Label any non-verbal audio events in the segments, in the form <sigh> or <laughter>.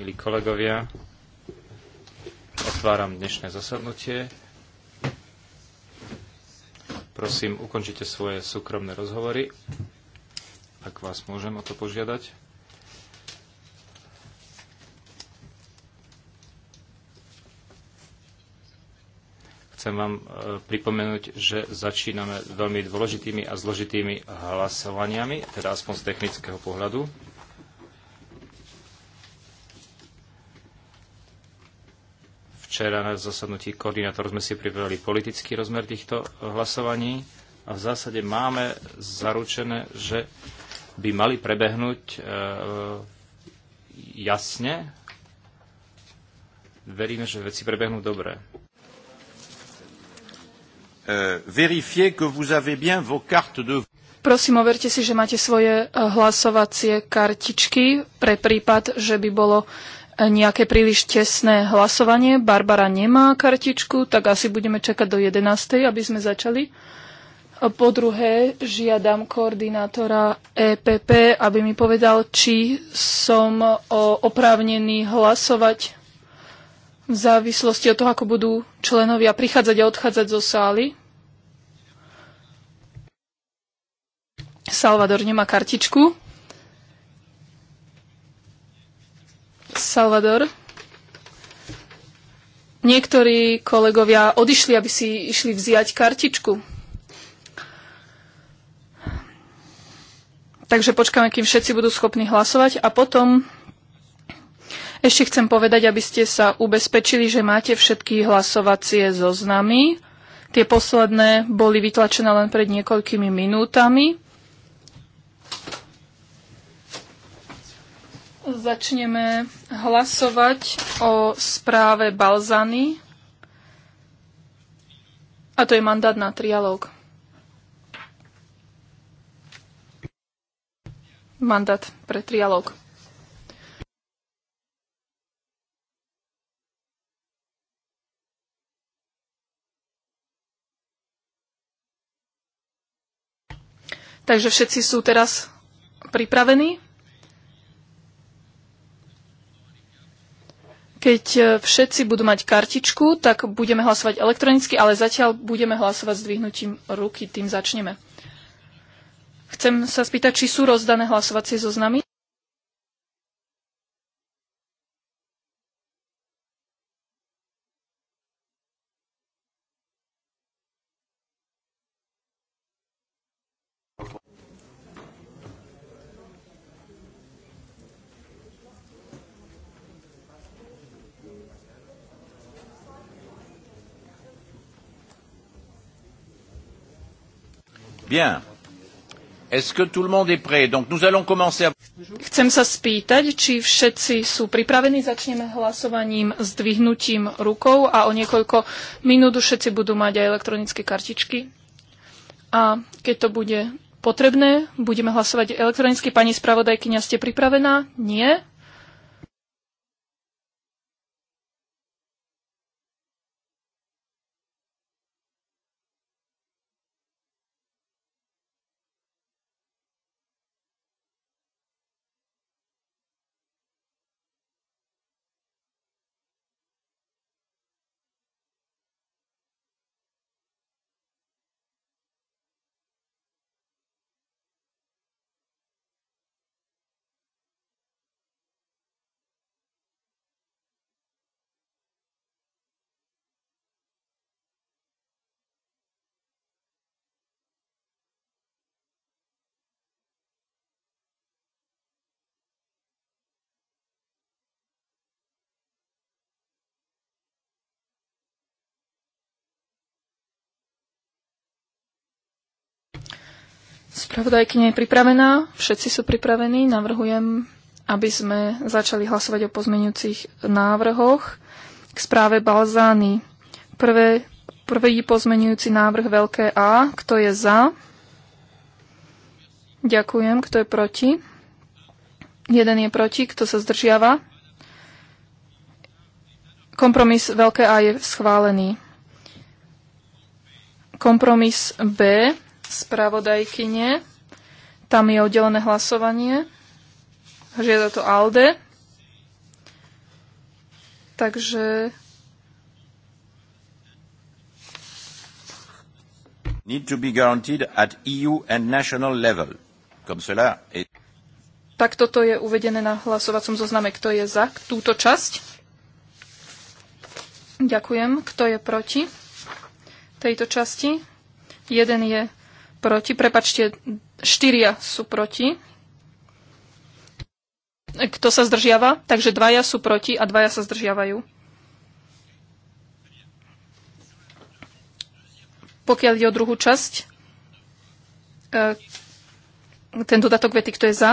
Milí kolegovia, otváram dnešné zasadnutie. Prosím, ukončite svoje súkromné rozhovory, ak vás môžem o to požiadať. Chcem vám e, pripomenúť, že začíname veľmi dôležitými a zložitými hlasovaniami, teda aspoň z technického pohľadu. Včera na zasadnutí koordinátor sme si pripravili politický rozmer týchto e, hlasovaní a v zásade máme zaručené, že by mali prebehnúť e, jasne. Veríme, že veci prebehnú dobre. E, Prosím, overte si, že máte svoje hlasovacie kartičky pre prípad, že by bolo nejaké príliš tesné hlasovanie. Barbara nemá kartičku, tak asi budeme čakať do 11. aby sme začali. Po druhé, žiadam koordinátora EPP, aby mi povedal, či som oprávnený hlasovať v závislosti od toho, ako budú členovia prichádzať a odchádzať zo sály. Salvador nemá kartičku. Salvador. Niektorí kolegovia odišli, aby si išli vziať kartičku. Takže počkáme, kým všetci budú schopní hlasovať a potom ešte chcem povedať, aby ste sa ubezpečili, že máte všetky hlasovacie zoznamy. Tie posledné boli vytlačené len pred niekoľkými minútami. Začneme hlasovať o správe Balzany. A to je mandát na trialóg. Mandát pre trialóg. Takže všetci sú teraz pripravení? Keď e, všetci budú mať kartičku, tak budeme hlasovať elektronicky, ale zatiaľ budeme hlasovať s dvihnutím ruky, tým začneme. Chcem sa spýtať, či sú rozdané hlasovacie zoznamy. Bien. Est-ce que tout le monde est prêt? Donc nous allons commencer à... Chcem sa spýtať, či všetci sú pripravení. Začneme hlasovaním s dvihnutím rukou a o niekoľko minút všetci budú mať aj elektronické kartičky. A keď to bude potrebné, budeme hlasovať elektronicky. Pani spravodajkyňa, ste pripravená? Nie? Spravodajkyňa je pripravená, všetci sú pripravení. Navrhujem, aby sme začali hlasovať o pozmeňujúcich návrhoch k správe Balzány. Prvé, prvý pozmeňujúci návrh veľké A. Kto je za? Ďakujem. Kto je proti? Jeden je proti. Kto sa zdržiava? Kompromis veľké A je schválený. Kompromis B spravodajkyne. Tam je oddelené hlasovanie. Žiada to ALDE. Takže... Need to be guaranteed at EU and national level. Comme cela est... Tak toto je uvedené na hlasovacom zozname. Kto je za túto časť? Ďakujem. Kto je proti tejto časti? Jeden je proti. Prepačte, štyria sú proti. Kto sa zdržiava? Takže dvaja sú proti a dvaja sa zdržiavajú. Pokiaľ ide o druhú časť, e, ten dodatok vety, kto je za,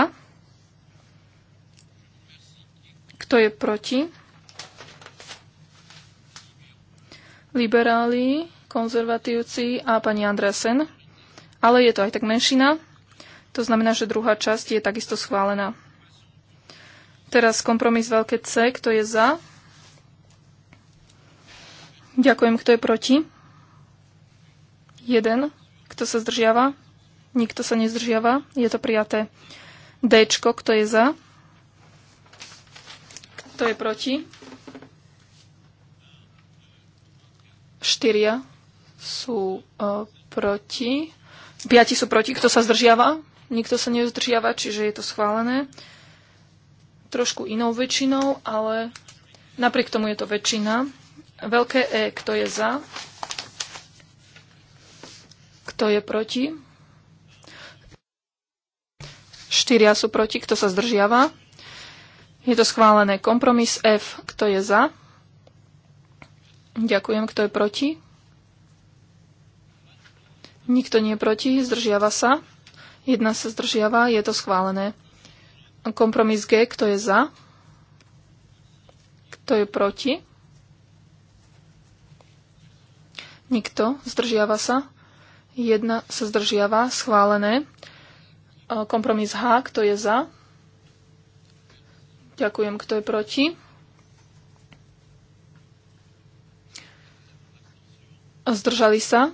kto je proti, liberáli, konzervatívci a pani Andresen ale je to aj tak menšina. To znamená, že druhá časť je takisto schválená. Teraz kompromis veľké C, kto je za? Ďakujem, kto je proti? Jeden. Kto sa zdržiava? Nikto sa nezdržiava. Je to prijaté. D, kto je za? Kto je proti? Štyria sú uh, proti. Piati sú proti. Kto sa zdržiava? Nikto sa nezdržiava, čiže je to schválené. Trošku inou väčšinou, ale napriek tomu je to väčšina. Veľké E, kto je za? Kto je proti? Štyria sú proti, kto sa zdržiava? Je to schválené. Kompromis F, kto je za? Ďakujem, kto je proti? Nikto nie je proti, zdržiava sa. Jedna sa zdržiava, je to schválené. Kompromis G, kto je za? Kto je proti? Nikto, zdržiava sa. Jedna sa zdržiava, schválené. E, kompromis H, kto je za? Ďakujem, kto je proti? Zdržali sa?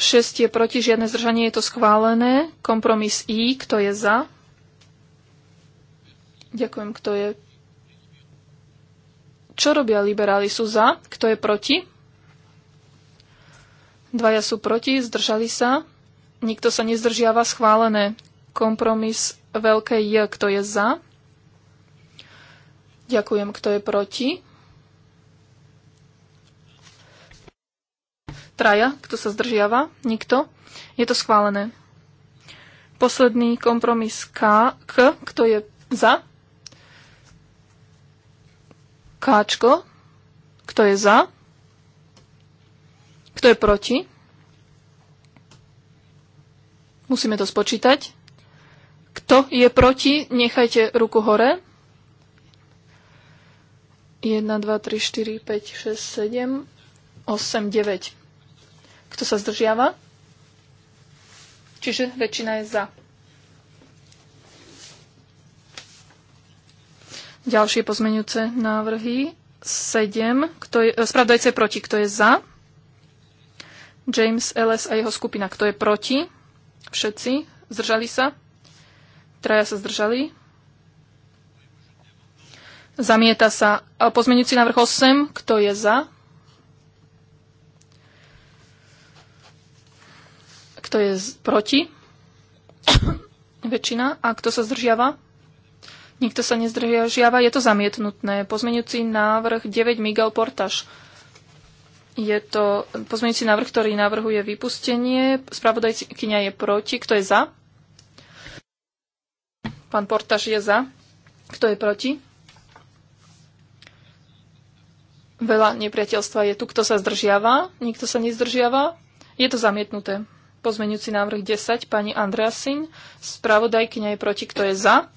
6 je proti, žiadne zdržanie, je to schválené. Kompromis I, kto je za? Ďakujem, kto je... Čo robia liberáli? Sú za? Kto je proti? Dvaja sú proti, zdržali sa. Nikto sa nezdržiava, schválené. Kompromis veľké J, kto je za? Ďakujem, kto je proti? Traja. Kto sa zdržiava? Nikto. Je to schválené. Posledný kompromis K. K. Kto je za? Káčko. Kto je za? Kto je proti? Musíme to spočítať. Kto je proti? Nechajte ruku hore. 1, 2, 3, 4, 5, 6, 7, 8, 9. Kto sa zdržiava? Čiže väčšina je za. Ďalšie pozmeňujúce návrhy. 7. Kto je, e, spravdajce proti. Kto je za? James Ellis a jeho skupina. Kto je proti? Všetci. Zdržali sa? Traja sa zdržali. Zamieta sa e, pozmeňujúci návrh 8. Kto je za? Kto je proti? <coughs> Väčšina. A kto sa zdržiava? Nikto sa nezdržiava. Je to zamietnutné. Pozmeňujúci návrh 9 Miguel Portaž. Je to pozmeňujúci návrh, ktorý navrhuje vypustenie. Spravodajkyňa je proti. Kto je za? Pán Portaž je za. Kto je proti? Veľa nepriateľstva je tu. Kto sa zdržiava? Nikto sa nezdržiava. Je to zamietnuté. Pozmeňujúci návrh 10, pani Andreasin. Spravodajkyňa je proti, kto je za?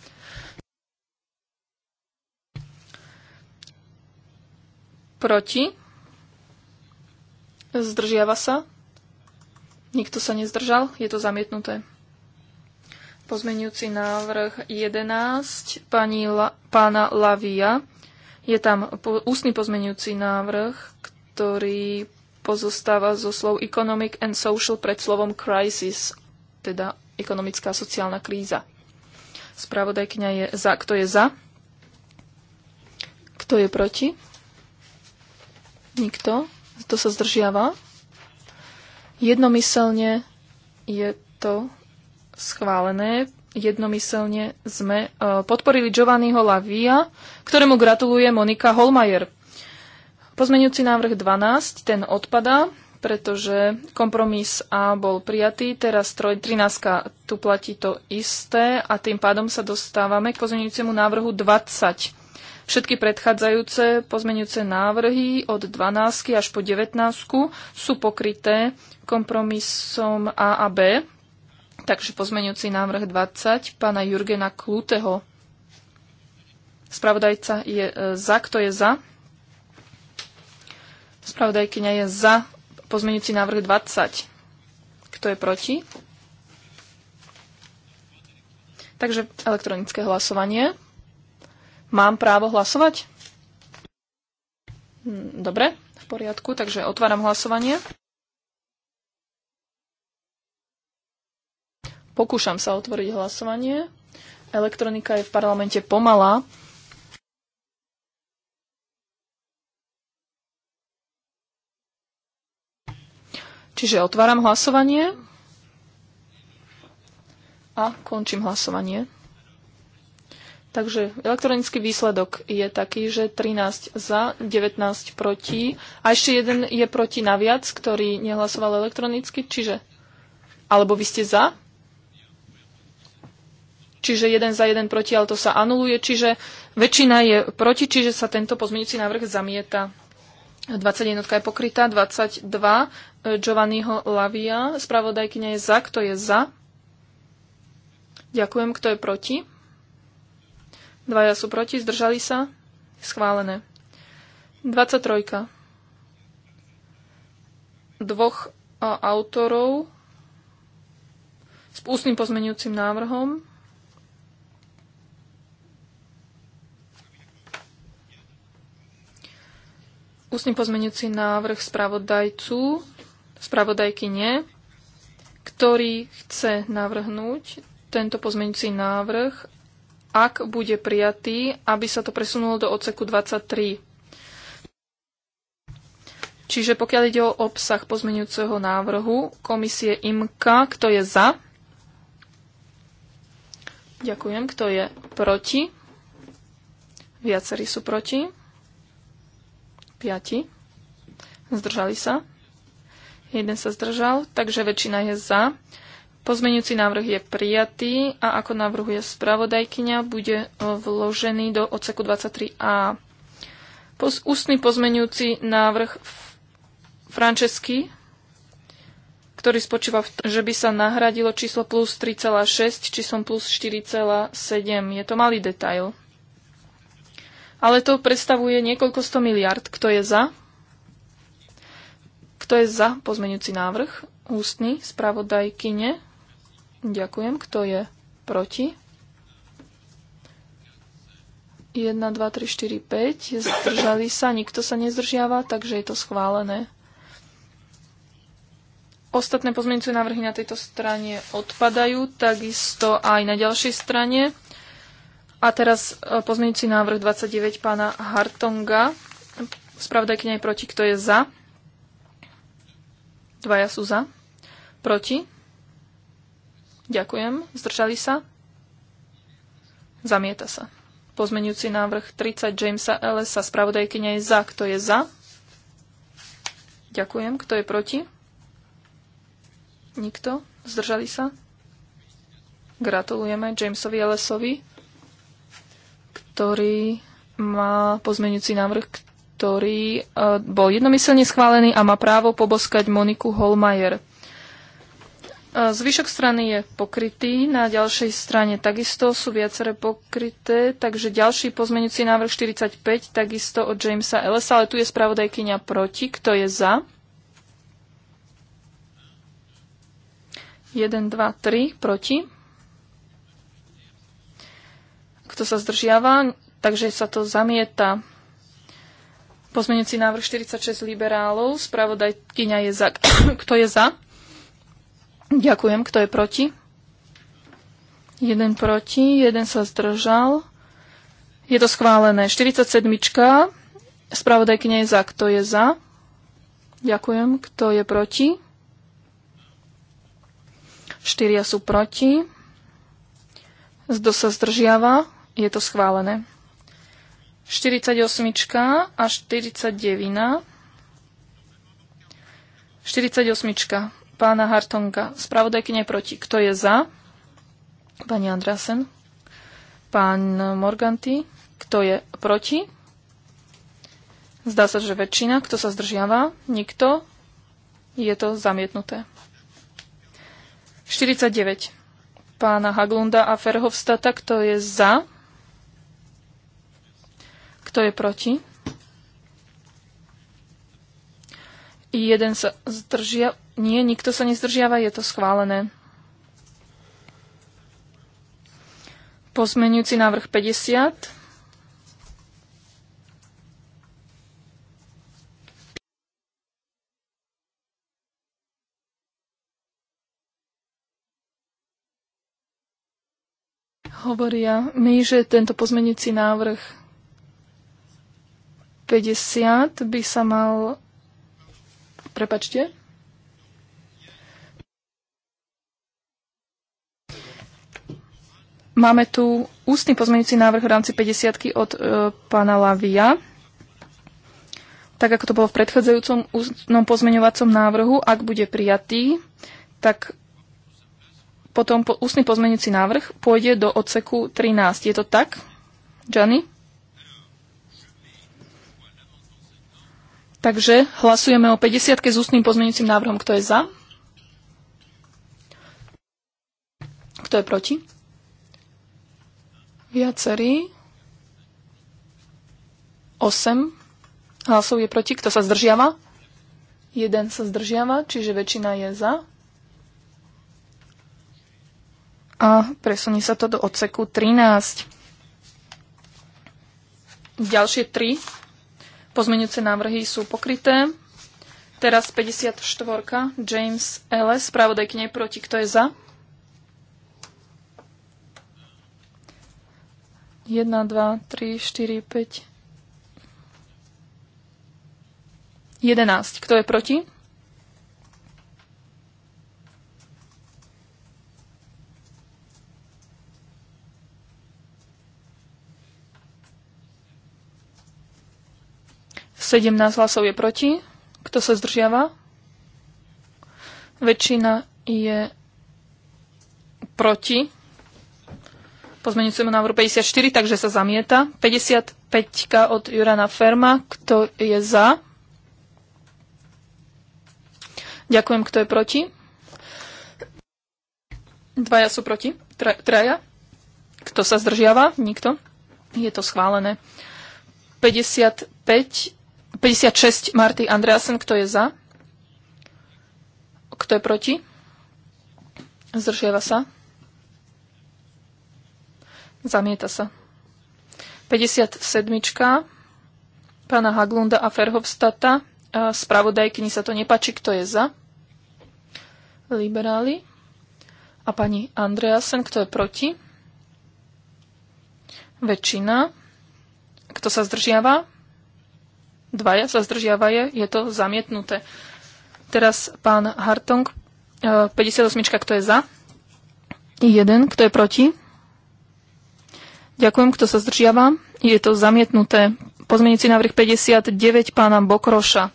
Proti? Zdržiava sa? Nikto sa nezdržal? Je to zamietnuté. Pozmeňujúci návrh 11, pani La, pána Lavia. Je tam po, ústny pozmeňujúci návrh, ktorý pozostáva zo slov economic and social pred slovom crisis, teda ekonomická a sociálna kríza. Spravodajkňa je za. Kto je za? Kto je proti? Nikto. To sa zdržiava. Jednomyselne je to schválené. Jednomyselne sme eh, podporili Giovanniho Lavia, ktorému gratuluje Monika Holmajer. Pozmeňujúci návrh 12, ten odpadá, pretože kompromis A bol prijatý, teraz 13 tu platí to isté a tým pádom sa dostávame k pozmeňujúcemu návrhu 20. Všetky predchádzajúce pozmeňujúce návrhy od 12 až po 19 sú pokryté kompromisom A a B, takže pozmeňujúci návrh 20 pána Jurgena Kluteho. Spravodajca je e, za, kto je za? Spravodajkyňa je za pozmeňujúci návrh 20. Kto je proti? Takže elektronické hlasovanie. Mám právo hlasovať? Hm, dobre, v poriadku, takže otváram hlasovanie. Pokúšam sa otvoriť hlasovanie. Elektronika je v parlamente pomalá. Čiže otváram hlasovanie a končím hlasovanie. Takže elektronický výsledok je taký, že 13 za, 19 proti a ešte jeden je proti naviac, ktorý nehlasoval elektronicky, čiže alebo vy ste za? Čiže jeden za jeden proti, ale to sa anuluje, čiže väčšina je proti, čiže sa tento pozmeňujúci návrh zamieta. 21 je pokrytá, 22 e, Giovanniho Lavia. Spravodajkyňa je za, kto je za? Ďakujem, kto je proti? Dvaja sú proti, zdržali sa? Schválené. 23. Dvoch e, autorov s ústnym pozmenujúcim návrhom. Ústny pozmenujúci návrh spravodajcu, spravodajky nie, ktorý chce navrhnúť tento pozmenujúci návrh, ak bude prijatý, aby sa to presunulo do odseku 23. Čiže pokiaľ ide o obsah pozmenujúceho návrhu komisie IMKA, kto je za? Ďakujem. Kto je proti? Viacerí sú proti. 5. Zdržali sa. Jeden sa zdržal, takže väčšina je za. Pozmeňujúci návrh je prijatý a ako navrhuje spravodajkyňa, bude vložený do odseku 23a. Poz, ústny pozmeňujúci návrh Francesky, ktorý spočíva v tom, že by sa nahradilo číslo plus 3,6 číslom plus 4,7. Je to malý detail ale to predstavuje niekoľko sto miliard. Kto je za? Kto je za pozmenujúci návrh? Ústny spravodajkyne. Ďakujem. Kto je proti? 1, 2, 3, 4, 5. Zdržali sa, nikto sa nezdržiava, takže je to schválené. Ostatné pozmeňujúce návrhy na tejto strane odpadajú, takisto aj na ďalšej strane. A teraz e, pozmeňujúci návrh 29 pána Hartonga. Spravdajkyňa je proti. Kto je za? Dvaja sú za. Proti? Ďakujem. Zdržali sa? Zamieta sa. Pozmenujúci návrh 30 Jamesa Ellesa. Spravodajkyňa je za. Kto je za? Ďakujem. Kto je proti? Nikto. Zdržali sa? Gratulujeme Jamesovi Ellesovi ktorý má pozmenujúci návrh, ktorý e, bol jednomyselne schválený a má právo poboskať Moniku Holmajer. E, zvyšok strany je pokrytý, na ďalšej strane takisto sú viaceré pokryté, takže ďalší pozmenujúci návrh 45, takisto od Jamesa Ellesa, ale tu je spravodajkynia proti, kto je za? 1, 2, 3, proti kto sa zdržiava, takže sa to zamieta. Pozmeňujúci návrh 46 liberálov, spravodajkyňa je za. <coughs> kto je za? Ďakujem, kto je proti? Jeden proti, jeden sa zdržal. Je to schválené. 47. Spravodajkyňa je za. Kto je za? Ďakujem. Kto je proti? Štyria sú proti. Kto sa zdržiava? Je to schválené. 48 a 49. 48. Pána Hartonka, Spravodajkyne proti. Kto je za? Pani Andrasen. Pán Morganti. Kto je proti? Zdá sa, že väčšina. Kto sa zdržiava? Nikto. Je to zamietnuté. 49. Pána Haglunda a Ferhovstata. Kto je za? Kto je proti? Jeden sa zdržia. Nie, nikto sa nezdržiava, je to schválené. Pozmenujúci návrh 50. hovoria mi, že tento pozmenujúci návrh 50 by sa mal... Prepačte. Máme tu ústny pozmeňujúci návrh v rámci 50 od e, pána Lavia. Tak ako to bolo v predchádzajúcom ústnom pozmeňovacom návrhu, ak bude prijatý, tak potom po, ústny pozmeňujúci návrh pôjde do odseku 13. Je to tak, Johnny? Takže hlasujeme o 50 s ústnym pozmeňujúcim návrhom. Kto je za? Kto je proti? Viacerí. 8 hlasov je proti. Kto sa zdržiava? Jeden sa zdržiava, čiže väčšina je za. A presunie sa to do odseku 13. Ďalšie 3 Pozmeňujúce návrhy sú pokryté. Teraz 54. James Ellis, spravodajkne proti. Kto je za? 1, 2, 3, 4, 5. 11. Kto je proti? 17 hlasov je proti. Kto sa zdržiava? Väčšina je proti pozmeňujúcemu návrhu 54, takže sa zamieta. 55 od Jurana Ferma. Kto je za? Ďakujem, kto je proti. Dvaja sú proti. Traja. Kto sa zdržiava? Nikto. Je to schválené. 55 56 Marty Andreasen, kto je za? Kto je proti? Zdržiava sa? Zamieta sa. 57. Pána Haglunda a Ferhovstata. Spravodajkyni sa to nepačí, kto je za? Liberáli. A pani Andreasen, kto je proti? Väčšina. Kto sa zdržiava? dvaja sa zdržiavajú, je to zamietnuté. Teraz pán Hartong, 58, e, kto je za? Jeden. kto je proti? Ďakujem, kto sa zdržiava. Je to zamietnuté. Pozmenici návrh 59 pána Bokroša,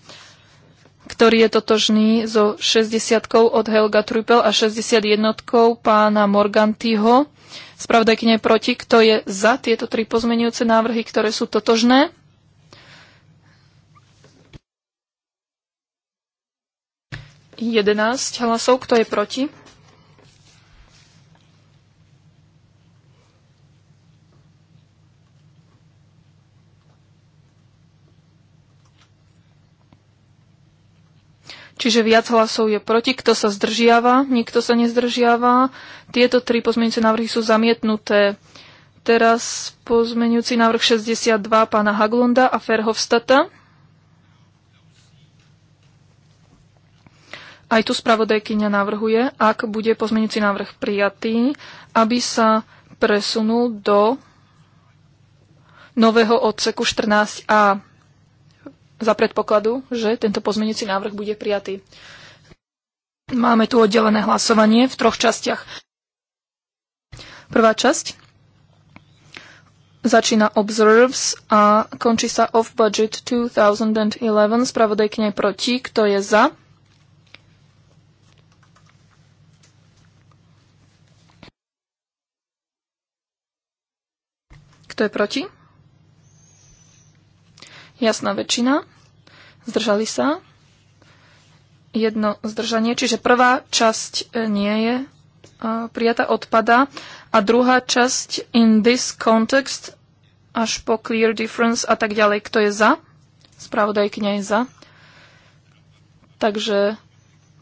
ktorý je totožný so 60 od Helga Trupel a 61 pána Morgantyho. Spravodajkyne proti, kto je za tieto tri pozmenujúce návrhy, ktoré sú totožné? 11 hlasov. Kto je proti? Čiže viac hlasov je proti. Kto sa zdržiava? Nikto sa nezdržiava. Tieto tri pozmeňujúce návrhy sú zamietnuté. Teraz pozmeňujúci návrh 62 pána Haglunda a Ferhofstata. Aj tu spravodajkyňa navrhuje, ak bude pozmeňujúci návrh prijatý, aby sa presunul do nového odseku 14a za predpokladu, že tento pozmeňujúci návrh bude prijatý. Máme tu oddelené hlasovanie v troch častiach. Prvá časť začína observes a končí sa off budget 2011. je proti, kto je za. Kto je proti? Jasná väčšina. Zdržali sa. Jedno zdržanie. Čiže prvá časť e, nie je e, prijata, odpada. A druhá časť in this context až po clear difference a tak ďalej. Kto je za? Spravodajkňa je za. Takže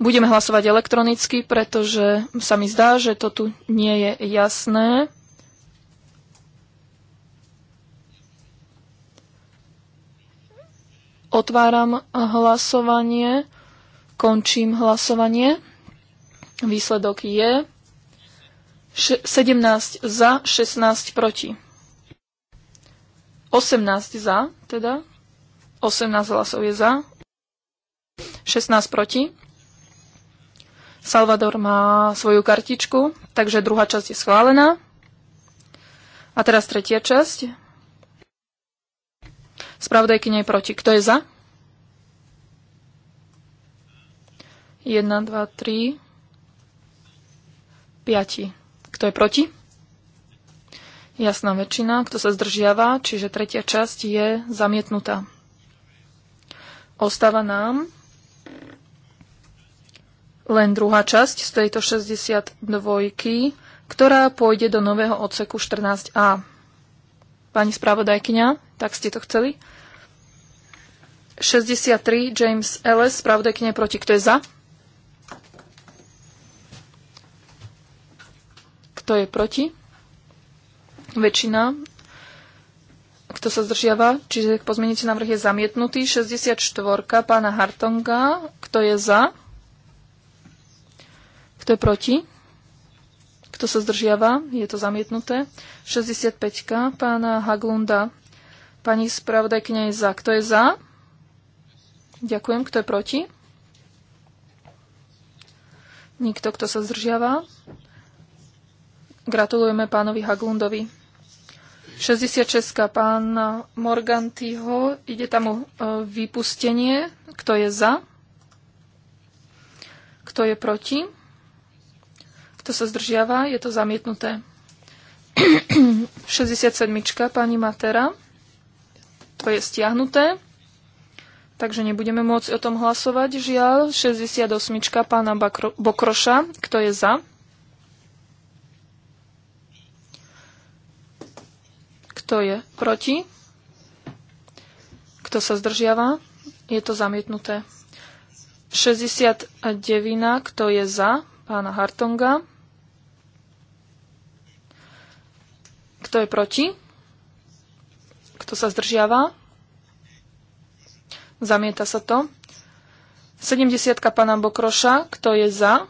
budeme hlasovať elektronicky, pretože sa mi zdá, že to tu nie je jasné. Otváram hlasovanie. Končím hlasovanie. Výsledok je 17 za, 16 proti. 18 za, teda. 18 hlasov je za. 16 proti. Salvador má svoju kartičku, takže druhá časť je schválená. A teraz tretia časť. Spravodajkyňa je proti. Kto je za? 1, 2, 3, 5. Kto je proti? Jasná väčšina. Kto sa zdržiava, čiže tretia časť je zamietnutá. Ostáva nám len druhá časť z tejto 62, ktorá pôjde do nového odseku 14a. Pani spravodajkyňa? tak ste to chceli. 63, James Ellis, spravodajkyne proti, kto je za? Kto je proti? Väčšina. Kto sa zdržiava? Čiže pozmeníte návrh je zamietnutý. 64, pána Hartonga, kto je za? Kto je proti? Kto sa zdržiava? Je to zamietnuté. 65, pána Haglunda, Pani spravodajkyňa je za. Kto je za? Ďakujem. Kto je proti? Nikto, kto sa zdržiava. Gratulujeme pánovi Haglundovi. 66. pán Morgantyho. Ide tam o e, vypustenie. Kto je za? Kto je proti? Kto sa zdržiava? Je to zamietnuté. 67. <clears throat> pani Matera. To je stiahnuté. Takže nebudeme môcť o tom hlasovať. Žiaľ, 68. pána Bakro- Bokroša. Kto je za? Kto je proti? Kto sa zdržiava? Je to zamietnuté. 69. Kto je za? Pána Hartonga. Kto je proti? Kto sa zdržiava? Zamieta sa to. 70 pana Bokroša. Kto je za?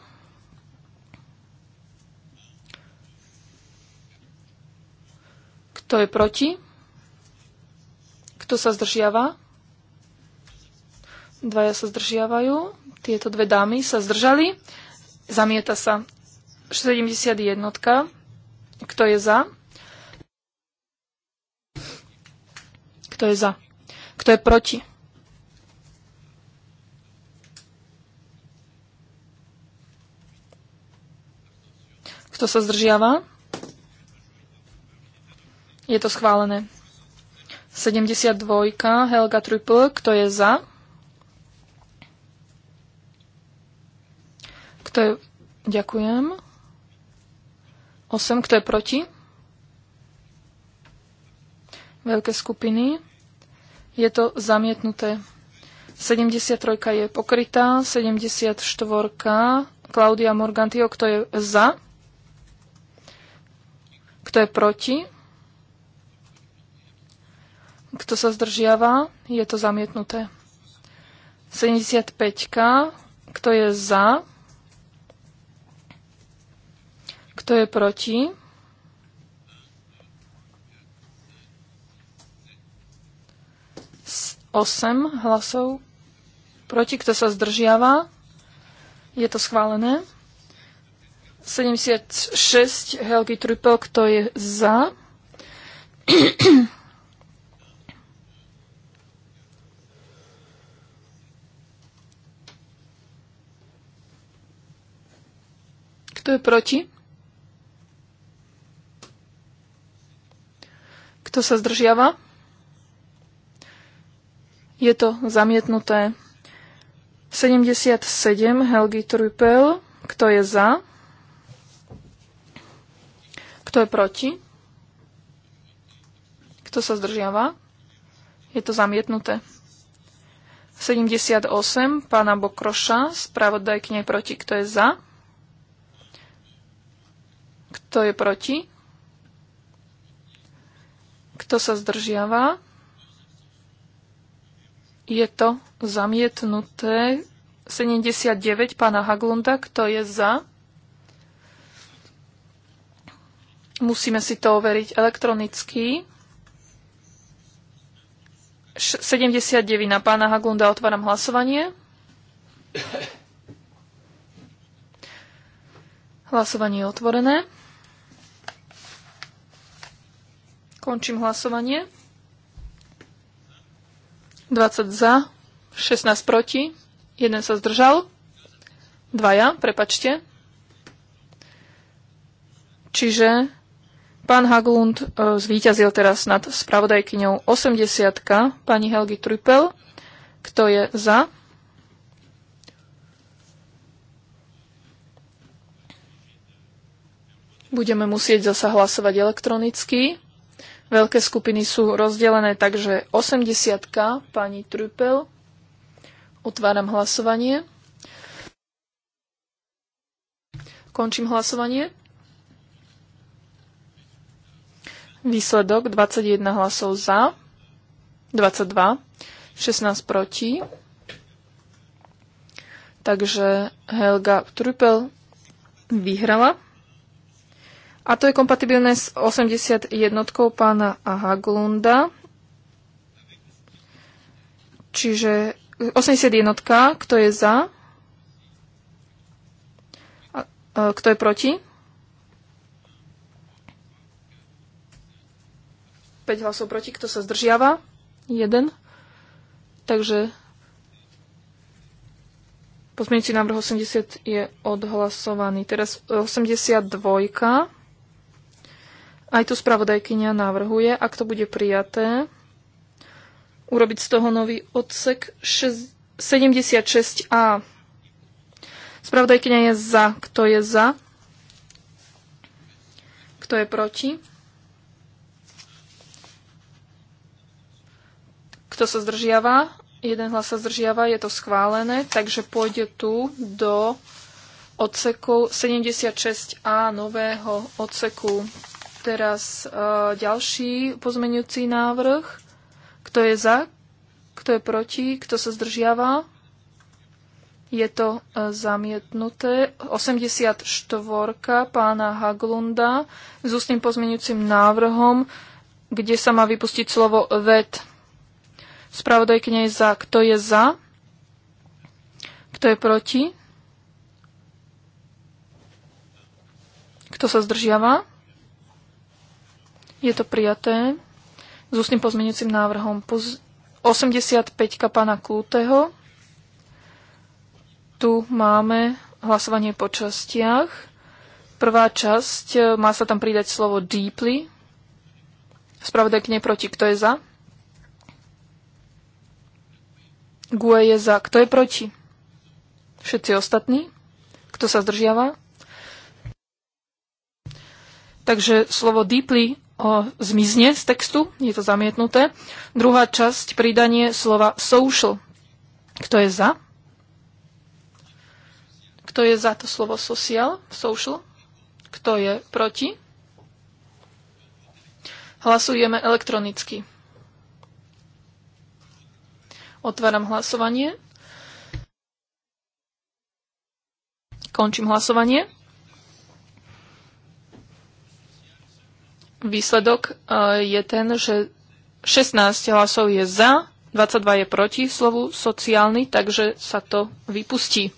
Kto je proti? Kto sa zdržiava? Dvaja sa zdržiavajú. Tieto dve dámy sa zdržali. Zamieta sa. 71. Kto je za? Kto je za? Kto je proti? Kto sa zdržiava? Je to schválené. 72. Helga Triple, Kto je za? Kto je... Ďakujem. 8. Kto je proti? Veľké skupiny. Je to zamietnuté. 73 je pokrytá, 74 Klaudia Morgantio, kto je za, kto je proti, kto sa zdržiava, je to zamietnuté. 75 kto je za, kto je proti, 8 hlasov proti, kto sa zdržiava. Je to schválené. 76 Helgi Trupel, kto je za. Kto je proti? Kto sa zdržiava? Je to zamietnuté. 77 Helgi Trupel. Kto je za? Kto je proti? Kto sa zdržiava? Je to zamietnuté. 78 pána Bokroša, spravodajkne proti. Kto je za? Kto je proti? Kto sa zdržiava? Je to zamietnuté 79 pána Haglunda, kto je za. Musíme si to overiť elektronicky. 79 na pána Haglunda otváram hlasovanie. Hlasovanie je otvorené. Končím hlasovanie. 20 za, 16 proti, 1 sa zdržal, 2 ja, prepačte. Čiže pán Haglund e, zvíťazil teraz nad spravodajkyňou 80 pani Helgi Trupel. Kto je za? Budeme musieť zasa hlasovať elektronicky. Veľké skupiny sú rozdelené, takže 80 pani Trupel. Otváram hlasovanie. Končím hlasovanie. Výsledok 21 hlasov za, 22, 16 proti. Takže Helga Trupel vyhrala. A to je kompatibilné s 81 pána Haglunda. Čiže 81, kto je za? A, a, e, kto je proti? 5 hlasov proti, kto sa zdržiava? 1. Takže pozmienci návrh 80 je odhlasovaný. Teraz 82. Aj tu spravodajkynia navrhuje, ak to bude prijaté, urobiť z toho nový odsek 76a. Spravodajkynia je za. Kto je za? Kto je proti? Kto sa zdržiava? Jeden hlas sa zdržiava, je to schválené, takže pôjde tu do odseku 76a nového odseku teraz uh, ďalší pozmeňujúci návrh. Kto je za? Kto je proti? Kto sa zdržiava? Je to uh, zamietnuté. 84. pána Haglunda s ústnym pozmeňujúcim návrhom, kde sa má vypustiť slovo ved. Spravodajkne je za. Kto je za? Kto je proti? Kto sa zdržiava? Je to prijaté s ústnym pozmeňujúcim návrhom 85 pána Klúteho. Tu máme hlasovanie po častiach. Prvá časť, e, má sa tam pridať slovo deeply. Spravodaj k nej proti. Kto je za? Gue je za. Kto je proti? Všetci ostatní? Kto sa zdržiava? Takže slovo deeply o, zmizne z textu, je to zamietnuté. Druhá časť, pridanie slova social. Kto je za? Kto je za to slovo social, social? Kto je proti? Hlasujeme elektronicky. Otváram hlasovanie. Končím hlasovanie. Výsledok e, je ten, že 16 hlasov je za, 22 je proti slovu sociálny, takže sa to vypustí.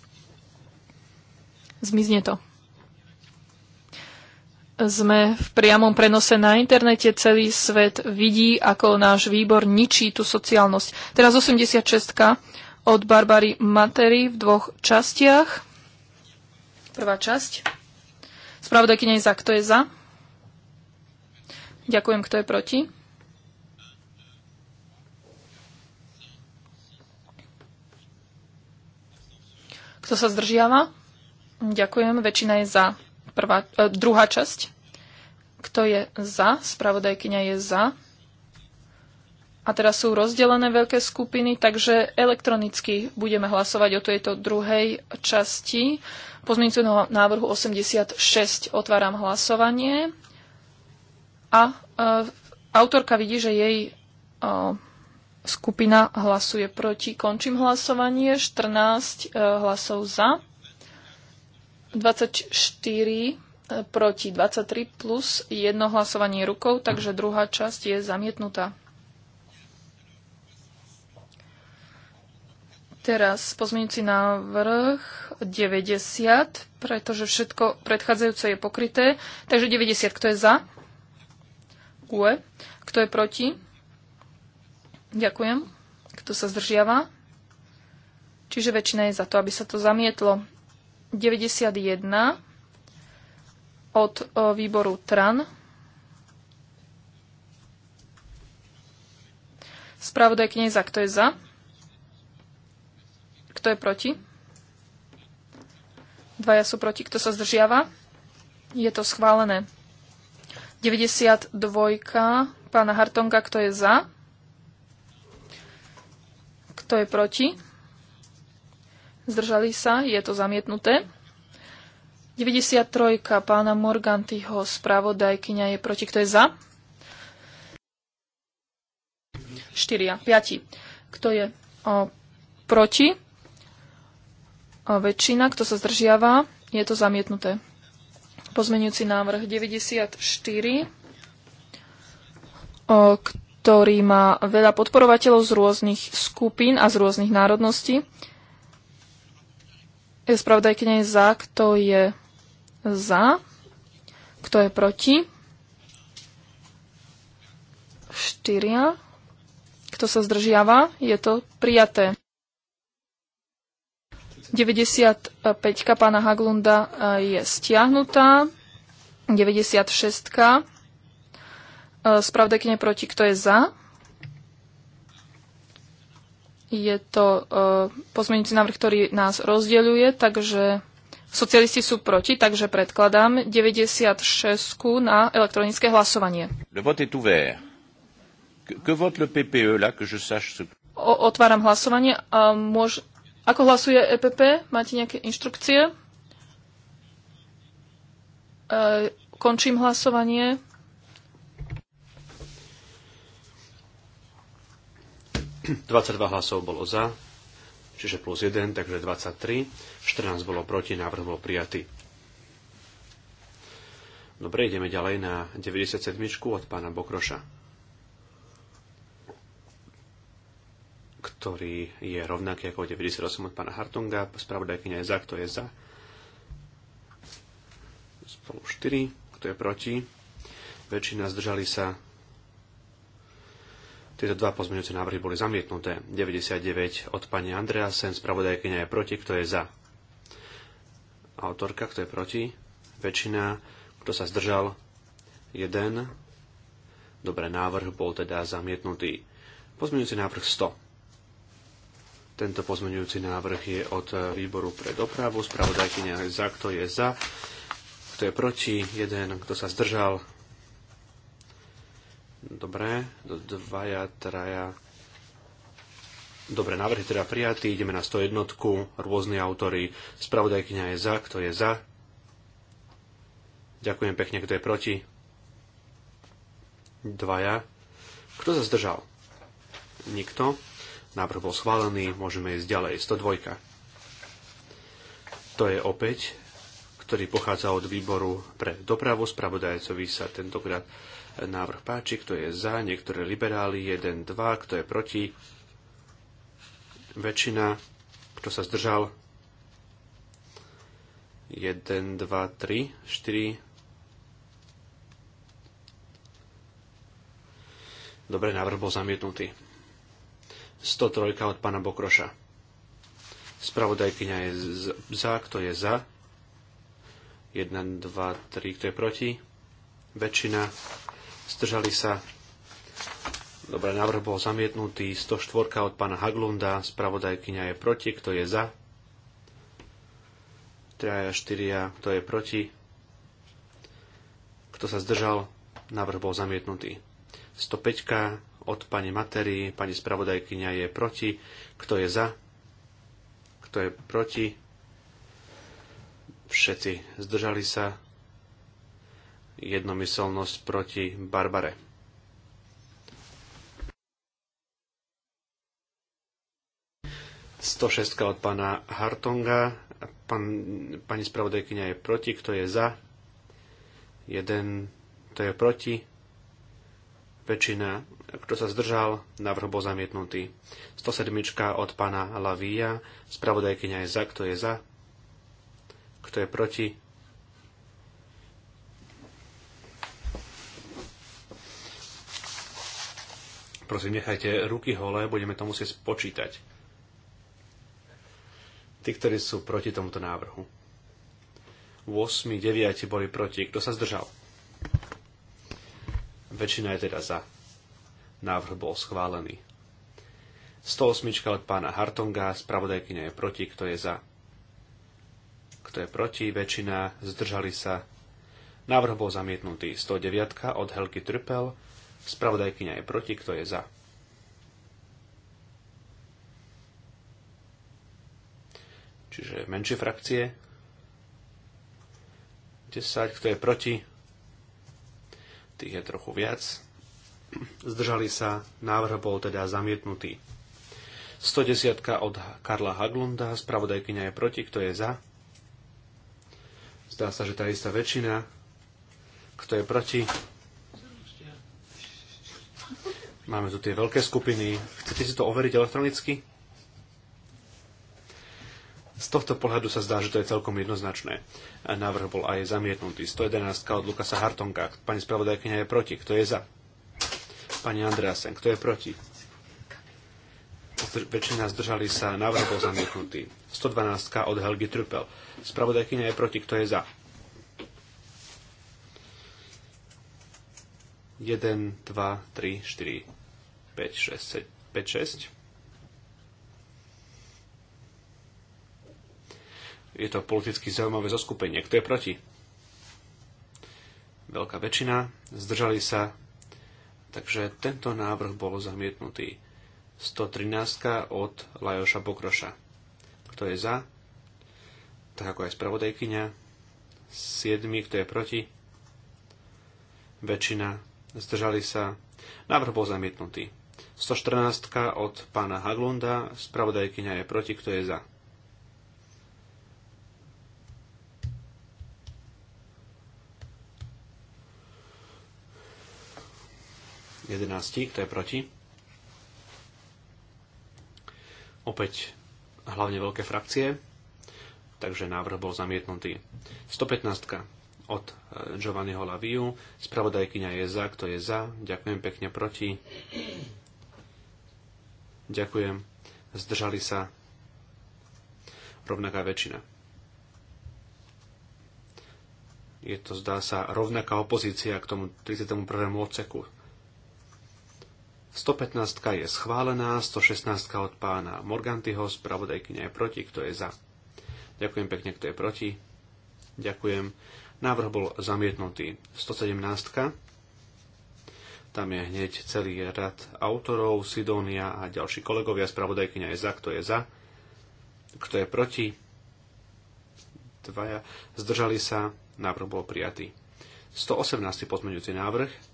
Zmizne to. Sme v priamom prenose na internete, celý svet vidí, ako náš výbor ničí tú sociálnosť. Teraz 86 od Barbary Matery v dvoch častiach. Prvá časť. Spravodajkyňa je za, kto je za? Ďakujem, kto je proti? Kto sa zdržiava? Ďakujem, väčšina je za. Prvá, e, druhá časť. Kto je za? Spravodajkyňa je za. A teraz sú rozdelené veľké skupiny, takže elektronicky budeme hlasovať o tejto druhej časti pozmeňujúceho návrhu 86. Otváram hlasovanie a e, autorka vidí, že jej e, skupina hlasuje proti. Končím hlasovanie. 14 e, hlasov za, 24 proti 23 plus jedno hlasovanie rukou, takže druhá časť je zamietnutá. Teraz pozmeňujúci návrh 90, pretože všetko predchádzajúce je pokryté. Takže 90, kto je za? GUE. Kto je proti? Ďakujem. Kto sa zdržiava? Čiže väčšina je za to, aby sa to zamietlo. 91 od výboru TRAN. Spravodaj knieza, kto je za? Kto je proti? Dvaja sú proti. Kto sa zdržiava? Je to schválené. 92 pána Hartonga, kto je za? Kto je proti? Zdržali sa, je to zamietnuté. 93. pána Morgantyho spravodajkyňa je proti. Kto je za? 4. 5. Kto je o, proti? O, väčšina. Kto sa zdržiava? Je to zamietnuté pozmenujúci návrh 94, ktorý má veľa podporovateľov z rôznych skupín a z rôznych národností. nie je za, kto je za, kto je proti. 4. Kto sa zdržiava, je to prijaté. 95 pána Haglunda e, je stiahnutá. 96 e, Spravdekne proti, kto je za? Je to e, pozmeňujúci návrh, ktorý nás rozdeľuje, takže socialisti sú proti, takže predkladám 96 na elektronické hlasovanie. que vote le PPE là, que je sache ce... O, otváram hlasovanie. A môž, ako hlasuje EPP? Máte nejaké inštrukcie? E, končím hlasovanie. Dvadsaťdva hlasov bolo za, čiže plus 1, takže 23. 14 bolo proti, návrh bol prijatý. Dobre, ideme ďalej na 97. od pána Bokroša. ktorý je rovnaký ako 98 od pána Hartunga. spravodajkynia je za, kto je za. Spolu 4, kto je proti. Väčšina zdržali sa. Tieto dva pozmeňujúce návrhy boli zamietnuté. 99 od pani Andreasen, spravodajkynia je proti, kto je za. Autorka, kto je proti. Väčšina, kto sa zdržal. 1. Dobre, návrh bol teda zamietnutý. Pozmeňujúci návrh 100 tento pozmeňujúci návrh je od výboru pre dopravu. Spravodajkynia je za, kto je za, kto je proti, jeden, kto sa zdržal. Dobre, dvaja, traja. Dobre, návrh je teda prijatý, ideme na 101, rôzni autory. Spravodajkynia je za, kto je za. Ďakujem pekne, kto je proti. Dvaja. Kto sa zdržal? Nikto. Návrh bol schválený, môžeme ísť ďalej. 102. To je opäť, ktorý pochádza od výboru pre dopravu. Spravodajcovi sa tentokrát návrh páči, kto je za, niektoré liberáli, 1, 2, kto je proti, väčšina, kto sa zdržal, 1, 2, 3, 4, Dobre, návrh bol zamietnutý. 103 od pána Bokroša. Spravodajkyňa je za, kto je za. 1, 2, 3, kto je proti. Väčšina. Zdržali sa. Dobre, návrh bol zamietnutý. 104 od pána Haglunda. Spravodajkyňa je proti, kto je za. 3 a 4, kto je proti. Kto sa zdržal, návrh bol zamietnutý. 105 od pani Matery, Pani spravodajkyňa je proti. Kto je za? Kto je proti? Všetci zdržali sa. Jednomyselnosť proti Barbare. šestka od pána Hartonga. Pán, pani spravodajkyňa je proti, kto je za? Jeden, to je proti väčšina. Kto sa zdržal, návrh bol zamietnutý. 107 od pána Lavíja, spravodajkyňa je za, kto je za, kto je proti. Prosím, nechajte ruky holé, budeme to musieť spočítať. Tí, ktorí sú proti tomuto návrhu. 8, 9 boli proti. Kto sa zdržal? väčšina je teda za. Návrh bol schválený. 108 od pána Hartonga, spravodajkyňa je proti, kto je za. Kto je proti, väčšina, zdržali sa. Návrh bol zamietnutý. 109 od Helky Trpel, spravodajkyňa je proti, kto je za. Čiže menšie frakcie. 10, kto je proti, tých je trochu viac. Zdržali sa, návrh bol teda zamietnutý. 110 od Karla Haglunda, spravodajkyňa je proti, kto je za? Zdá sa, že tá istá väčšina. Kto je proti? Máme tu tie veľké skupiny. Chcete si to overiť elektronicky? Z tohto pohľadu sa zdá, že to je celkom jednoznačné. Návrh bol aj zamietnutý. 111 od Lukasa Hartonga. Pani spravodajkynia je proti. Kto je za? Pani Andreasen. Kto je proti? Väčšina zdržali sa. Návrh bol zamietnutý. 112 od Helgi Trupel. Spravodajkynia je proti. Kto je za? Jeden, dva, tri, štyri, päť, šesť, päť, šesť. je to politicky zaujímavé zoskupenie. Kto je proti? Veľká väčšina, zdržali sa, takže tento návrh bol zamietnutý. 113 od Lajoša Bokroša. Kto je za? Tak ako aj spravodajkyňa. 7, kto je proti? Väčšina, zdržali sa. Návrh bol zamietnutý. 114 od pána Haglunda, spravodajkyňa je proti, kto je za? 11. Kto je proti? Opäť hlavne veľké frakcie. Takže návrh bol zamietnutý. 115. od e, Giovanniho Laviu. Spravodajkyňa je za, kto je za. Ďakujem pekne proti. Ďakujem. Zdržali sa. Rovnaká väčšina je to zdá sa rovnaká opozícia k tomu 31. odseku. 115 je schválená, 116 od pána Morgantyho, spravodajkyňa je proti, kto je za. Ďakujem pekne, kto je proti. Ďakujem. Návrh bol zamietnutý. 117. Tam je hneď celý rad autorov, Sidónia a ďalší kolegovia. Spravodajkyňa je za, kto je za. Kto je proti? Dvaja. Zdržali sa. Návrh bol prijatý. 118. pozmeňujúci návrh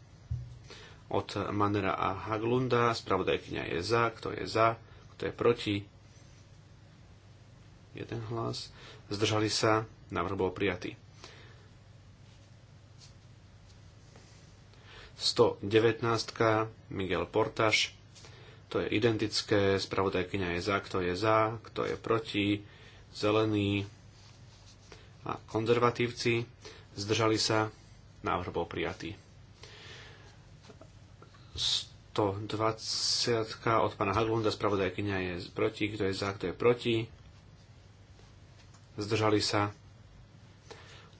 od Manera a Haglunda. Spravodajkynia je za, kto je za, kto je proti. Jeden hlas. Zdržali sa. Návrh bol prijatý. 119. Miguel Portaš. To je identické. Spravodajkynia je za, kto je za, kto je proti. zelení a konzervatívci. Zdržali sa. Návrh bol prijatý. 120 od pána Haglunda, spravodajkynia je proti, kto je za, kto je proti. Zdržali sa.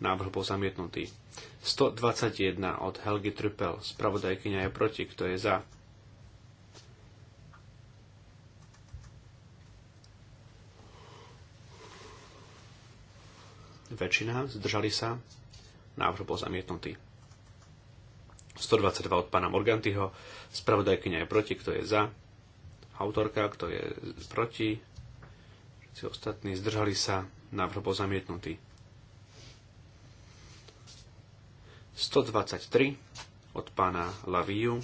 Návrh bol zamietnutý. 121 od Helgi Trüppel, spravodajkynia je proti, kto je za. Väčšina, zdržali sa. Návrh bol zamietnutý. 122 od pána Morgantyho. Spravodajkynia je proti, kto je za. Autorka, kto je proti. Všetci ostatní zdržali sa. Návrh bol zamietnutý. 123 od pána Laviu.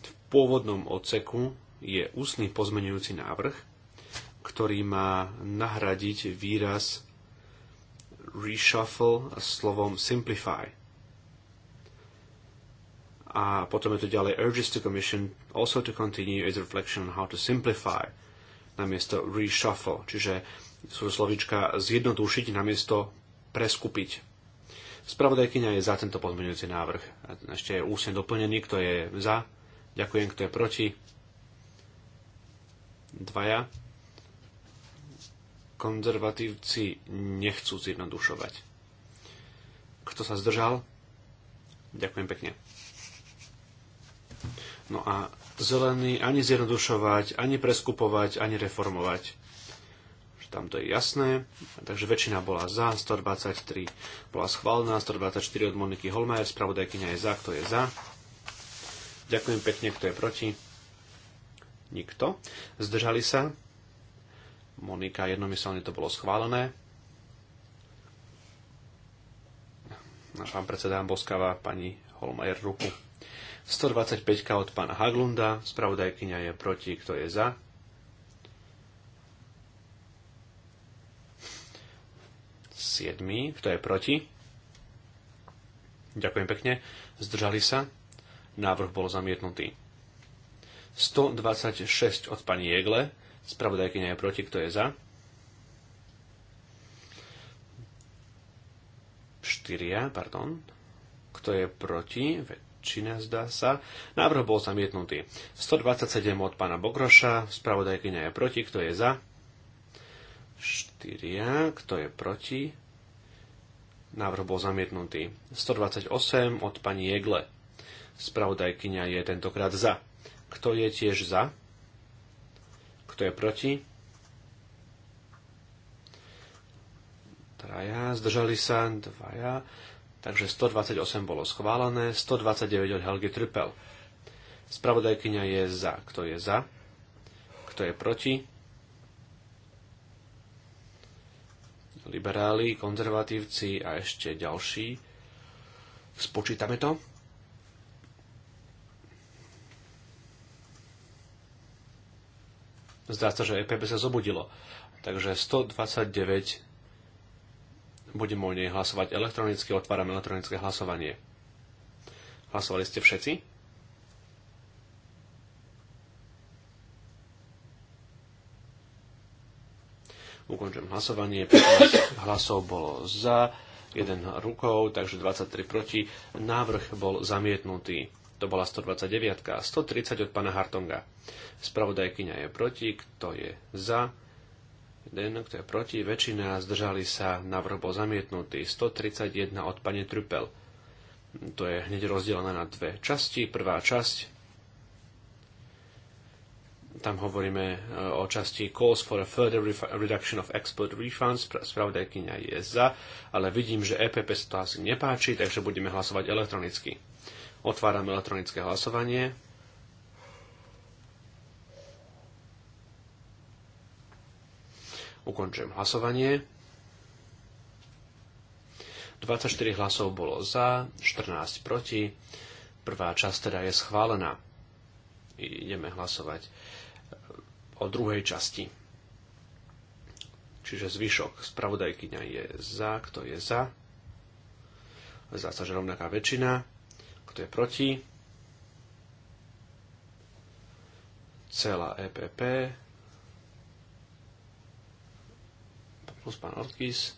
V pôvodnom odseku je ústny pozmenujúci návrh, ktorý má nahradiť výraz reshuffle slovom simplify. A potom je to ďalej urges to commission also to continue its reflection on how to simplify namiesto reshuffle, čiže sú slovička zjednodušiť namiesto preskupiť. Spravodajkyňa je za tento pozmeňujúci návrh. Ešte je úsne doplnený, kto je za. Ďakujem, kto je proti. Dvaja konzervatívci nechcú zjednodušovať. Kto sa zdržal? Ďakujem pekne. No a zelený ani zjednodušovať, ani preskupovať, ani reformovať. Tam to je jasné, takže väčšina bola za, 123 bola schválená, 124 od Moniky Holmajer, spravodajkynia je za, kto je za. Ďakujem pekne, kto je proti. Nikto. Zdržali sa. Monika, jednomyselne to bolo schválené. Náš pán predseda Boskava, pani Holmajer ruku. 125 od pána Haglunda, spravodajkyňa je proti, kto je za. Siedmi, kto je proti. Ďakujem pekne. Zdržali sa. Návrh bol zamietnutý. 126 od pani Jegle, Spravodajkyňa je proti, kto je za? 4, pardon. Kto je proti? Väčšina zdá sa. Návrh bol zamietnutý. 127 od pána Bokroša. Spravodajkyňa je proti, kto je za? 4, kto je proti? Návrh bol zamietnutý. 128 od pani Jegle. Spravodajkyňa je tentokrát za. Kto je tiež za? Kto je proti? Traja. Zdržali sa. Dvaja. Takže 128 bolo schválené. 129 od Helgi Trpel. Spravodajkyňa je za. Kto je za? Kto je proti? Liberáli, konzervatívci a ešte ďalší. Spočítame to. Zdá sa, že EPP sa zobudilo. Takže 129 budeme o nej hlasovať elektronicky, otváram elektronické hlasovanie. Hlasovali ste všetci? Ukončujem hlasovanie. 15 hlasov bolo za, 1 rukou, takže 23 proti. Návrh bol zamietnutý to bola 129 a 130 od pána Hartonga. Spravodajkyňa je proti, kto je za, jeden, kto je proti, väčšina zdržali sa, na vrbo zamietnutý, 131 od pani Trupel. To je hneď rozdelené na dve časti. Prvá časť, tam hovoríme e, o časti Calls for a further reduction of export refunds. Spravodajkyňa je za, ale vidím, že EPP sa to asi nepáči, takže budeme hlasovať elektronicky. Otváram elektronické hlasovanie. Ukončujem hlasovanie. 24 hlasov bolo za, 14 proti. Prvá časť teda je schválená. Ideme hlasovať o druhej časti. Čiže zvyšok spravodajkyňa je za, kto je za. Zdá sa, že rovnaká väčšina. Kto je proti? Celá EPP. Plus pán Ortiz.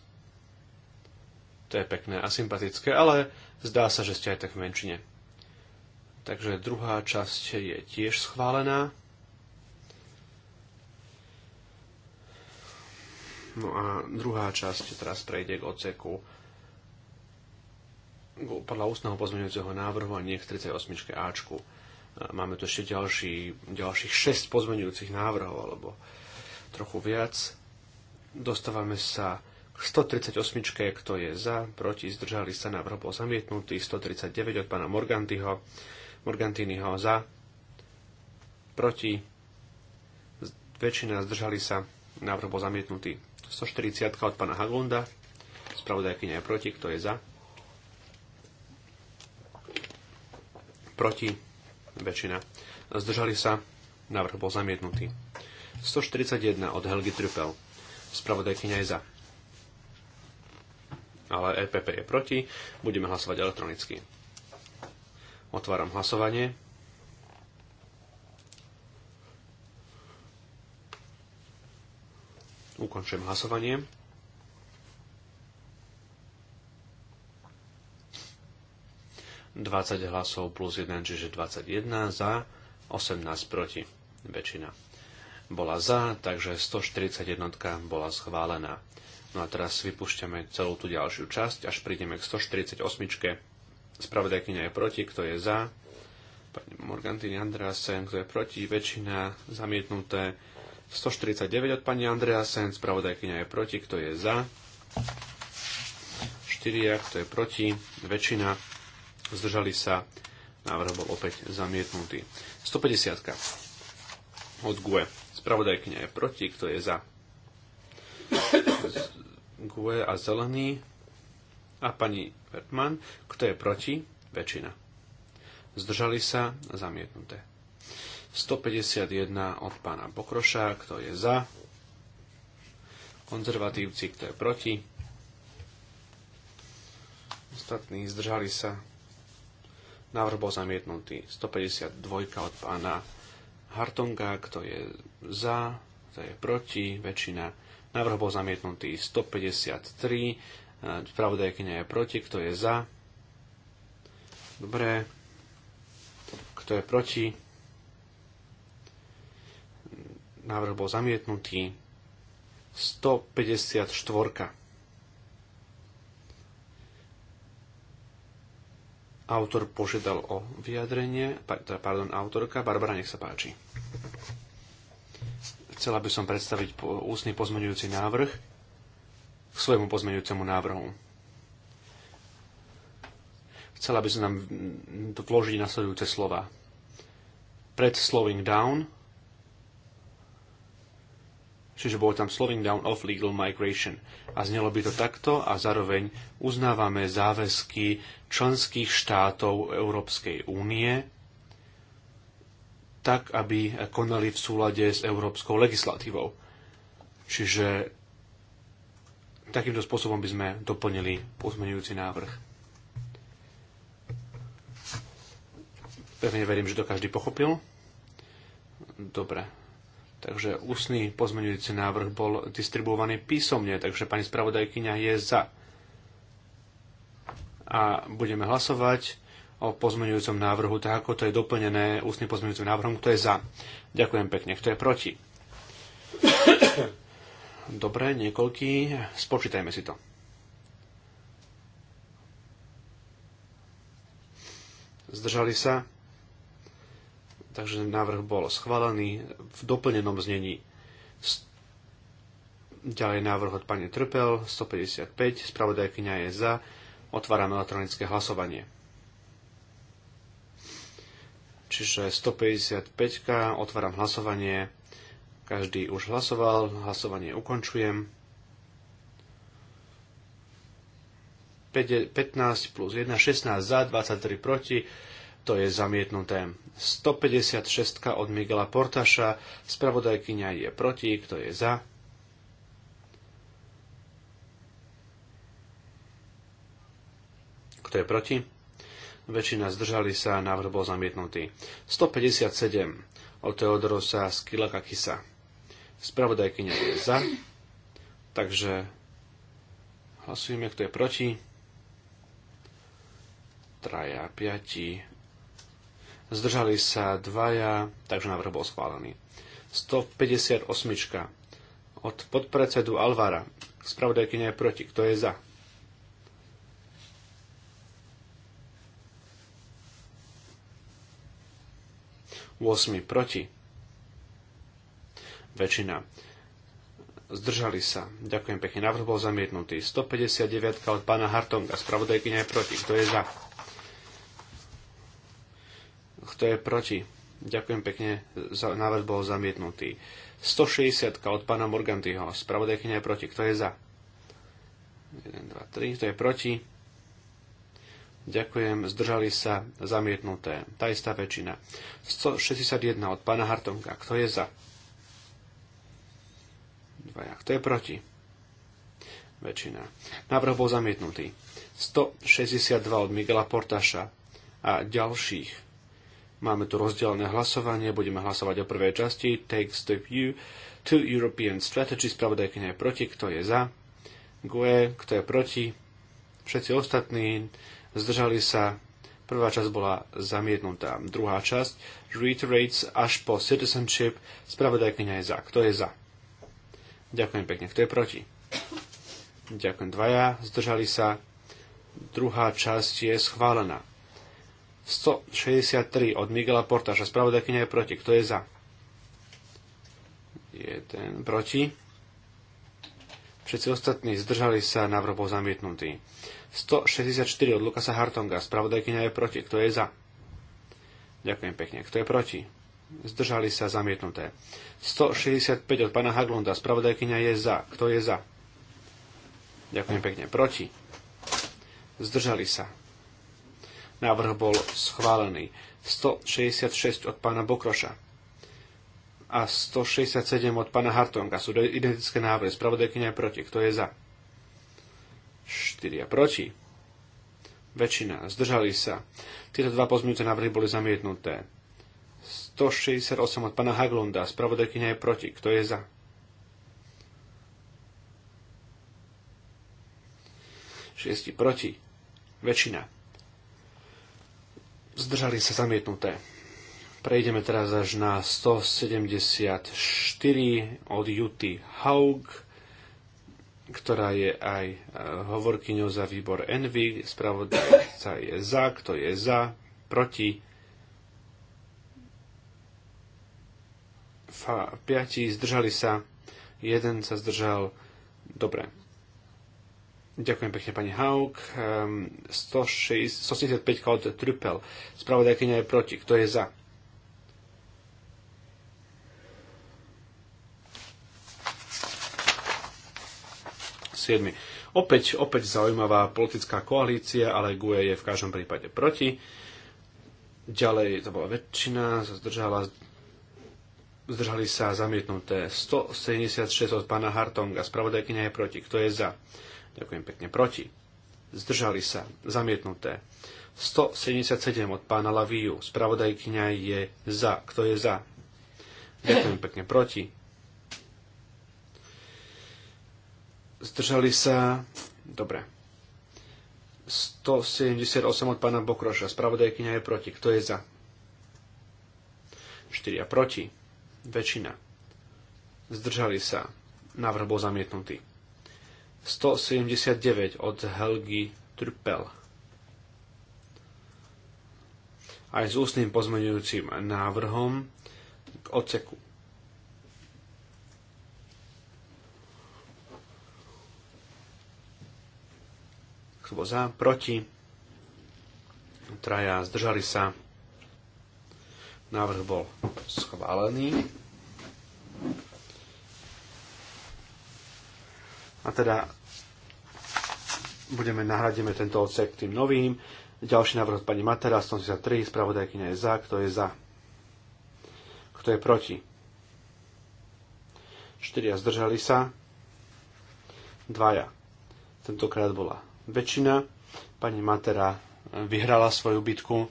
To je pekné a sympatické, ale zdá sa, že ste aj tak v menšine. Takže druhá časť je tiež schválená. No a druhá časť teraz prejde k oceku podľa ústneho pozmeňujúceho návrhu a nie k 38. Ačku. E, máme tu ešte ďalší, ďalších 6 pozmeňujúcich návrhov, alebo trochu viac. Dostávame sa k 138. Kto je za, proti, zdržali sa, návrh bol zamietnutý. 139 od pána Morgantyho. Morgantinyho za, proti, väčšina zdržali sa, návrh bol zamietnutý. 140 od pána Haglunda. Spravodajkyňa je proti, kto je za, proti, väčšina. Zdržali sa, návrh bol zamietnutý. 141 od Helgi Spravodaj Spravodajkyňa je za. Ale EPP je proti. Budeme hlasovať elektronicky. Otváram hlasovanie. Ukončujem hlasovanie. 20 hlasov plus 1, čiže 21 za, 18 proti. Väčšina bola za, takže 141 bola schválená. No a teraz vypúšťame celú tú ďalšiu časť, až prídeme k 148. Spravodajkynia je proti, kto je za. Pani Morgantini Andreasen, kto je proti, väčšina zamietnuté. 149 od pani Andreasen, spravodajkynia je proti, kto je za. 4, kto je proti, väčšina zdržali sa, návrh bol opäť zamietnutý. 150 od GUE. Spravodajkňa je proti, kto je za. GUE a zelený a pani Vertman, kto je proti, väčšina. Zdržali sa, zamietnuté. 151 od pána Pokroša, kto je za, konzervatívci, kto je proti, ostatní zdržali sa, Návrh bol zamietnutý. 152 od pána Hartonga, kto je za, kto je proti, väčšina. Návrh bol zamietnutý 153, pravda e, spravodajkynia je proti, kto je za. Dobre, kto je proti. Návrh bol zamietnutý 154. Autor požiadal o vyjadrenie, teda, pardon, autorka. Barbara, nech sa páči. Chcela by som predstaviť ústny pozmeňujúci návrh k svojmu pozmeňujúcemu návrhu. Chcela by som nám vložiť nasledujúce slova. Pred slowing down Čiže bolo tam slowing down of legal migration. A znelo by to takto a zároveň uznávame záväzky členských štátov Európskej únie, tak, aby konali v súlade s európskou legislatívou. Čiže takýmto spôsobom by sme doplnili pozmenujúci návrh. Pevne verím, že to každý pochopil. Dobre, Takže ústny pozmeňujúci návrh bol distribuovaný písomne, takže pani spravodajkyňa je za. A budeme hlasovať o pozmeňujúcom návrhu, tak ako to je doplnené ústnym pozmeňujúcim návrhom, kto je za. Ďakujem pekne. Kto je proti? Dobre, niekoľký. Spočítajme si to. Zdržali sa? Takže návrh bol schválený v doplnenom znení. Ďalej návrh od pani Trpel, 155, spravodajkyňa je za, otváram elektronické hlasovanie. Čiže 155, otváram hlasovanie, každý už hlasoval, hlasovanie ukončujem. 15 plus 1, 16 za, 23 proti, to je zamietnuté. 156 od Miguela Portaša, spravodajkyňa je proti, kto je za. Kto je proti? Väčšina zdržali sa, návrh bol zamietnutý. 157 od Teodorosa Skilakakisa. Spravodajkyňa je za, takže hlasujeme, kto je proti. Traja, piati, zdržali sa dvaja, takže návrh bol schválený. 158. Od podpredsedu Alvara. nie je proti. Kto je za? 8 proti. Väčšina. Zdržali sa. Ďakujem pekne. Návrh bol zamietnutý. 159 od pána Hartonga. nie je proti. Kto je za? Kto je proti? Ďakujem pekne, za návrh bol zamietnutý. 160 od pána Morgantyho, spravodajkynia je proti. Kto je za? 1, 2, 3. Kto je proti? Ďakujem, zdržali sa zamietnuté. Tá istá väčšina. 161 od pána Hartonka. Kto je za? Dvaja. Kto je proti? Väčšina. Návrh bol zamietnutý. 162 od Miguela Portaša a ďalších Máme tu rozdielne hlasovanie, budeme hlasovať o prvej časti Takes the View to European Strategy, spravodajkynia je proti, kto je za, GUE, kto je proti, všetci ostatní zdržali sa, prvá časť bola zamietnutá, druhá časť reiterates až po citizenship, spravodajkynia je za, kto je za. Ďakujem pekne, kto je proti. Ďakujem dvaja, zdržali sa, druhá časť je schválená. 163 od Miguela Portaša. Spravodajkynia je proti. Kto je za? Je ten proti. Všetci ostatní zdržali sa, návrh bol zamietnutý. 164 od Lukasa Hartonga. Spravodajkynia je proti. Kto je za? Ďakujem pekne. Kto je proti? Zdržali sa zamietnuté. 165 od pána Haglunda. Spravodajkynia je za. Kto je za? Ďakujem pekne. Proti? Zdržali sa. Návrh bol schválený. 166 od pána Bokroša a 167 od pána Hartonga sú identické návrhy. Spravodajkynia je proti. Kto je za? 4 proti. Väčšina. Zdržali sa. Tieto dva pozmeňujúce návrhy boli zamietnuté. 168 od pána Haglunda. Spravodajkynia je proti. Kto je za? Šiesti proti. Väčšina zdržali sa zamietnuté. Prejdeme teraz až na 174 od Juty Haug, ktorá je aj e, hovorkyňou za výbor Envy. Spravodajca je za, kto je za, proti. Fa, piati zdržali sa, jeden sa zdržal. Dobre, Ďakujem pekne, pani Haug. 165 kód Trupel. Spravodajkynia je proti. Kto je za? Siedmi. Opäť, opäť zaujímavá politická koalícia, ale GUE je v každom prípade proti. Ďalej to bola väčšina, zdržala, zdržali sa zamietnuté 176 od pána Hartonga. Spravodajkynia je proti. Kto je za? Ďakujem pekne. Proti. Zdržali sa. Zamietnuté. 177 od pána Laviu. Spravodajkyňa je za. Kto je za? Ďakujem pekne. Proti. Zdržali sa. Dobre. 178 od pána Bokroša. Spravodajkyňa je proti. Kto je za? 4 proti. Väčšina. Zdržali sa. Návrh bol zamietnutý. 179 od Helgi Trpel. Aj s ústnym pozmeňujúcim návrhom k oceku. Kto za, proti, traja, zdržali sa. Návrh bol schválený. A teda budeme nahradíme tento odsek tým novým. Ďalší návrh od pani Matera, 183, spravodajkynia je za, kto je za? Kto je proti? 4 zdržali sa, 2. Tentokrát bola väčšina. Pani Matera vyhrala svoju bitku.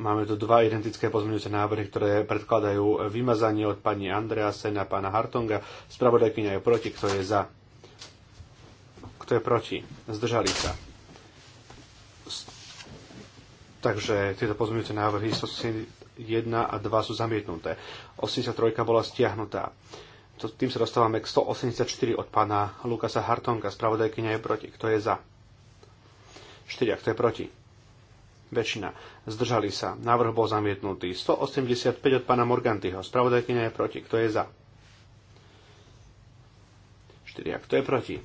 Máme tu dva identické pozmeňujúce návrhy, ktoré predkladajú vymazanie od pani Andreasen a pána Hartonga. Spravodajkynia je proti, kto je za. Kto je proti? Zdržali sa. Takže tieto pozmeňujúce návrhy 171 a 2 sú zamietnuté. 83 bola stiahnutá. Tým sa dostávame k 184 od pána Lukasa Hartonka, Spravodajkynia je proti. Kto je za? 4. Kto je proti? Väčšina. Zdržali sa. Návrh bol zamietnutý. 185 od pána Morgantyho. Spravodajkynia je proti. Kto je za? 4. Kto je proti?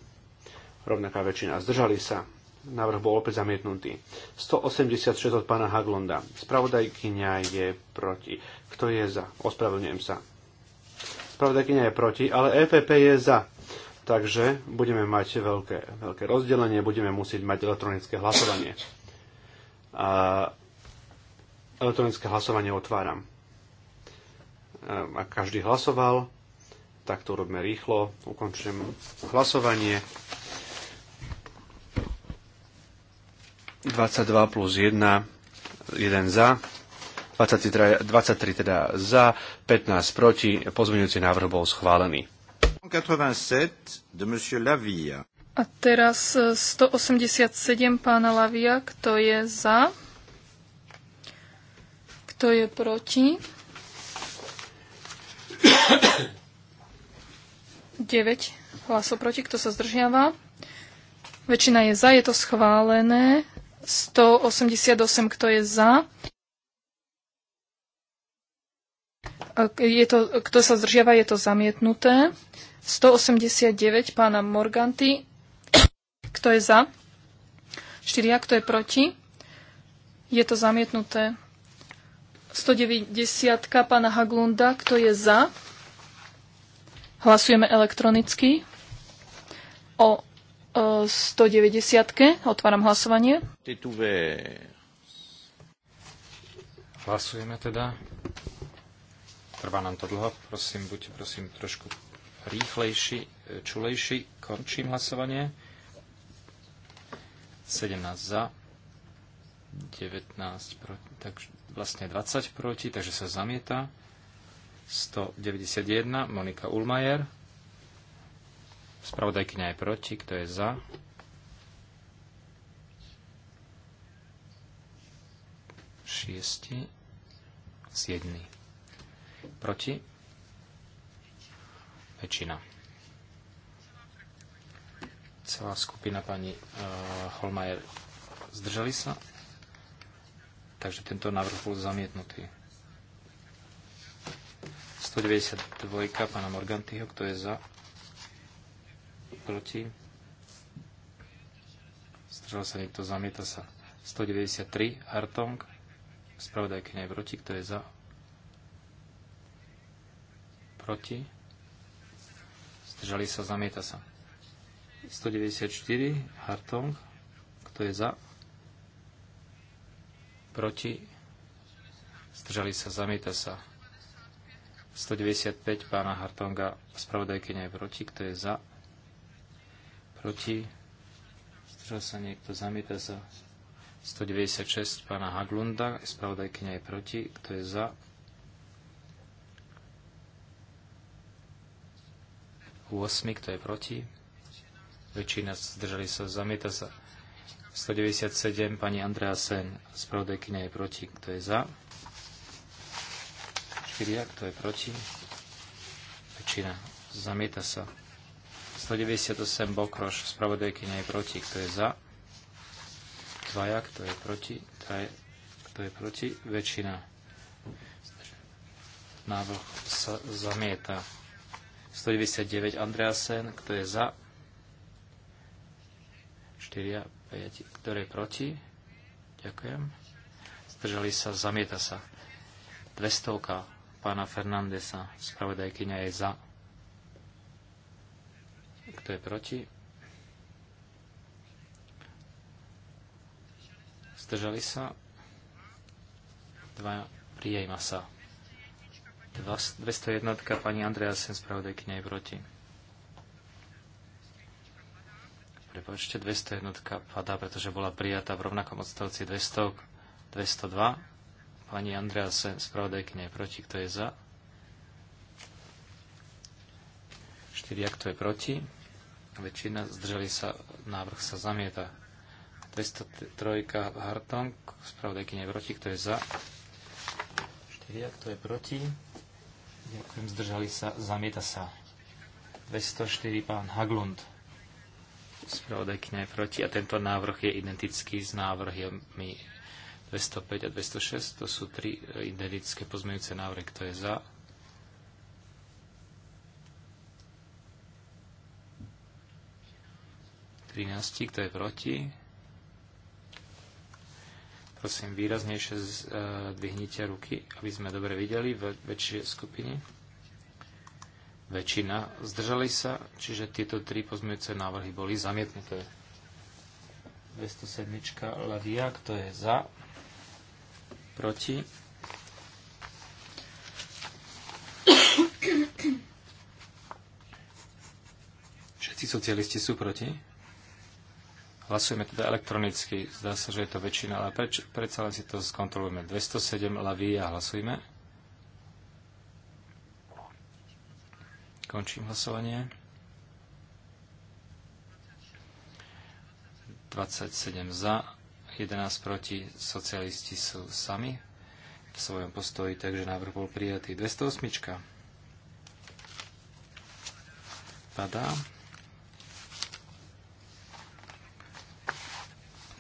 rovnaká väčšina. Zdržali sa. Návrh bol opäť zamietnutý. 186 od pána Haglonda. Spravodajkyňa je proti. Kto je za? Ospravedlňujem sa. Spravodajkyňa je proti, ale EPP je za. Takže budeme mať veľké, veľké rozdelenie, budeme musieť mať elektronické hlasovanie. A elektronické hlasovanie otváram. Ak každý hlasoval, tak to robíme rýchlo. Ukončujem hlasovanie. 22 plus 1, 1 za, 23, 23 teda za, 15 proti. Pozmeňujúci návrh bol schválený. 187 de monsieur Lavia. A teraz 187 e, pána Lavia, kto je za? Kto je proti? 9 <coughs> hlasov proti, kto sa zdržiava? Väčšina je za, je to schválené. 188, kto je za? Je to, kto sa zdržiava, je to zamietnuté. 189 pána Morganty. Kto je za? 4. Kto je proti? Je to zamietnuté. 190 pána Haglunda. Kto je za? Hlasujeme elektronicky o 190. Otváram hlasovanie. Hlasujeme teda. Trvá nám to dlho. Prosím, buďte prosím trošku rýchlejší, e, čulejší. Končím hlasovanie. 17 za, 19 proti, tak vlastne 20 proti, takže sa zamieta. 191, Monika Ulmajer. Spravodajkyňa je proti. Kto je za? Šiesti. Siedmi. Proti? Väčšina. Celá skupina pani uh, Holmajer zdržali sa. Takže tento návrh bol zamietnutý. 192 pána Morgantyho, kto je za? proti, zdržal sa niekto, zamieta sa. 193, Artong, spravodajkyňa je proti, kto je za, proti, zdržali sa, zamieta sa. 194, Hartong, kto je za, proti, zdržali sa, zamieta sa. 195 pána Hartonga, spravodajkyňa je proti, kto je za, proti, zdržal sa niekto, zamieta sa 196 pána Haglunda, spravodajkyňa je proti, kto je za, 8, kto je proti, väčšina zdržali sa, zamieta sa 197 pani Andrea Sen, spravodajkyňa je proti, kto je za, 4, kto je proti, väčšina, zamieta sa 198 Bokroš, spravodajky nie je proti. Kto je za? Dvaja, kto je proti? Traje, kto je proti? Väčšina. Návrh sa zamieta. 199 Andreasen, kto je za? 4, 5, kto je proti? Ďakujem. Zdržali sa, zamieta sa. 200 pána Fernandesa, spravodajkyňa je za. Kto je proti? Zdržali sa? Dva, prijíma sa. 201. Pani Andreasen, k je proti. Prepačte, 201 padá, pretože bola prijatá v rovnakom odstavci 200, 202. Pani Andreasen, k je proti. Kto je za? 4. Kto je proti? väčšina, zdržali sa, návrh sa zamieta. 203 Hartong, spravodajkyne proti, kto je za? 4, kto je proti? Ďakujem, zdržali sa, zamieta sa. 204 pán Haglund, spravodajkyne proti a tento návrh je identický s návrhmi 205 a 206, to sú tri eh, identické pozmeňujúce návrhy, kto je za? 13, kto je proti. Prosím, výraznejšie zdvihnite e, ruky, aby sme dobre videli väčšie skupiny. Väčšina zdržali sa, čiže tieto tri pozmeňujúce návrhy boli zamietnuté. 207. Lavia, kto je za? Proti? Všetci socialisti sú proti? Hlasujeme teda elektronicky. Zdá sa, že je to väčšina, ale preč, predsa len si to skontrolujeme. 207 laví a hlasujme. Končím hlasovanie. 27 za, 11 proti, socialisti sú sami v svojom postoji, takže návrh bol prijatý. 208. Padá.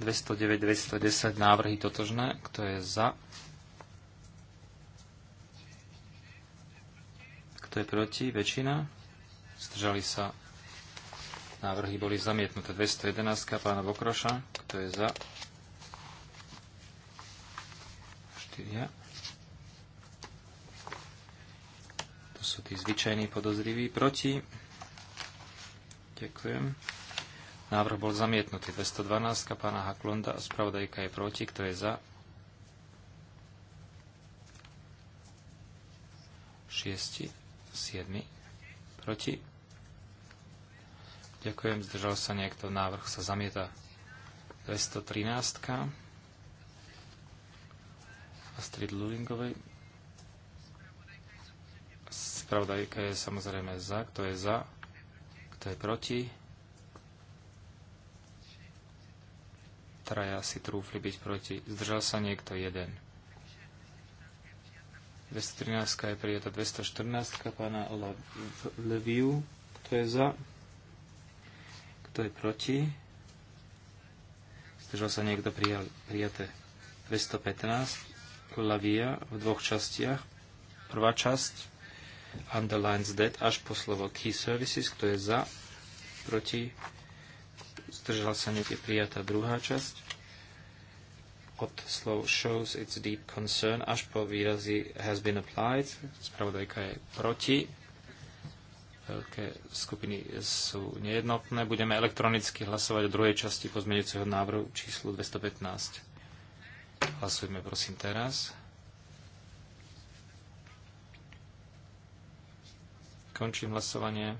209, 210 návrhy totožné. Kto je za? Kto je proti? Väčšina? Zdržali sa. Návrhy boli zamietnuté. 211 pána Bokroša. Kto je za? 4. To sú tí zvyčajní podozriví. Proti? Ďakujem. Návrh bol zamietnutý. 212. Pána Haklunda. Spravodajka je proti. Kto je za? 6. 7. Proti. Ďakujem. Zdržal sa niekto. Návrh sa zamieta. 213. Astrid Lulingovej. Spravodajka je samozrejme za. Kto je za? Kto je proti? traja si trúfli byť proti. Zdržal sa niekto jeden. 213 je prijata 214 pána Leviu. Kto je za? Kto je proti? Zdržal sa niekto prijal, prijaté 215 Lavia v dvoch častiach. Prvá časť underlines dead až po slovo key services. Kto je za? Proti? zdržal sa net je prijatá druhá časť od slov shows its deep concern až po výrazy has been applied. Spravodajka je proti. Veľké skupiny sú nejednotné. Budeme elektronicky hlasovať o druhej časti pozmeňujúceho návrhu číslu 215. Hlasujme prosím teraz. Končím hlasovanie.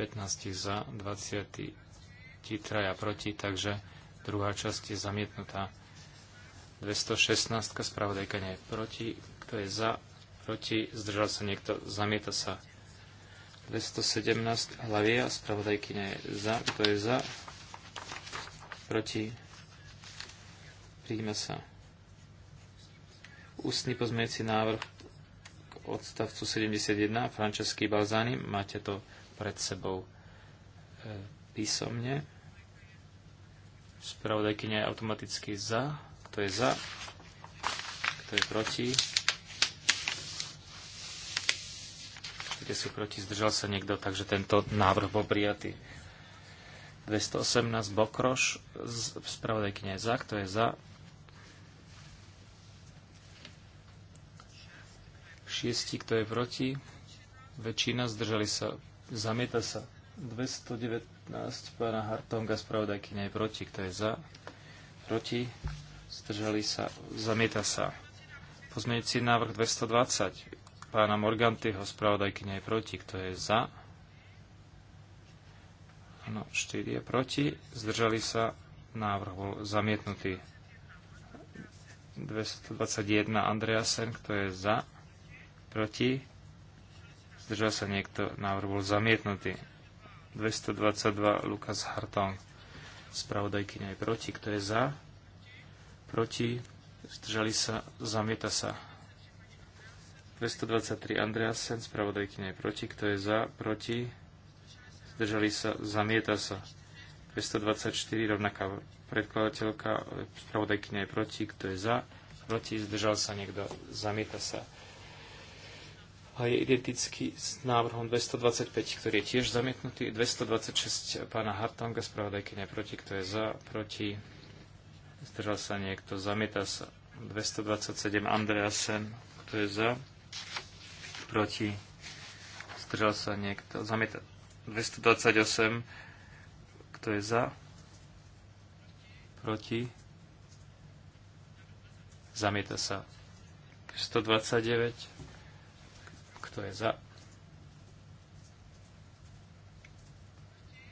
15 za, 23 proti, takže druhá časť je zamietnutá. 216, spravodajka nie je proti, kto je za, proti, zdržal sa niekto, zamieta sa. 217, hlavia, spravodajky nie je za, kto je za, proti, príjme sa. Ústny pozmejci návrh k odstavcu 71, Francesky Balzány. máte to pred sebou e, písomne. Spravodajkynia je automaticky za. Kto je za? Kto je proti? Kde sú proti? Zdržal sa niekto, takže tento návrh bol prijatý. 218 Bokroš, spravodajkynia je za, kto je za? Šiesti, kto je proti? Väčšina, zdržali sa Zamieta sa. 219 pána Hartonga, spravodajkyňa je proti. Kto je za? Proti. Zdržali sa. Zamieta sa. Pozmeňujúci návrh 220 pána Morgantyho, spravodajkyňa je proti. Kto je za? Áno, 4 je proti. Zdržali sa. Návrh bol zamietnutý. 221 Andreasen, kto je za? Proti Zdržal sa niekto? Návrh bol zamietnutý. 222 Lukas Hartong. Spravodajkyňa je proti. Kto je za? Proti. Zdržali sa. Zamieta sa. 223 Andreasen. Spravodajkyňa je proti. Kto je za? Proti. Zdržali sa. Zamieta sa. 224 rovnaká predkladateľka. Spravodajkyňa je proti. Kto je za? Proti. Zdržal sa niekto. Zamieta sa a je identický s návrhom 225, ktorý je tiež zamietnutý. 226 pána Hartonga, spravodajky proti, kto je za, proti, zdržal sa niekto, zamieta sa. 227 Andreasen, kto je za, proti, zdržal sa niekto, zamieta. 228, kto je za, proti, zamieta sa. 129, kto je za?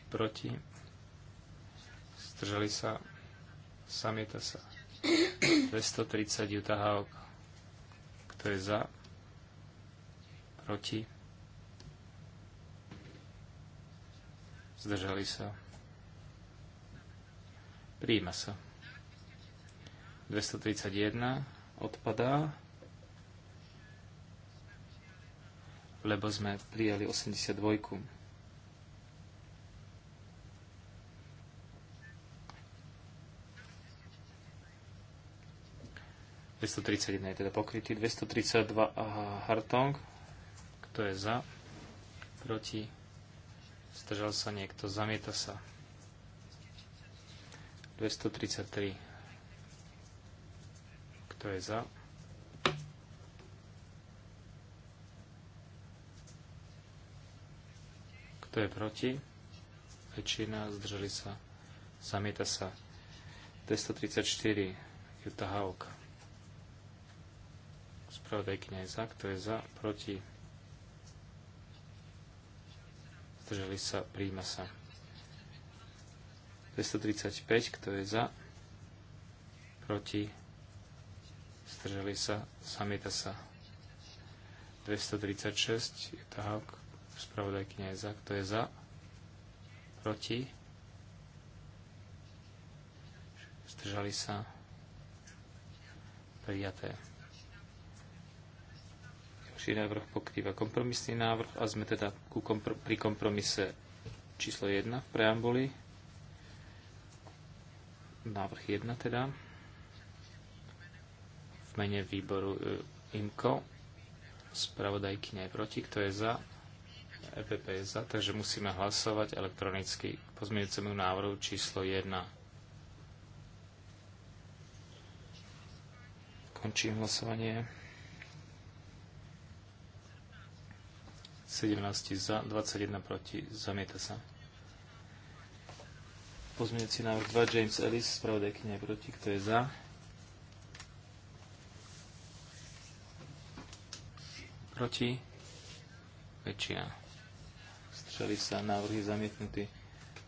Proti? Zdržali sa? Samieta sa. 230 Juta Haug. Kto je za? Proti? Zdržali sa. Príjima sa. 231 odpadá. lebo sme prijali 82. ...231 je teda pokrytý, 232 a Hartong, kto je za, proti, zdržal sa niekto, zamieta sa. 233, kto je za, Kto je proti? Väčšina. Zdržali sa. Zamieta sa. 234. Juta Hauk. Spravodajkynia je za. Kto je za? Proti? Zdržali sa. Príjma sa. 235. Kto je za? Proti? Zdržali sa. Zamieta sa. 236. Juta Hauk Spravodajkynia je za. Kto je za? Proti? Zdržali sa? Prijaté. Ďalší návrh pokrýva kompromisný návrh a sme teda ku kompr- pri kompromise číslo 1 v preambuli. Návrh 1 teda. V mene výboru e, IMCO. Spravodajkyňa je proti. Kto je za? EPP je za, takže musíme hlasovať elektronicky k pozmeňujúcemu návrhu číslo 1. Končím hlasovanie. 17 za, 21 proti, zamieta sa. Pozmeňujúci návrh 2 James Ellis, spravodajkynia proti, kto je za? Proti? Väčšina zdržali sa, návrhy zamietnutý.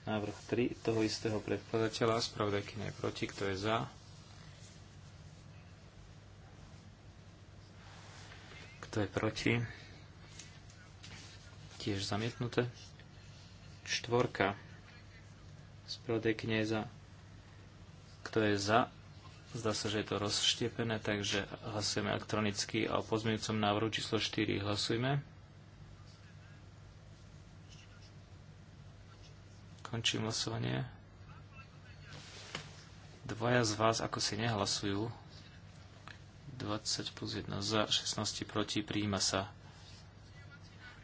Návrh 3 toho istého predkladateľa, spravodajkyňa je proti, kto je za, kto je proti, tiež zamietnuté. Štvorka, spravodajkyňa je za, kto je za, Zdá sa, že je to rozštiepené, takže hlasujeme elektronicky o pozmeňujúcom návrhu číslo 4. Hlasujme. Končím hlasovanie. Dvaja z vás ako si nehlasujú. 20 plus 1 za, 16 proti, príjima sa.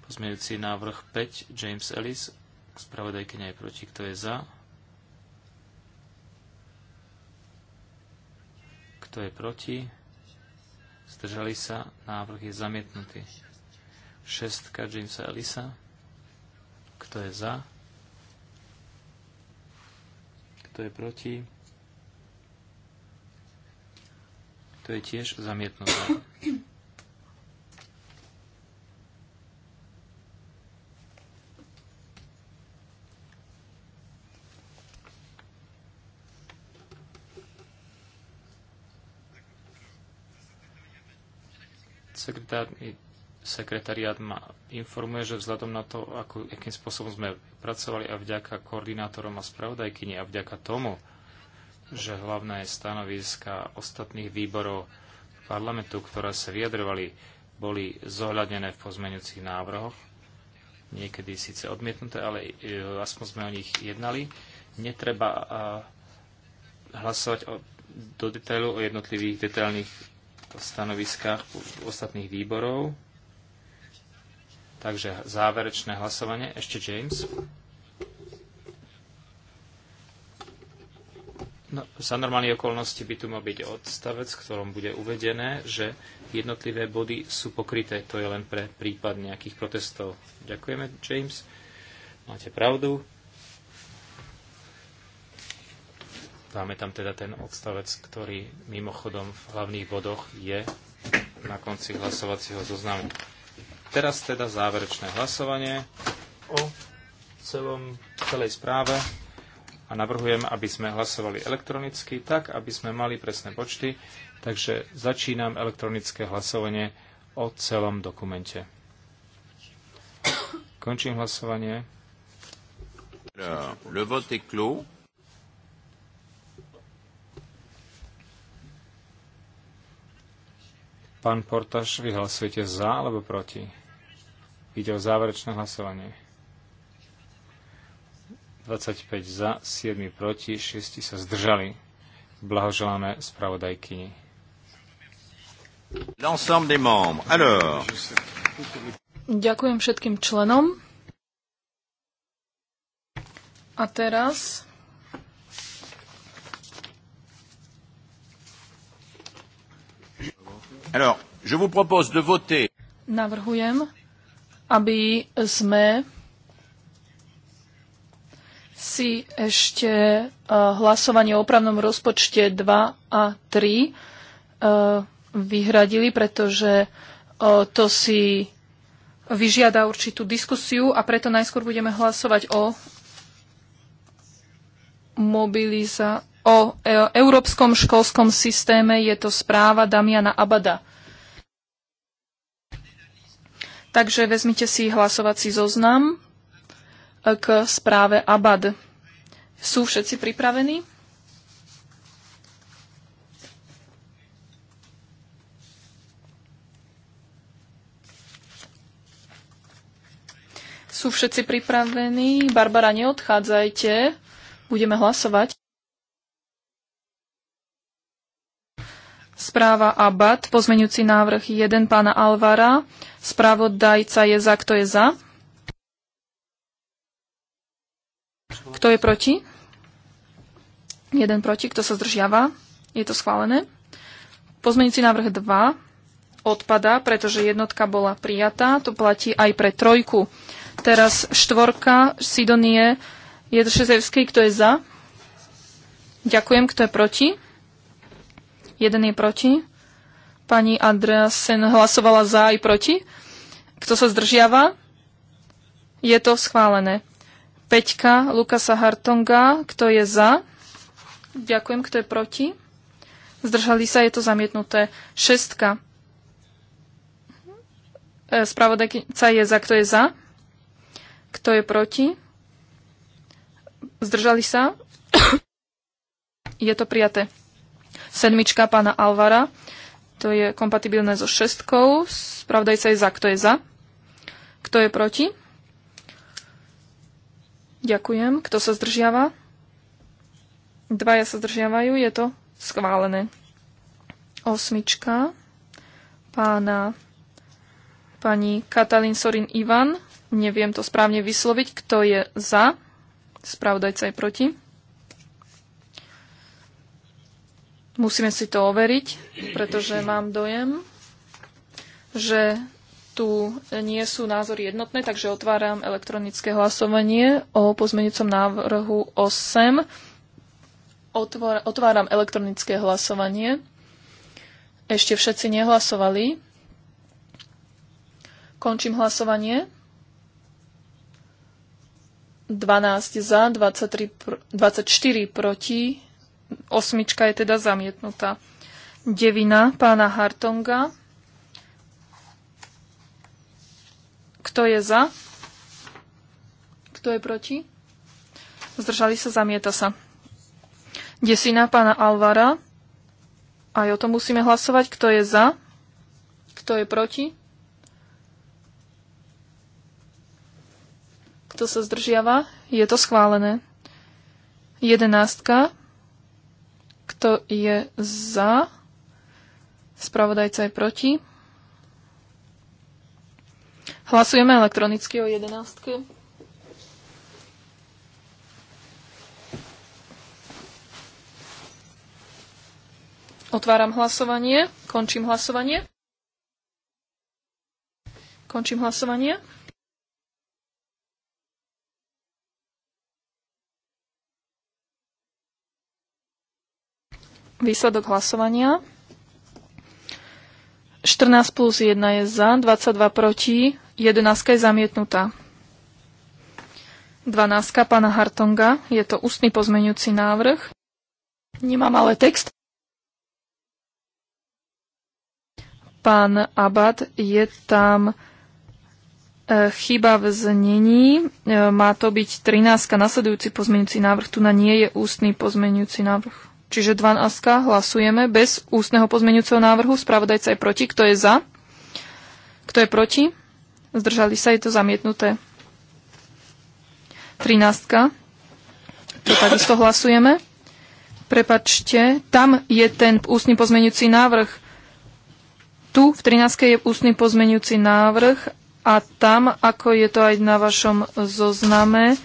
Pozmejúci návrh 5, James Ellis, spravodajkyňa je proti, kto je za. Kto je proti? Zdržali sa. Návrh je zamietnutý. 6, Jamesa Elisa. Kto je za? Kto je proti? To je tiež zamietnuté. sekretár sekretariát ma informuje, že vzhľadom na to, ako, akým spôsobom sme pracovali a vďaka koordinátorom a spravodajkyni a vďaka tomu, že hlavné stanoviska ostatných výborov parlamentu, ktoré sa vyjadrovali, boli zohľadnené v pozmeňujúcich návrhoch, niekedy síce odmietnuté, ale e, aspoň sme o nich jednali. Netreba hlasovať o, do detailu o jednotlivých detailných stanoviskách ostatných výborov, Takže záverečné hlasovanie. Ešte James. No, za normálnej okolnosti by tu mal byť odstavec, v ktorom bude uvedené, že jednotlivé body sú pokryté. To je len pre prípad nejakých protestov. Ďakujeme, James. Máte pravdu. Dáme tam teda ten odstavec, ktorý mimochodom v hlavných bodoch je na konci hlasovacieho zoznamu. Teraz teda záverečné hlasovanie o celom, celej správe a navrhujem, aby sme hlasovali elektronicky, tak aby sme mali presné počty. Takže začínam elektronické hlasovanie o celom dokumente. Končím hlasovanie. Le vote est clos. Pán Portaš, vy hlasujete za alebo proti? Ide o záverečné hlasovanie. 25 za, 7 proti, 6 sa zdržali. Blahoželáme spravodajkyni. Ďakujem všetkým členom. A teraz Alors, je vous propose de voter. Navrhujem, aby sme si ešte eh, hlasovanie o opravnom rozpočte 2 a 3 eh, vyhradili, pretože eh, to si vyžiada určitú diskusiu a preto najskôr budeme hlasovať o mobiliza o e-, európskom školskom systéme. Je to správa Damiana Abada. Takže vezmite si hlasovací zoznam e, k správe ABAD. Sú všetci pripravení? Sú všetci pripravení? Barbara, neodchádzajte. Budeme hlasovať. Správa ABAT, pozmeňujúci návrh 1 pána Alvara. Spravodajca je za, kto je za? Kto je proti? Jeden proti, kto sa zdržiava? Je to schválené. Pozmeňujúci návrh 2 odpada, pretože jednotka bola prijatá. To platí aj pre trojku. Teraz štvorka Sidonie Jedrzejevskej, kto je za? Ďakujem, kto je proti? Jeden je proti. Pani Andreasen hlasovala za i proti. Kto sa zdržiava? Je to schválené. Peťka Lukasa Hartonga, kto je za? Ďakujem, kto je proti? Zdržali sa, je to zamietnuté. Šestka. E, Spravodajca je za, kto je za? Kto je proti? Zdržali sa? Je to prijaté. Sedmička pána Alvara. To je kompatibilné so šestkou. sa je za. Kto je za? Kto je proti? Ďakujem. Kto sa zdržiava? Dvaja sa zdržiavajú. Je to schválené. Osmička pána pani Katalín Sorin Ivan. Neviem to správne vysloviť. Kto je za? Spravdajca je proti. Musíme si to overiť, pretože mám dojem, že tu nie sú názory jednotné, takže otváram elektronické hlasovanie o pozmenicom návrhu 8. Otvor, otváram elektronické hlasovanie. Ešte všetci nehlasovali. Končím hlasovanie. 12 za, 23, 24 proti, Osmička je teda zamietnutá. Devina pána Hartonga. Kto je za? Kto je proti? Zdržali sa, zamieta sa. Desina pána Alvara. Aj o tom musíme hlasovať. Kto je za? Kto je proti? Kto sa zdržiava? Je to schválené. Jedenástka. Kto je za? Spravodajca je proti. Hlasujeme elektronicky o jedenáctke. Otváram hlasovanie. Končím hlasovanie. Končím hlasovanie. Výsledok hlasovania. 14 plus 1 je za, 22 proti, 11 je zamietnutá. 12 pána Hartonga, je to ústny pozmeňujúci návrh. Nemám ale text. Pán Abad, je tam e, chyba v znení. E, má to byť 13. nasledujúci pozmeňujúci návrh. Tu na nie je ústny pozmeňujúci návrh. Čiže 12 hlasujeme bez ústneho pozmeňujúceho návrhu. Spravodajca je proti. Kto je za? Kto je proti? Zdržali sa, je to zamietnuté. 13. To takisto hlasujeme. Prepačte, tam je ten ústny pozmeňujúci návrh. Tu v 13. je ústny pozmeňujúci návrh a tam, ako je to aj na vašom zozname, e,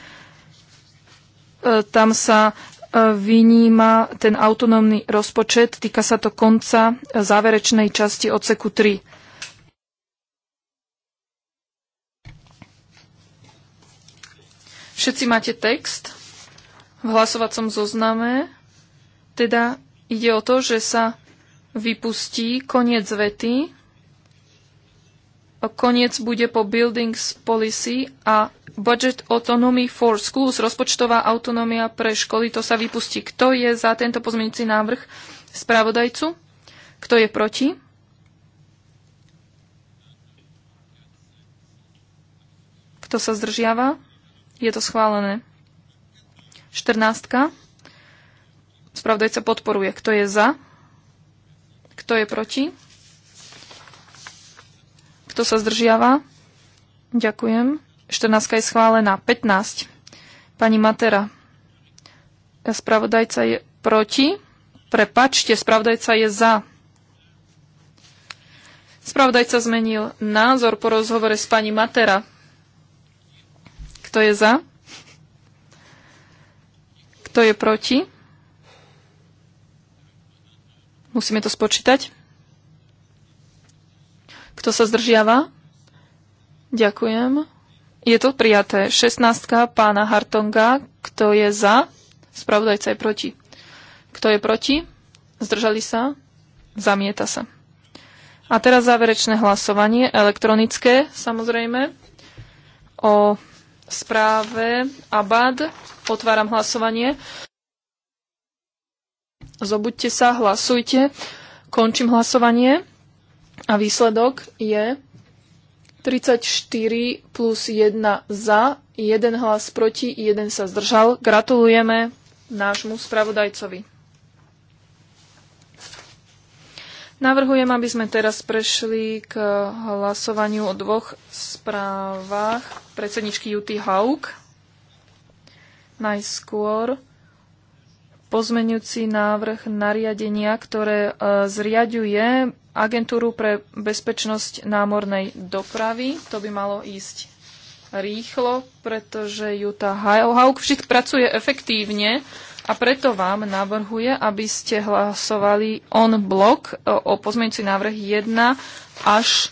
tam sa vyníma ten autonómny rozpočet. Týka sa to konca záverečnej časti odseku 3. Všetci máte text v hlasovacom zozname. Teda ide o to, že sa vypustí koniec vety koniec bude po Buildings Policy a Budget Autonomy for Schools, rozpočtová autonómia pre školy, to sa vypustí. Kto je za tento pozmeňujúci návrh spravodajcu? Kto je proti? Kto sa zdržiava? Je to schválené. 14. Spravodajca podporuje. Kto je za? Kto je proti? Kto sa zdržiava? Ďakujem. 14 je schválená. 15. Pani Matera. Spravodajca je proti. Prepačte, spravodajca je za. Spravodajca zmenil názor po rozhovore s pani Matera. Kto je za? Kto je proti? Musíme to spočítať. Kto sa zdržiava? Ďakujem. Je to prijaté. 16. pána Hartonga. Kto je za? Spravodajca je proti. Kto je proti? Zdržali sa? Zamieta sa. A teraz záverečné hlasovanie, elektronické samozrejme, o správe ABAD. Otváram hlasovanie. Zobuďte sa, hlasujte. Končím hlasovanie. A výsledok je 34 plus 1 za, 1 hlas proti, 1 sa zdržal. Gratulujeme nášmu spravodajcovi. Navrhujem, aby sme teraz prešli k hlasovaniu o dvoch správach predsedničky Juty Hauk. Najskôr pozmeňujúci návrh nariadenia, ktoré e, zriaďuje agentúru pre bezpečnosť námornej dopravy. To by malo ísť rýchlo, pretože Juta Hauk všetk pracuje efektívne a preto vám navrhuje, aby ste hlasovali on blok e, o pozmeňujúci návrh 1 až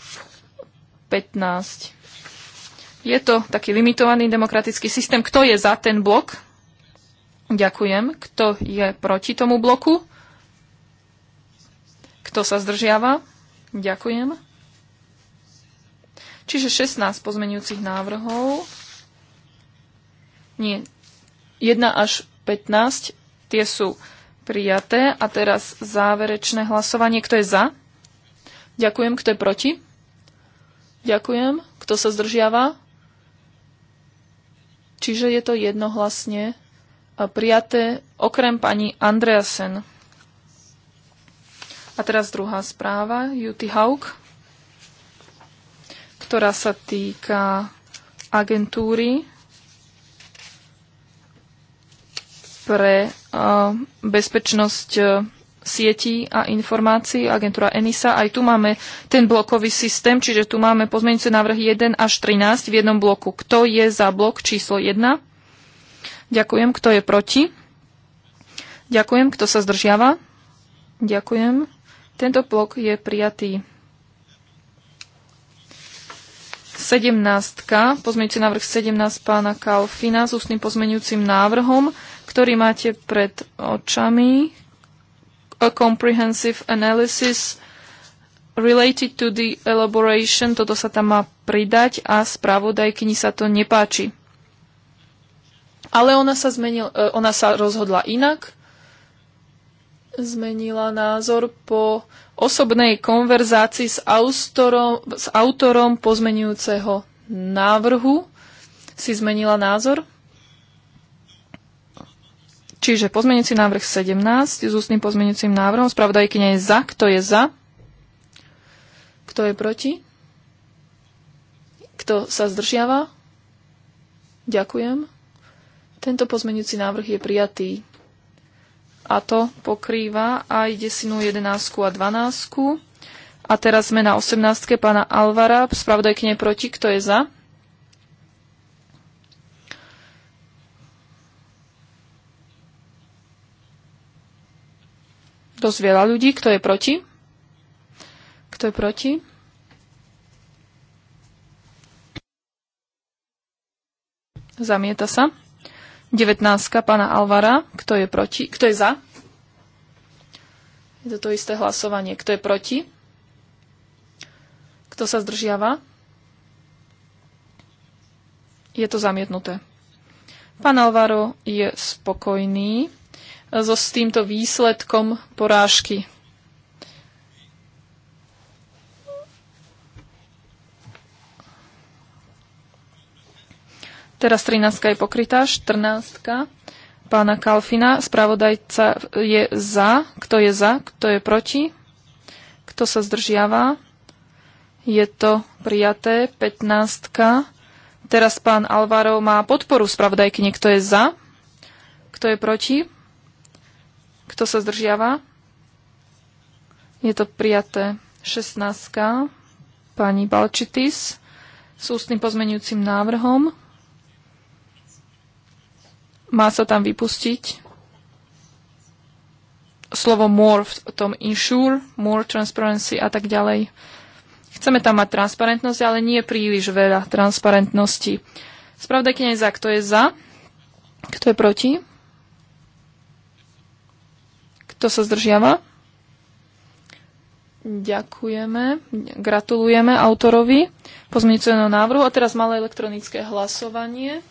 15. Je to taký limitovaný demokratický systém. Kto je za ten blok? Ďakujem. Kto je proti tomu bloku? Kto sa zdržiava? Ďakujem. Čiže 16 pozmenujúcich návrhov. Nie. 1 až 15. Tie sú prijaté. A teraz záverečné hlasovanie. Kto je za? Ďakujem. Kto je proti? Ďakujem. Kto sa zdržiava? Čiže je to jednohlasne prijaté okrem pani Andreasen. A teraz druhá správa, Juty Haug, ktorá sa týka agentúry pre uh, bezpečnosť uh, sietí a informácií, agentúra ENISA. Aj tu máme ten blokový systém, čiže tu máme pozmeňujúce návrhy 1 až 13 v jednom bloku. Kto je za blok číslo 1? Ďakujem. Kto je proti? Ďakujem. Kto sa zdržiava? Ďakujem. Tento blok je prijatý. 17. Pozmeňujúci návrh 17 pána Kalfina s ústnym pozmeňujúcim návrhom, ktorý máte pred očami. A comprehensive analysis related to the elaboration, toto sa tam má pridať a spravodajkyni sa to nepáči. Ale ona sa, zmenil, e, ona sa rozhodla inak zmenila názor po osobnej konverzácii s autorom, s autorom pozmenujúceho návrhu. Si zmenila názor? Čiže pozmenujúci návrh 17 s ústnym pozmenujúcim návrhom. Spravodajkyňa je za. Kto je za? Kto je proti? Kto sa zdržiava? Ďakujem. Tento pozmenujúci návrh je prijatý a to pokrýva aj desinu 11 a 12. A teraz sme na 18. pána Alvara, k nej proti, kto je za? Dosť veľa ľudí, kto je proti? Kto je proti? Zamieta sa. 19. pána Alvara. Kto je proti? Kto je za? Je to to isté hlasovanie. Kto je proti? Kto sa zdržiava? Je to zamietnuté. Pán Alvaro je spokojný so s týmto výsledkom porážky. Teraz 13 je pokrytá, 14 pána Kalfina. Spravodajca je za. Kto je za? Kto je proti? Kto sa zdržiava? Je to prijaté. 15. Teraz pán Alvaro má podporu spravodajky. Niekto je za? Kto je proti? Kto sa zdržiava? Je to prijaté. 16. Pani Balčitis s ústnym pozmenujúcim návrhom. Má sa tam vypustiť slovo more v tom insure, more transparency a tak ďalej. Chceme tam mať transparentnosť, ale nie príliš veľa transparentnosti. Spravda je za. Kto je za? Kto je proti? Kto sa zdržiava? Ďakujeme, gratulujeme autorovi pozmeňujúceho návrhu. A teraz malé elektronické hlasovanie.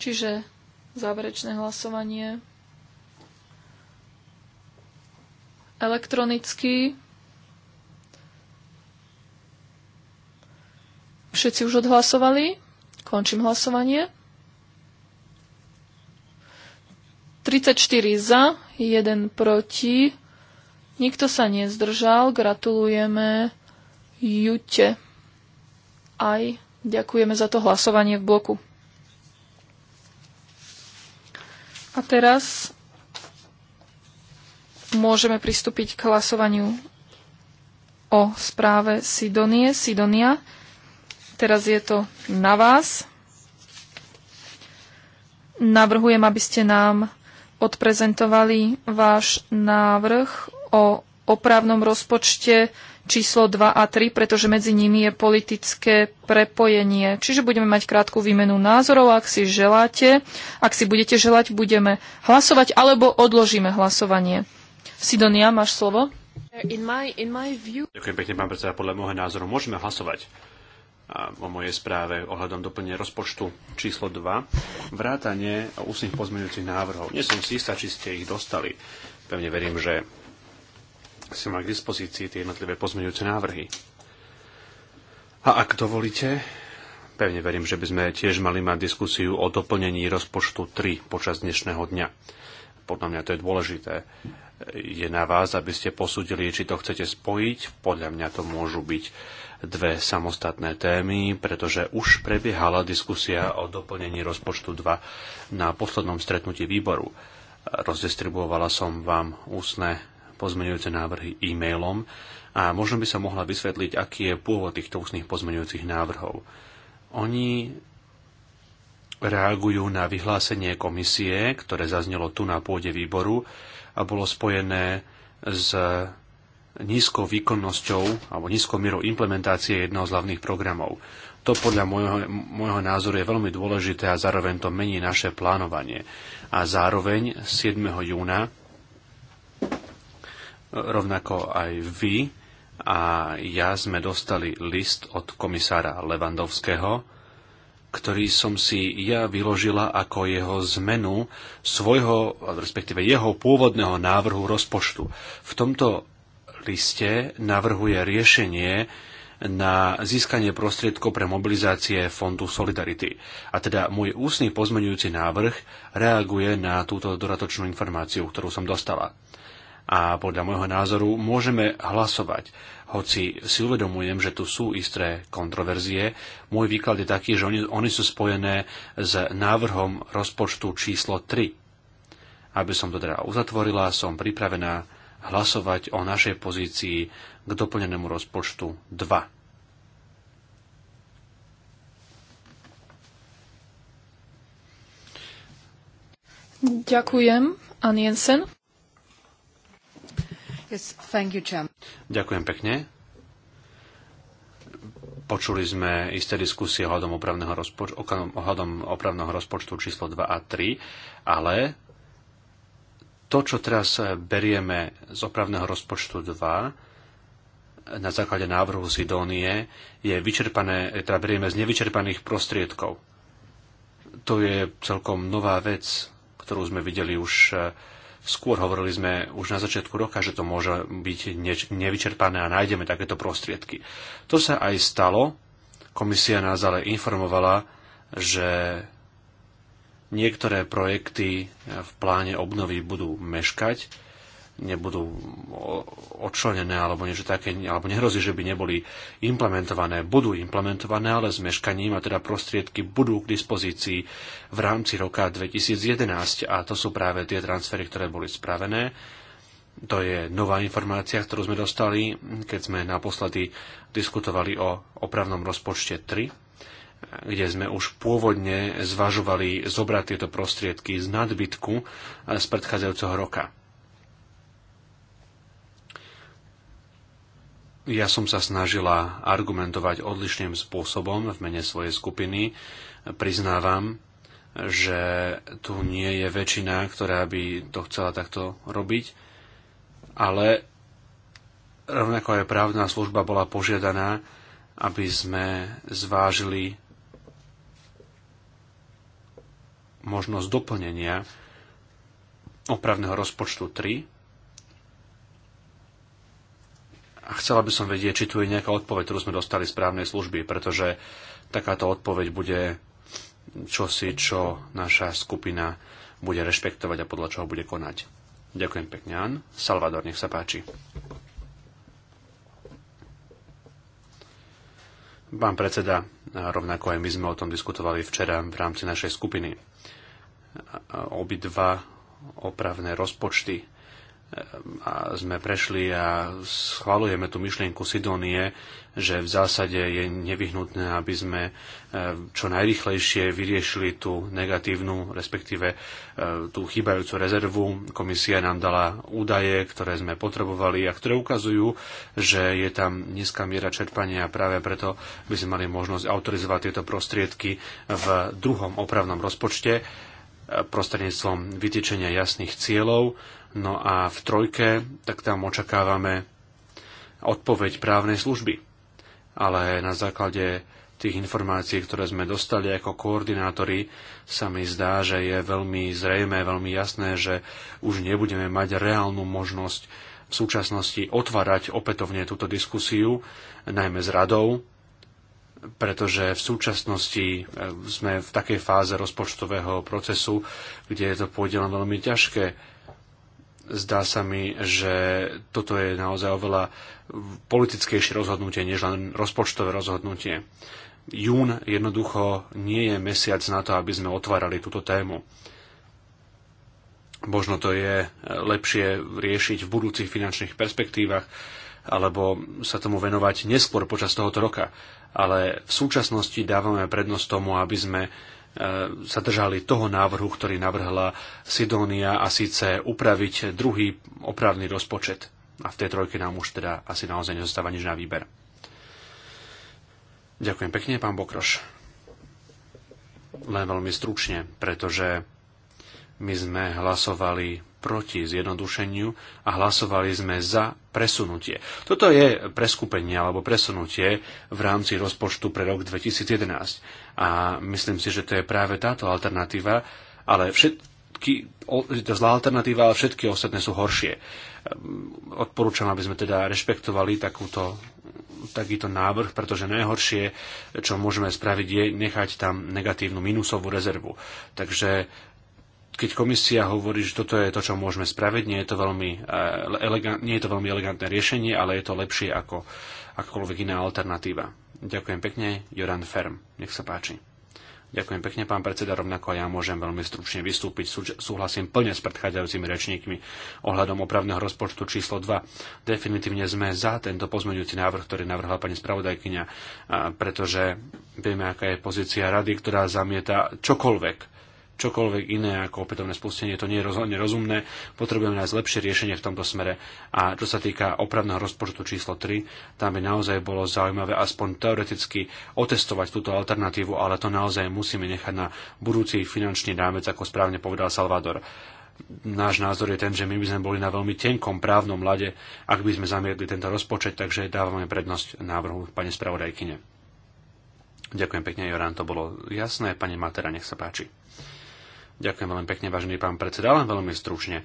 Čiže záverečné hlasovanie elektronicky. Všetci už odhlasovali. Končím hlasovanie. 34 za, 1 proti. Nikto sa nezdržal. Gratulujeme Jute. Aj ďakujeme za to hlasovanie v bloku. A teraz môžeme pristúpiť k hlasovaniu o správe Sidonie, Sidonia. Teraz je to na vás. Navrhujem, aby ste nám odprezentovali váš návrh o opravnom rozpočte číslo 2 a 3, pretože medzi nimi je politické prepojenie. Čiže budeme mať krátku výmenu názorov, ak si želáte. Ak si budete želať, budeme hlasovať alebo odložíme hlasovanie. Sidonia, máš slovo? In my, in my view... Ďakujem pekne, pán predseda. Podľa môjho názoru môžeme hlasovať o mojej správe ohľadom doplnenia rozpočtu číslo 2, vrátanie ústnych pozmeňujúcich návrhov. Nie som si istá, či ste ich dostali. Pevne verím, že si mali k dispozícii tie jednotlivé pozmeňujúce návrhy. A ak dovolíte, pevne verím, že by sme tiež mali mať diskusiu o doplnení rozpočtu 3 počas dnešného dňa. Podľa mňa to je dôležité. Je na vás, aby ste posúdili, či to chcete spojiť. Podľa mňa to môžu byť dve samostatné témy, pretože už prebiehala diskusia o doplnení rozpočtu 2 na poslednom stretnutí výboru. Rozdistribuovala som vám ústne pozmeňujúce návrhy e-mailom a možno by sa mohla vysvetliť, aký je pôvod týchto ústnych pozmeňujúcich návrhov. Oni reagujú na vyhlásenie komisie, ktoré zaznelo tu na pôde výboru a bolo spojené s nízkou výkonnosťou alebo nízkou mierou implementácie jedného z hlavných programov. To podľa môjho, môjho názoru je veľmi dôležité a zároveň to mení naše plánovanie. A zároveň 7. júna rovnako aj vy a ja sme dostali list od komisára Levandovského, ktorý som si ja vyložila ako jeho zmenu svojho, respektíve jeho pôvodného návrhu rozpočtu. V tomto liste navrhuje riešenie, na získanie prostriedkov pre mobilizácie Fondu Solidarity. A teda môj ústny pozmenujúci návrh reaguje na túto dodatočnú informáciu, ktorú som dostala a podľa môjho názoru môžeme hlasovať. Hoci si uvedomujem, že tu sú isté kontroverzie, môj výklad je taký, že oni, oni sú spojené s návrhom rozpočtu číslo 3. Aby som to teda uzatvorila, som pripravená hlasovať o našej pozícii k doplnenému rozpočtu 2. Ďakujem, Aniensen. Yes, thank you, Jim. Ďakujem pekne. Počuli sme isté diskusie ohľadom opravného, rozpoč- ohľadom opravného rozpočtu číslo 2 a 3, ale to, čo teraz berieme z opravného rozpočtu 2 na základe návrhu Sidónie, je vyčerpané, teda berieme z nevyčerpaných prostriedkov. To je celkom nová vec, ktorú sme videli už eh, Skôr hovorili sme už na začiatku roka, že to môže byť nevyčerpané a nájdeme takéto prostriedky. To sa aj stalo. Komisia nás ale informovala, že niektoré projekty v pláne obnovy budú meškať nebudú odčlenené alebo niečo také, alebo nehrozí, že by neboli implementované. Budú implementované, ale s meškaním a teda prostriedky budú k dispozícii v rámci roka 2011 a to sú práve tie transfery, ktoré boli spravené. To je nová informácia, ktorú sme dostali, keď sme naposledy diskutovali o opravnom rozpočte 3 kde sme už pôvodne zvažovali zobrať tieto prostriedky z nadbytku z predchádzajúceho roka. Ja som sa snažila argumentovať odlišným spôsobom v mene svojej skupiny. Priznávam, že tu nie je väčšina, ktorá by to chcela takto robiť, ale rovnako aj právna služba bola požiadaná, aby sme zvážili možnosť doplnenia opravného rozpočtu 3 A chcela by som vedieť, či tu je nejaká odpoveď, ktorú sme dostali z právnej služby, pretože takáto odpoveď bude čosi, čo naša skupina bude rešpektovať a podľa čoho bude konať. Ďakujem pekne, An. Salvador, nech sa páči. Pán predseda, rovnako aj my sme o tom diskutovali včera v rámci našej skupiny. Obidva opravné rozpočty a sme prešli a schvalujeme tú myšlienku Sidonie, že v zásade je nevyhnutné, aby sme e, čo najrychlejšie vyriešili tú negatívnu, respektíve e, tú chýbajúcu rezervu. Komisia nám dala údaje, ktoré sme potrebovali a ktoré ukazujú, že je tam nízka miera čerpania a práve preto by sme mali možnosť autorizovať tieto prostriedky v druhom opravnom rozpočte e, prostredníctvom vytýčenia jasných cieľov No a v trojke, tak tam očakávame odpoveď právnej služby. Ale na základe tých informácií, ktoré sme dostali ako koordinátori, sa mi zdá, že je veľmi zrejme, veľmi jasné, že už nebudeme mať reálnu možnosť v súčasnosti otvárať opätovne túto diskusiu, najmä s radou, pretože v súčasnosti e, sme v takej fáze rozpočtového procesu, kde je to pôjde len veľmi ťažké Zdá sa mi, že toto je naozaj oveľa politickejšie rozhodnutie, než len rozpočtové rozhodnutie. Jún jednoducho nie je mesiac na to, aby sme otvárali túto tému. Možno to je lepšie riešiť v budúcich finančných perspektívach, alebo sa tomu venovať neskôr počas tohoto roka. Ale v súčasnosti dávame prednosť tomu, aby sme sa držali toho návrhu, ktorý navrhla Sidónia a síce upraviť druhý opravný rozpočet. A v tej trojke nám už teda asi naozaj nezostáva nič na výber. Ďakujem pekne, pán Bokroš. Len veľmi stručne, pretože my sme hlasovali proti zjednodušeniu a hlasovali sme za presunutie. Toto je preskupenie alebo presunutie v rámci rozpočtu pre rok 2011. A myslím si, že to je práve táto alternatíva, ale všetky, to zlá alternatíva, ale všetky ostatné sú horšie. Odporúčam, aby sme teda rešpektovali takúto, takýto návrh, pretože najhoršie, čo môžeme spraviť, je nechať tam negatívnu minusovú rezervu. Takže keď komisia hovorí, že toto je to, čo môžeme spraviť, nie je to veľmi, eh, elegant, nie je to veľmi elegantné riešenie, ale je to lepšie ako akákoľvek iná alternatíva. Ďakujem pekne, Joran Ferm. Nech sa páči. Ďakujem pekne, pán predseda, rovnako ja môžem veľmi stručne vystúpiť. Súhlasím plne s predchádzajúcimi rečníkmi ohľadom opravného rozpočtu číslo 2. Definitívne sme za tento pozmeňujúci návrh, ktorý navrhla pani spravodajkyňa, eh, pretože vieme, aká je pozícia rady, ktorá zamieta čokoľvek čokoľvek iné ako opätovné spustenie, to nie je rozhodne rozumné. Potrebujeme nájsť lepšie riešenie v tomto smere. A čo sa týka opravného rozpočtu číslo 3, tam by naozaj bolo zaujímavé aspoň teoreticky otestovať túto alternatívu, ale to naozaj musíme nechať na budúci finančný rámec, ako správne povedal Salvador náš názor je ten, že my by sme boli na veľmi tenkom právnom lade, ak by sme zamietli tento rozpočet, takže dávame prednosť návrhu pani spravodajkyne. Ďakujem pekne, Joran, to bolo jasné. Pani Matera, nech sa páči. Ďakujem veľmi pekne, vážený pán predseda, len veľmi stručne. E,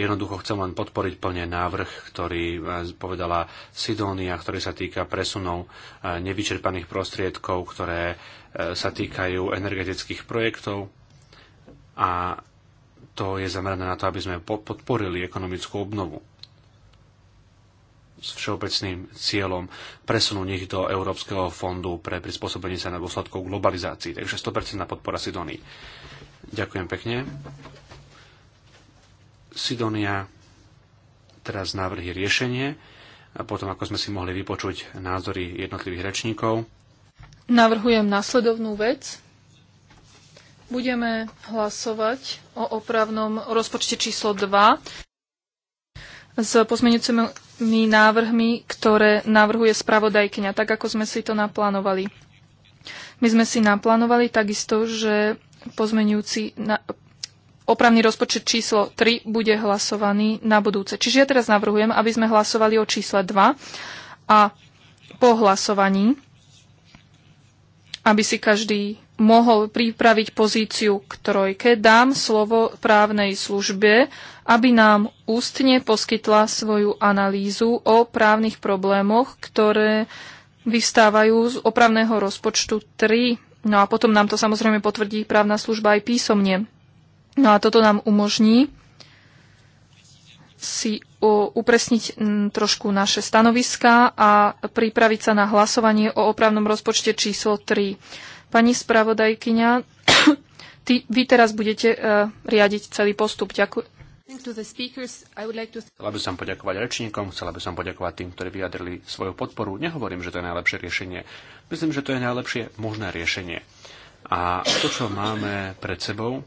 jednoducho chcem len podporiť plne návrh, ktorý e, povedala Sidónia, ktorý sa týka presunov e, nevyčerpaných prostriedkov, ktoré sa týkajú energetických projektov a to je zamerané na to, aby sme podporili ekonomickú obnovu s všeobecným cieľom presunúť ich do Európskeho fondu pre prispôsobenie sa na dôsledkov globalizácií. Takže 100% podpora Sidonii. Ďakujem pekne. Sidonia teraz návrhy riešenie a potom, ako sme si mohli vypočuť názory jednotlivých rečníkov. Navrhujem následovnú vec. Budeme hlasovať o opravnom rozpočte číslo 2 s pozmeňujúcimi návrhmi, ktoré navrhuje spravodajkyňa, tak ako sme si to naplánovali. My sme si naplánovali takisto, že pozmenujúci na, opravný rozpočet číslo 3 bude hlasovaný na budúce. Čiže ja teraz navrhujem, aby sme hlasovali o čísle 2 a po hlasovaní, aby si každý mohol pripraviť pozíciu k trojke, dám slovo právnej službe, aby nám ústne poskytla svoju analýzu o právnych problémoch, ktoré vystávajú z opravného rozpočtu 3 No a potom nám to samozrejme potvrdí právna služba aj písomne. No a toto nám umožní si upresniť trošku naše stanoviská a pripraviť sa na hlasovanie o opravnom rozpočte číslo 3. Pani spravodajkyňa, <coughs> ty, vy teraz budete uh, riadiť celý postup. Ďakujem. Chcela by som poďakovať rečníkom, chcela by som poďakovať tým, ktorí vyjadrili svoju podporu. Nehovorím, že to je najlepšie riešenie. Myslím, že to je najlepšie možné riešenie. A to, čo máme pred sebou,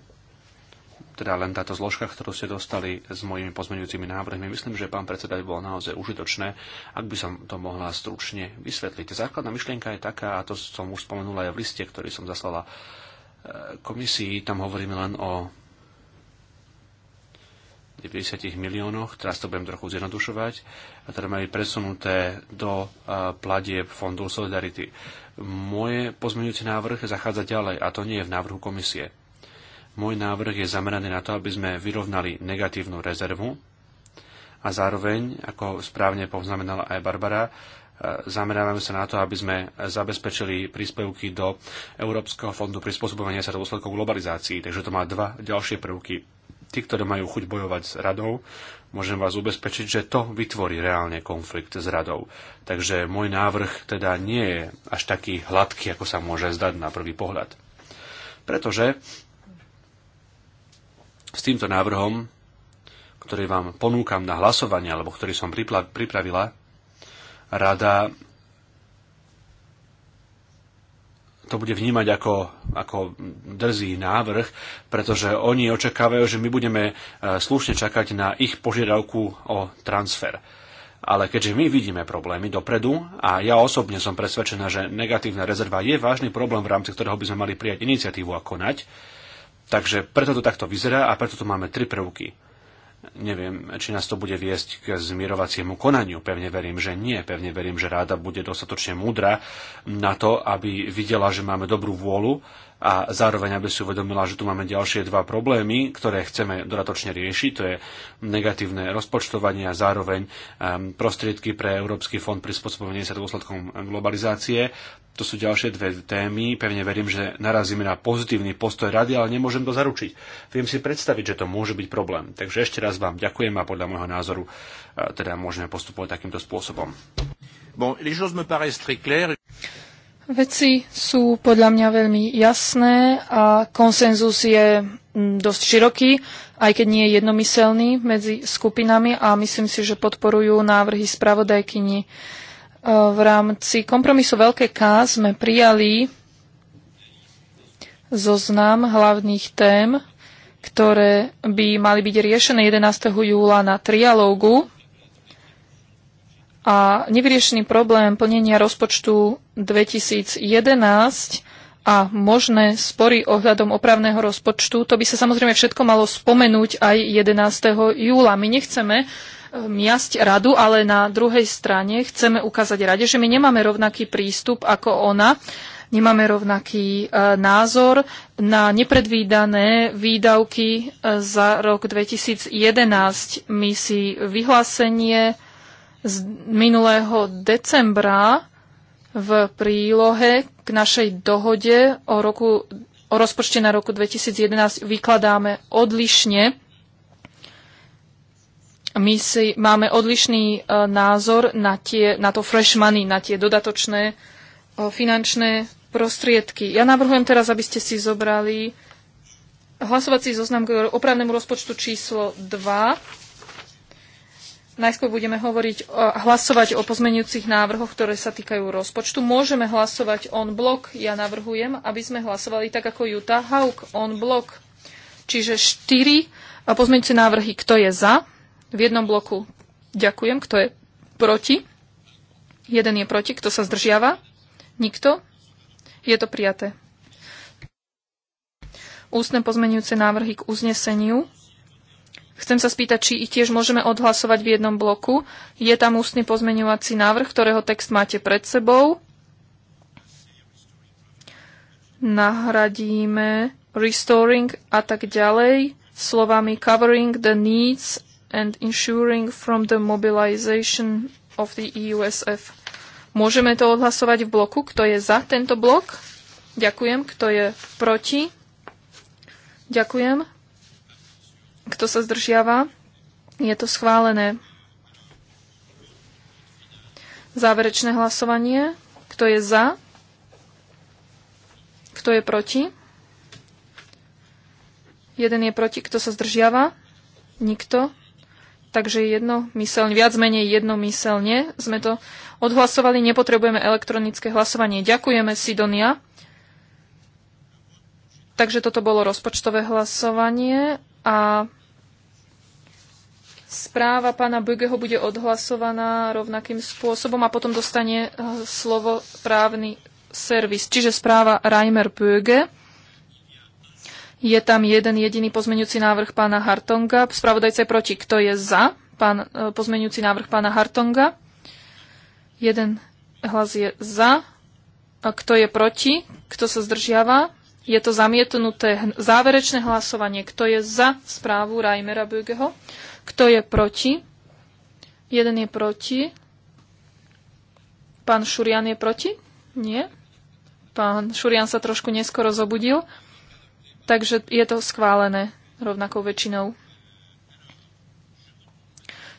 teda len táto zložka, ktorú ste dostali s mojimi pozmeňujúcimi návrhmi, myslím, že pán predseda by bolo naozaj užitočné, ak by som to mohla stručne vysvetliť. Základná myšlienka je taká, a to som už spomenula aj v liste, ktorý som zaslala eh, komisii, tam hovoríme len o 90 miliónoch, teraz to budem trochu zjednodušovať, a teda mali presunuté do platieb Fondu Solidarity. Moje pozmeňujúci návrh zachádza ďalej a to nie je v návrhu komisie. Môj návrh je zameraný na to, aby sme vyrovnali negatívnu rezervu a zároveň, ako správne poznamenala aj Barbara, zamerávame sa na to, aby sme zabezpečili príspevky do Európskeho fondu prispôsobovania sa dôsledkov globalizácií. Takže to má dva ďalšie prvky Tí, ktorí majú chuť bojovať s radou, môžem vás ubezpečiť, že to vytvorí reálne konflikt s radou. Takže môj návrh teda nie je až taký hladký, ako sa môže zdať na prvý pohľad. Pretože s týmto návrhom, ktorý vám ponúkam na hlasovanie, alebo ktorý som pripravila, rada to bude vnímať ako, ako drzý návrh, pretože oni očakávajú, že my budeme e, slušne čakať na ich požiadavku o transfer. Ale keďže my vidíme problémy dopredu a ja osobne som presvedčená, že negatívna rezerva je vážny problém, v rámci ktorého by sme mali prijať iniciatívu a konať, takže preto to takto vyzerá a preto tu máme tri prvky Neviem, či nás to bude viesť k zmierovaciemu konaniu. Pevne verím, že nie. Pevne verím, že ráda bude dostatočne múdra na to, aby videla, že máme dobrú vôľu a zároveň aby si uvedomila, že tu máme ďalšie dva problémy, ktoré chceme dodatočne riešiť. To je negatívne rozpočtovanie a zároveň ehm, prostriedky pre Európsky fond prispôsobenia sa dôsledkom globalizácie. To sú ďalšie dve témy. Pevne verím, že narazíme na pozitívny postoj rady, ale nemôžem to zaručiť. Viem si predstaviť, že to môže byť problém. Takže ešte raz vám ďakujem a podľa môjho názoru e, teda môžeme postupovať takýmto spôsobom. Bon, les choses me paraissent très claires. Veci sú podľa mňa veľmi jasné a konsenzus je mm, dosť široký, aj keď nie je jednomyselný medzi skupinami a myslím si, že podporujú návrhy spravodajkyni. E, v rámci kompromisu Veľké K sme prijali zoznam hlavných tém, ktoré by mali byť riešené 11. júla na trialógu. A nevyriešený problém plnenia rozpočtu 2011 a možné spory ohľadom opravného rozpočtu, to by sa samozrejme všetko malo spomenúť aj 11. júla. My nechceme, miasť um, radu, ale na druhej strane chceme ukázať rade, že my nemáme rovnaký prístup ako ona, nemáme rovnaký e, názor na nepredvídané výdavky e, za rok 2011. My si vyhlásenie z minulého decembra v prílohe k našej dohode o, roku, o rozpočte na roku 2011 vykladáme odlišne my si máme odlišný e, názor na, tie, na to fresh money, na tie dodatočné e, finančné prostriedky. Ja navrhujem teraz, aby ste si zobrali hlasovací zoznam k opravnému rozpočtu číslo 2. Najskôr budeme hovoriť, hlasovať o pozmenujúcich návrhoch, ktoré sa týkajú rozpočtu. Môžeme hlasovať on blok. Ja navrhujem, aby sme hlasovali tak ako Juta Hawk, on blok. Čiže 4 pozmenujúce návrhy. Kto je za? v jednom bloku. Ďakujem. Kto je proti? Jeden je proti. Kto sa zdržiava? Nikto. Je to prijaté. Ústne pozmenujúce návrhy k uzneseniu. Chcem sa spýtať, či ich tiež môžeme odhlasovať v jednom bloku. Je tam ústny pozmeňovací návrh, ktorého text máte pred sebou. Nahradíme restoring a tak ďalej slovami covering the needs and ensuring from the mobilization of the EUSF. Môžeme to odhlasovať v bloku. Kto je za tento blok? Ďakujem. Kto je proti? Ďakujem. Kto sa zdržiava? Je to schválené. Záverečné hlasovanie. Kto je za? Kto je proti? Jeden je proti. Kto sa zdržiava? Nikto. Takže jednomyselne, viac menej jednomyselne sme to odhlasovali. Nepotrebujeme elektronické hlasovanie. Ďakujeme, Sidonia. Takže toto bolo rozpočtové hlasovanie a správa pána Bögeho bude odhlasovaná rovnakým spôsobom a potom dostane eh, slovo právny servis. Čiže správa Reimer Böge je tam jeden jediný pozmeňujúci návrh pána Hartonga. Spravodajca je proti. Kto je za pán, e, pozmeňujúci návrh pána Hartonga? Jeden hlas je za. A kto je proti? Kto sa zdržiava? Je to zamietnuté záverečné hlasovanie. Kto je za správu Reimera Bögeho? Kto je proti? Jeden je proti. Pán Šurian je proti? Nie. Pán Šurian sa trošku neskoro zobudil. Takže je to schválené rovnakou väčšinou.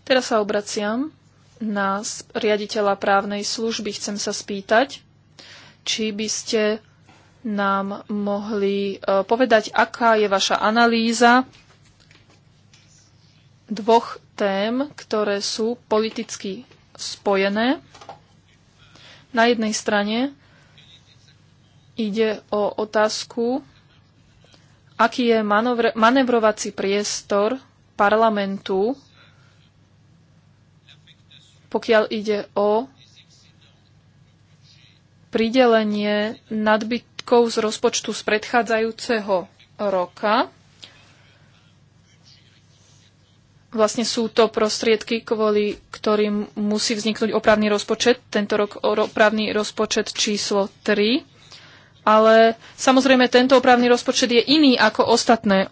Teraz sa obraciam na riaditeľa právnej služby. Chcem sa spýtať, či by ste nám mohli e, povedať, aká je vaša analýza dvoch tém, ktoré sú politicky spojené. Na jednej strane ide o otázku aký je manovr- manevrovací priestor parlamentu, pokiaľ ide o pridelenie nadbytkov z rozpočtu z predchádzajúceho roka. Vlastne sú to prostriedky, kvôli ktorým musí vzniknúť opravný rozpočet, tento rok opravný rozpočet číslo 3 ale samozrejme tento opravný rozpočet je iný ako ostatné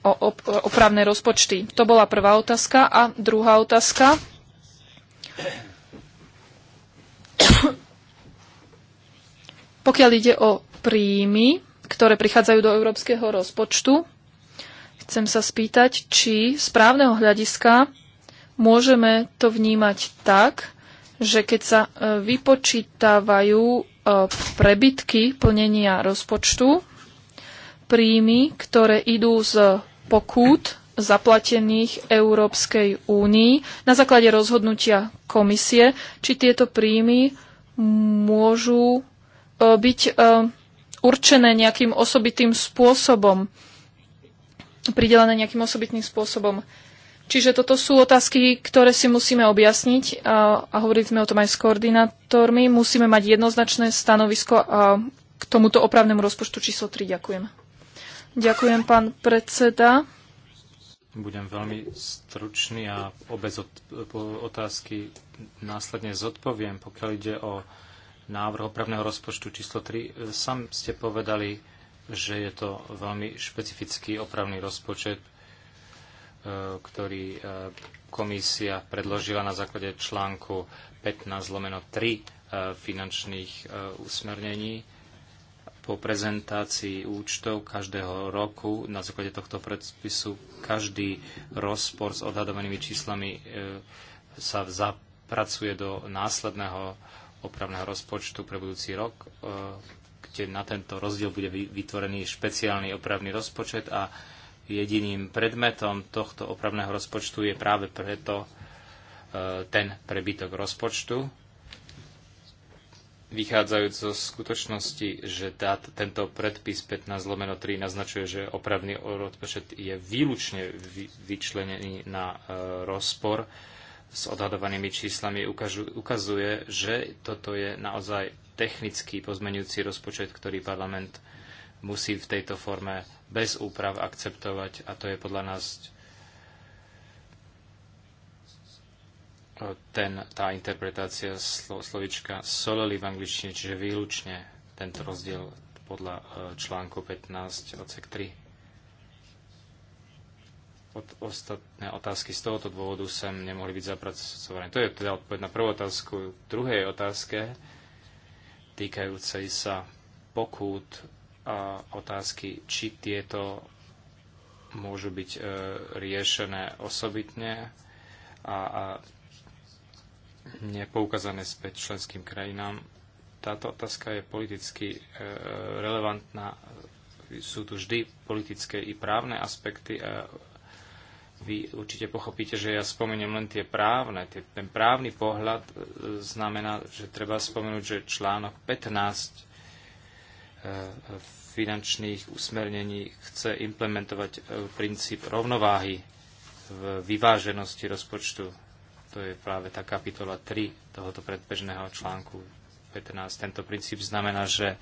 opravné rozpočty. To bola prvá otázka. A druhá otázka. Pokiaľ ide o príjmy, ktoré prichádzajú do európskeho rozpočtu, chcem sa spýtať, či z právneho hľadiska môžeme to vnímať tak, že keď sa e, vypočítavajú E, prebytky plnenia rozpočtu, príjmy, ktoré idú z pokút zaplatených Európskej únii na základe rozhodnutia komisie, či tieto príjmy môžu e, byť e, určené nejakým osobitým spôsobom, pridelené nejakým osobitným spôsobom. Čiže toto sú otázky, ktoré si musíme objasniť a, a hovorili sme o tom aj s koordinátormi. Musíme mať jednoznačné stanovisko a k tomuto opravnému rozpočtu číslo 3. Ďakujem. Ďakujem, pán predseda. Budem veľmi stručný a obe otázky následne zodpoviem. Pokiaľ ide o návrh opravného rozpočtu číslo 3, e, Sam ste povedali, že je to veľmi špecifický opravný rozpočet, E, ktorý e, komisia predložila na základe článku 15 lomeno 3 e, finančných usmernení. Po prezentácii účtov každého roku na základe tohto predpisu každý rozpor s odhadovanými číslami sa zapracuje do následného opravného rozpočtu pre budúci rok, kde na tento rozdiel bude vytvorený špeciálny opravný rozpočet a Jediným predmetom tohto opravného rozpočtu je práve preto e, ten prebytok rozpočtu, vychádzajúc zo skutočnosti, že tento predpis 15 lomeno 3 naznačuje, že opravný rozpočet je výlučne vyčlenený na e, rozpor s odhadovanými číslami, ukazuje, že toto je naozaj technický pozmenujúci rozpočet, ktorý parlament musí v tejto forme bez úprav akceptovať a to je podľa nás eh, ten, tá interpretácia slo, slovička solely v angličtine, čiže výlučne tento rozdiel podľa eh, článku 15 odsek 3. Od, ostatné otázky z tohoto dôvodu sem nemohli byť zapracované. To je teda odpoveď na prvú otázku. K druhej otázke týkajúcej sa pokút otázky, či tieto môžu byť e, riešené osobitne a, nepoukazané späť členským krajinám. Táto otázka je politicky e, relevantná. Sú tu vždy politické i právne aspekty a vy určite pochopíte, že ja spomeniem len tie právne. Ten právny pohľad e, znamená, že treba spomenúť, že článok 15 finančných usmernení chce implementovať e, princíp rovnováhy v vyváženosti rozpočtu. To je práve tá kapitola 3 tohoto predbežného článku 15. Tento princíp znamená, že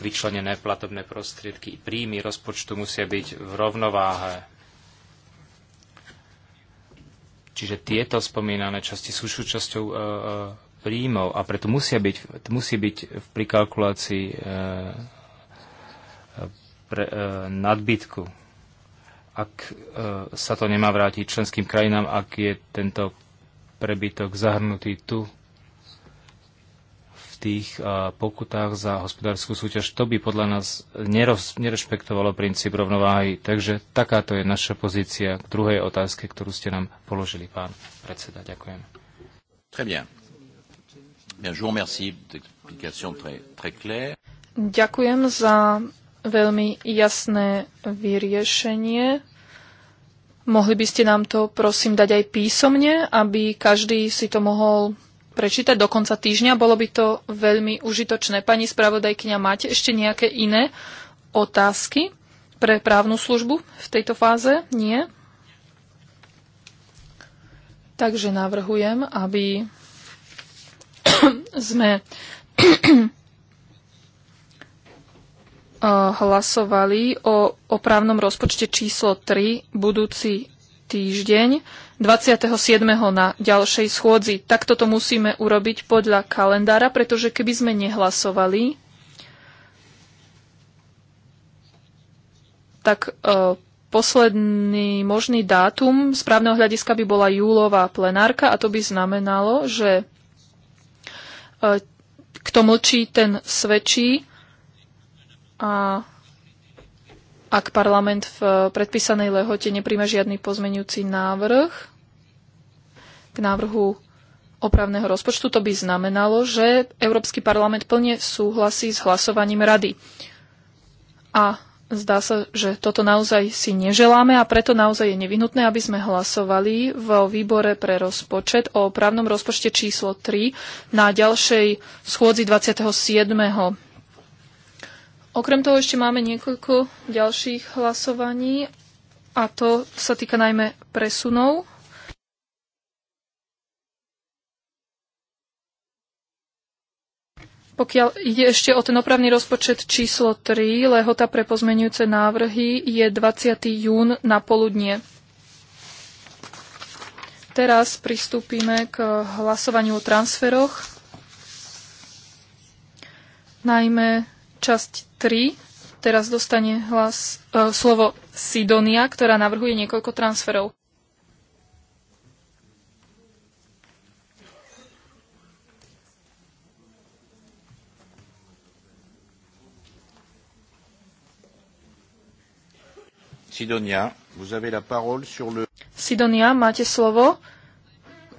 vyčlenené platobné prostriedky i príjmy rozpočtu musia byť v rovnováhe. Čiže tieto spomínané časti sú súčasťou e, e, príjmov a preto musia byť, musí byť pri kalkulácii e, pre, e, nadbytku. Ak e, sa to nemá vrátiť členským krajinám, ak je tento prebytok zahrnutý tu v tých e, pokutách za hospodárskú súťaž, to by podľa nás neroz, nerešpektovalo princíp rovnováhy. Takže takáto je naša pozícia k druhej otázke, ktorú ste nám položili, pán predseda. Ďakujem. Très bien. Bien, je vous remercie d'explications très, très claires. Ďakujem za veľmi jasné vyriešenie. Mohli by ste nám to prosím dať aj písomne, aby každý si to mohol prečítať do konca týždňa. Bolo by to veľmi užitočné. Pani spravodajkyňa, máte ešte nejaké iné otázky pre právnu službu v tejto fáze? Nie? Takže navrhujem, aby <coughs> sme <coughs> eh, hlasovali o opravnom rozpočte číslo 3 budúci týždeň 27. na ďalšej schôdzi. Takto to musíme urobiť podľa kalendára, pretože keby sme nehlasovali, tak e, posledný možný dátum správneho hľadiska by bola júlová plenárka a to by znamenalo, že E, kto mlčí, ten svedčí. A ak parlament v predpísanej lehote nepríjme žiadny pozmenujúci návrh k návrhu opravného rozpočtu, to by znamenalo, že Európsky parlament plne súhlasí s hlasovaním rady. A Zdá sa, že toto naozaj si neželáme a preto naozaj je nevyhnutné, aby sme hlasovali v výbore pre rozpočet o právnom rozpočte číslo 3 na ďalšej schôdzi 27. Okrem toho ešte máme niekoľko ďalších hlasovaní a to sa týka najmä presunov Pokiaľ ide ešte o ten opravný rozpočet číslo 3, lehota pre pozmenujúce návrhy je 20. jún na poludnie. Teraz pristúpime k hlasovaniu o transferoch. Najmä časť 3. Teraz dostane hlas, e, slovo Sidonia, ktorá navrhuje niekoľko transferov. Sidonia, vous avez la parole sur le... Sidonia, máte slovo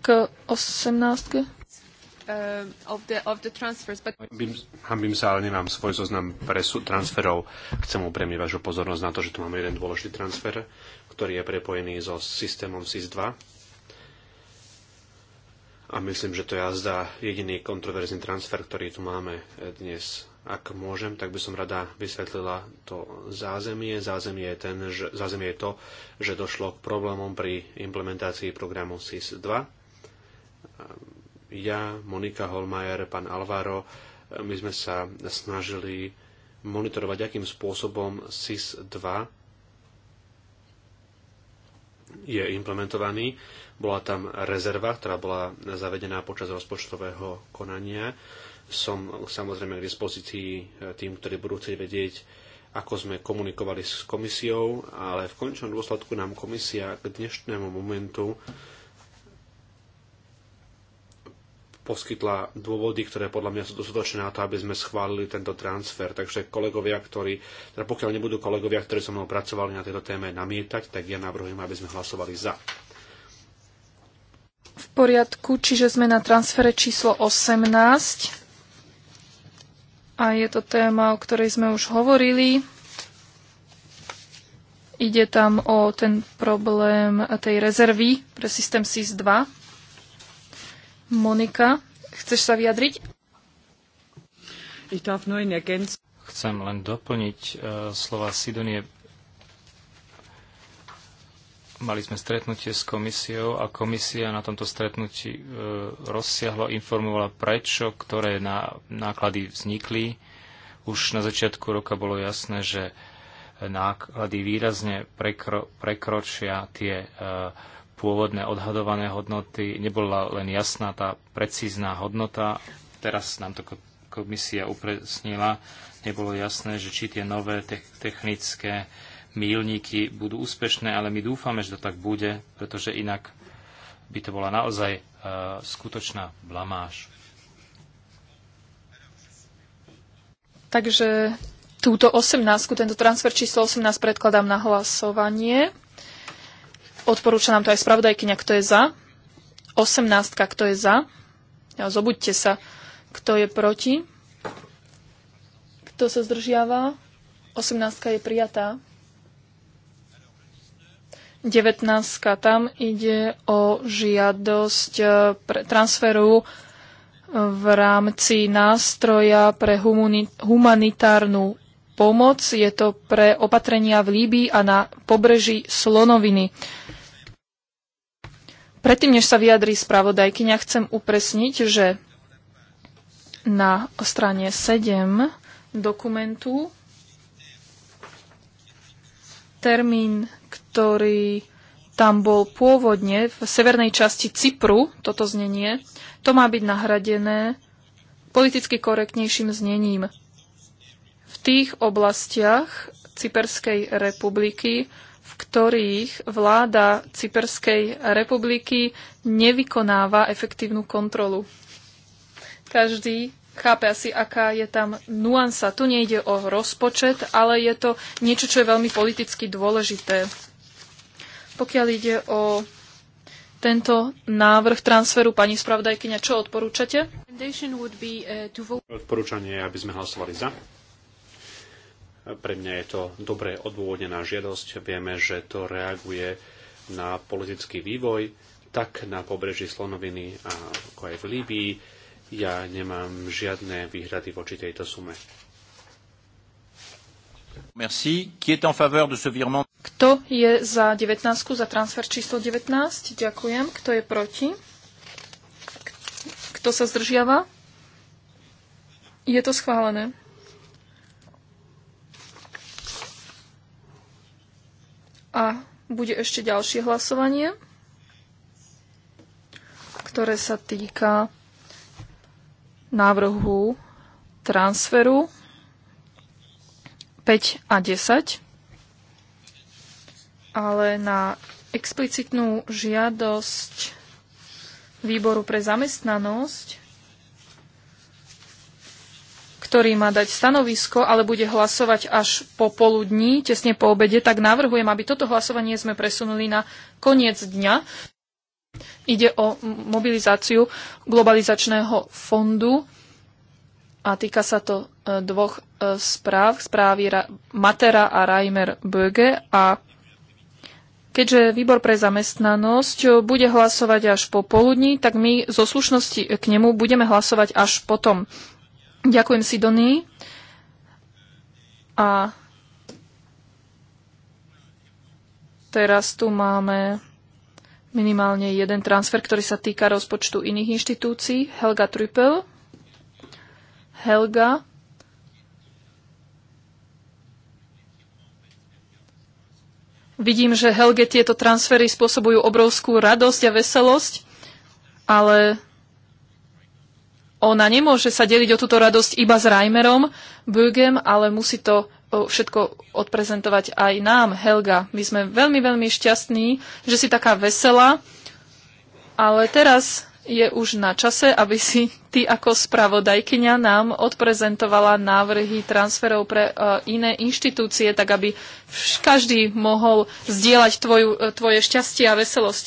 k 18. Uh, of the, of the transfers, but... Hambím, hambím sa, ale nemám svoj zoznam presu, transferov. Chcem upremiť vašu pozornosť na to, že tu máme jeden dôležitý transfer, ktorý je prepojený so systémom SIS-2. A myslím, že to je jazda jediný kontroverzný transfer, ktorý tu máme eh, dnes ak môžem, tak by som rada vysvetlila to zázemie. Zázemie je, ten, že, zázemie je to, že došlo k problémom pri implementácii programu SIS-2. Ja, Monika Holmajer, pán Alvaro, my sme sa snažili monitorovať, akým spôsobom SIS-2 je implementovaný. Bola tam rezerva, ktorá bola zavedená počas rozpočtového konania som samozrejme k dispozícii eh, tým, ktorí budú chcieť vedieť, ako sme komunikovali s komisiou, ale v končnom dôsledku nám komisia k dnešnému momentu poskytla dôvody, ktoré podľa mňa sú dostatočné na to, aby sme schválili tento transfer. Takže kolegovia, ktorí, teda pokiaľ nebudú kolegovia, ktorí so mnou pracovali na tejto téme namietať, tak ja navrhujem, aby sme hlasovali za. V poriadku, čiže sme na transfere číslo 18. A je to téma, o ktorej sme už hovorili. Ide tam o ten problém tej rezervy pre systém SIS-2. Monika, chceš sa vyjadriť? Chcem len doplniť uh, slova Sidonie Mali sme stretnutie s komisiou a komisia na tomto stretnutí e, rozsiahlo informovala, prečo, ktoré náklady vznikli. Už na začiatku roka bolo jasné, že e, náklady výrazne prekro, prekročia tie e, pôvodné odhadované hodnoty. Nebola len jasná tá precízna hodnota. Teraz nám to komisia upresnila. Nebolo jasné, že či tie nové technické mílniky budú úspešné, ale my dúfame, že to tak bude, pretože inak by to bola naozaj e, skutočná blamáž. Takže túto 18, tento transfer číslo 18 predkladám na hlasovanie. Odporúča nám to aj spravodajkyňa, kto je za. 18, kto je za. Zobuďte sa, kto je proti. Kto sa zdržiava? 18 je prijatá. 19. Tam ide o žiadosť eh, pre transferu eh, v rámci nástroja pre humanitárnu pomoc. Je to pre opatrenia v Líbii a na pobreží Slonoviny. Predtým, než sa vyjadrí spravodajkyňa, chcem upresniť, že na strane 7 dokumentu termín ktorý tam bol pôvodne v severnej časti Cypru, toto znenie, to má byť nahradené politicky korektnejším znením. V tých oblastiach Cyperskej republiky, v ktorých vláda Cyperskej republiky nevykonáva efektívnu kontrolu. Každý chápe asi, aká je tam nuansa. Tu nejde o rozpočet, ale je to niečo, čo je veľmi politicky dôležité. Pokiaľ ide o tento návrh transferu, pani spravodajkyňa, čo odporúčate? Uh, Odporúčanie je, aby sme hlasovali za. Pre mňa je to dobre odôvodnená žiadosť. Vieme, že to reaguje na politický vývoj, tak na pobreží Slonoviny a ako aj v Líbii. Ja nemám žiadne výhrady voči tejto sume. Merci. Qui est en faveur de ce virement kto je za 19, za transfer číslo 19? Ďakujem. Kto je proti? Kto sa zdržiava? Je to schválené. A bude ešte ďalšie hlasovanie, ktoré sa týka návrhu transferu 5 a 10 ale na explicitnú žiadosť výboru pre zamestnanosť, ktorý má dať stanovisko, ale bude hlasovať až po poludní, tesne po obede, tak navrhujem, aby toto hlasovanie sme presunuli na koniec dňa. Ide o mobilizáciu globalizačného fondu a týka sa to e, dvoch e, správ, správy Matera a Reimer Böge a Keďže výbor pre zamestnanosť bude hlasovať až po poludní, tak my zo slušnosti k nemu budeme hlasovať až potom. Ďakujem Doný. A teraz tu máme minimálne jeden transfer, ktorý sa týka rozpočtu iných inštitúcií. Helga Trüppel. Helga. Vidím, že Helge tieto transfery spôsobujú obrovskú radosť a veselosť, ale ona nemôže sa deliť o túto radosť iba s Reimerom, Bögem, ale musí to všetko odprezentovať aj nám, Helga. My sme veľmi, veľmi šťastní, že si taká veselá, ale teraz je už na čase, aby si ty ako spravodajkyňa nám odprezentovala návrhy transferov pre uh, iné inštitúcie, tak aby každý mohol zdieľať tvoju, e, tvoje šťastie a veselosť.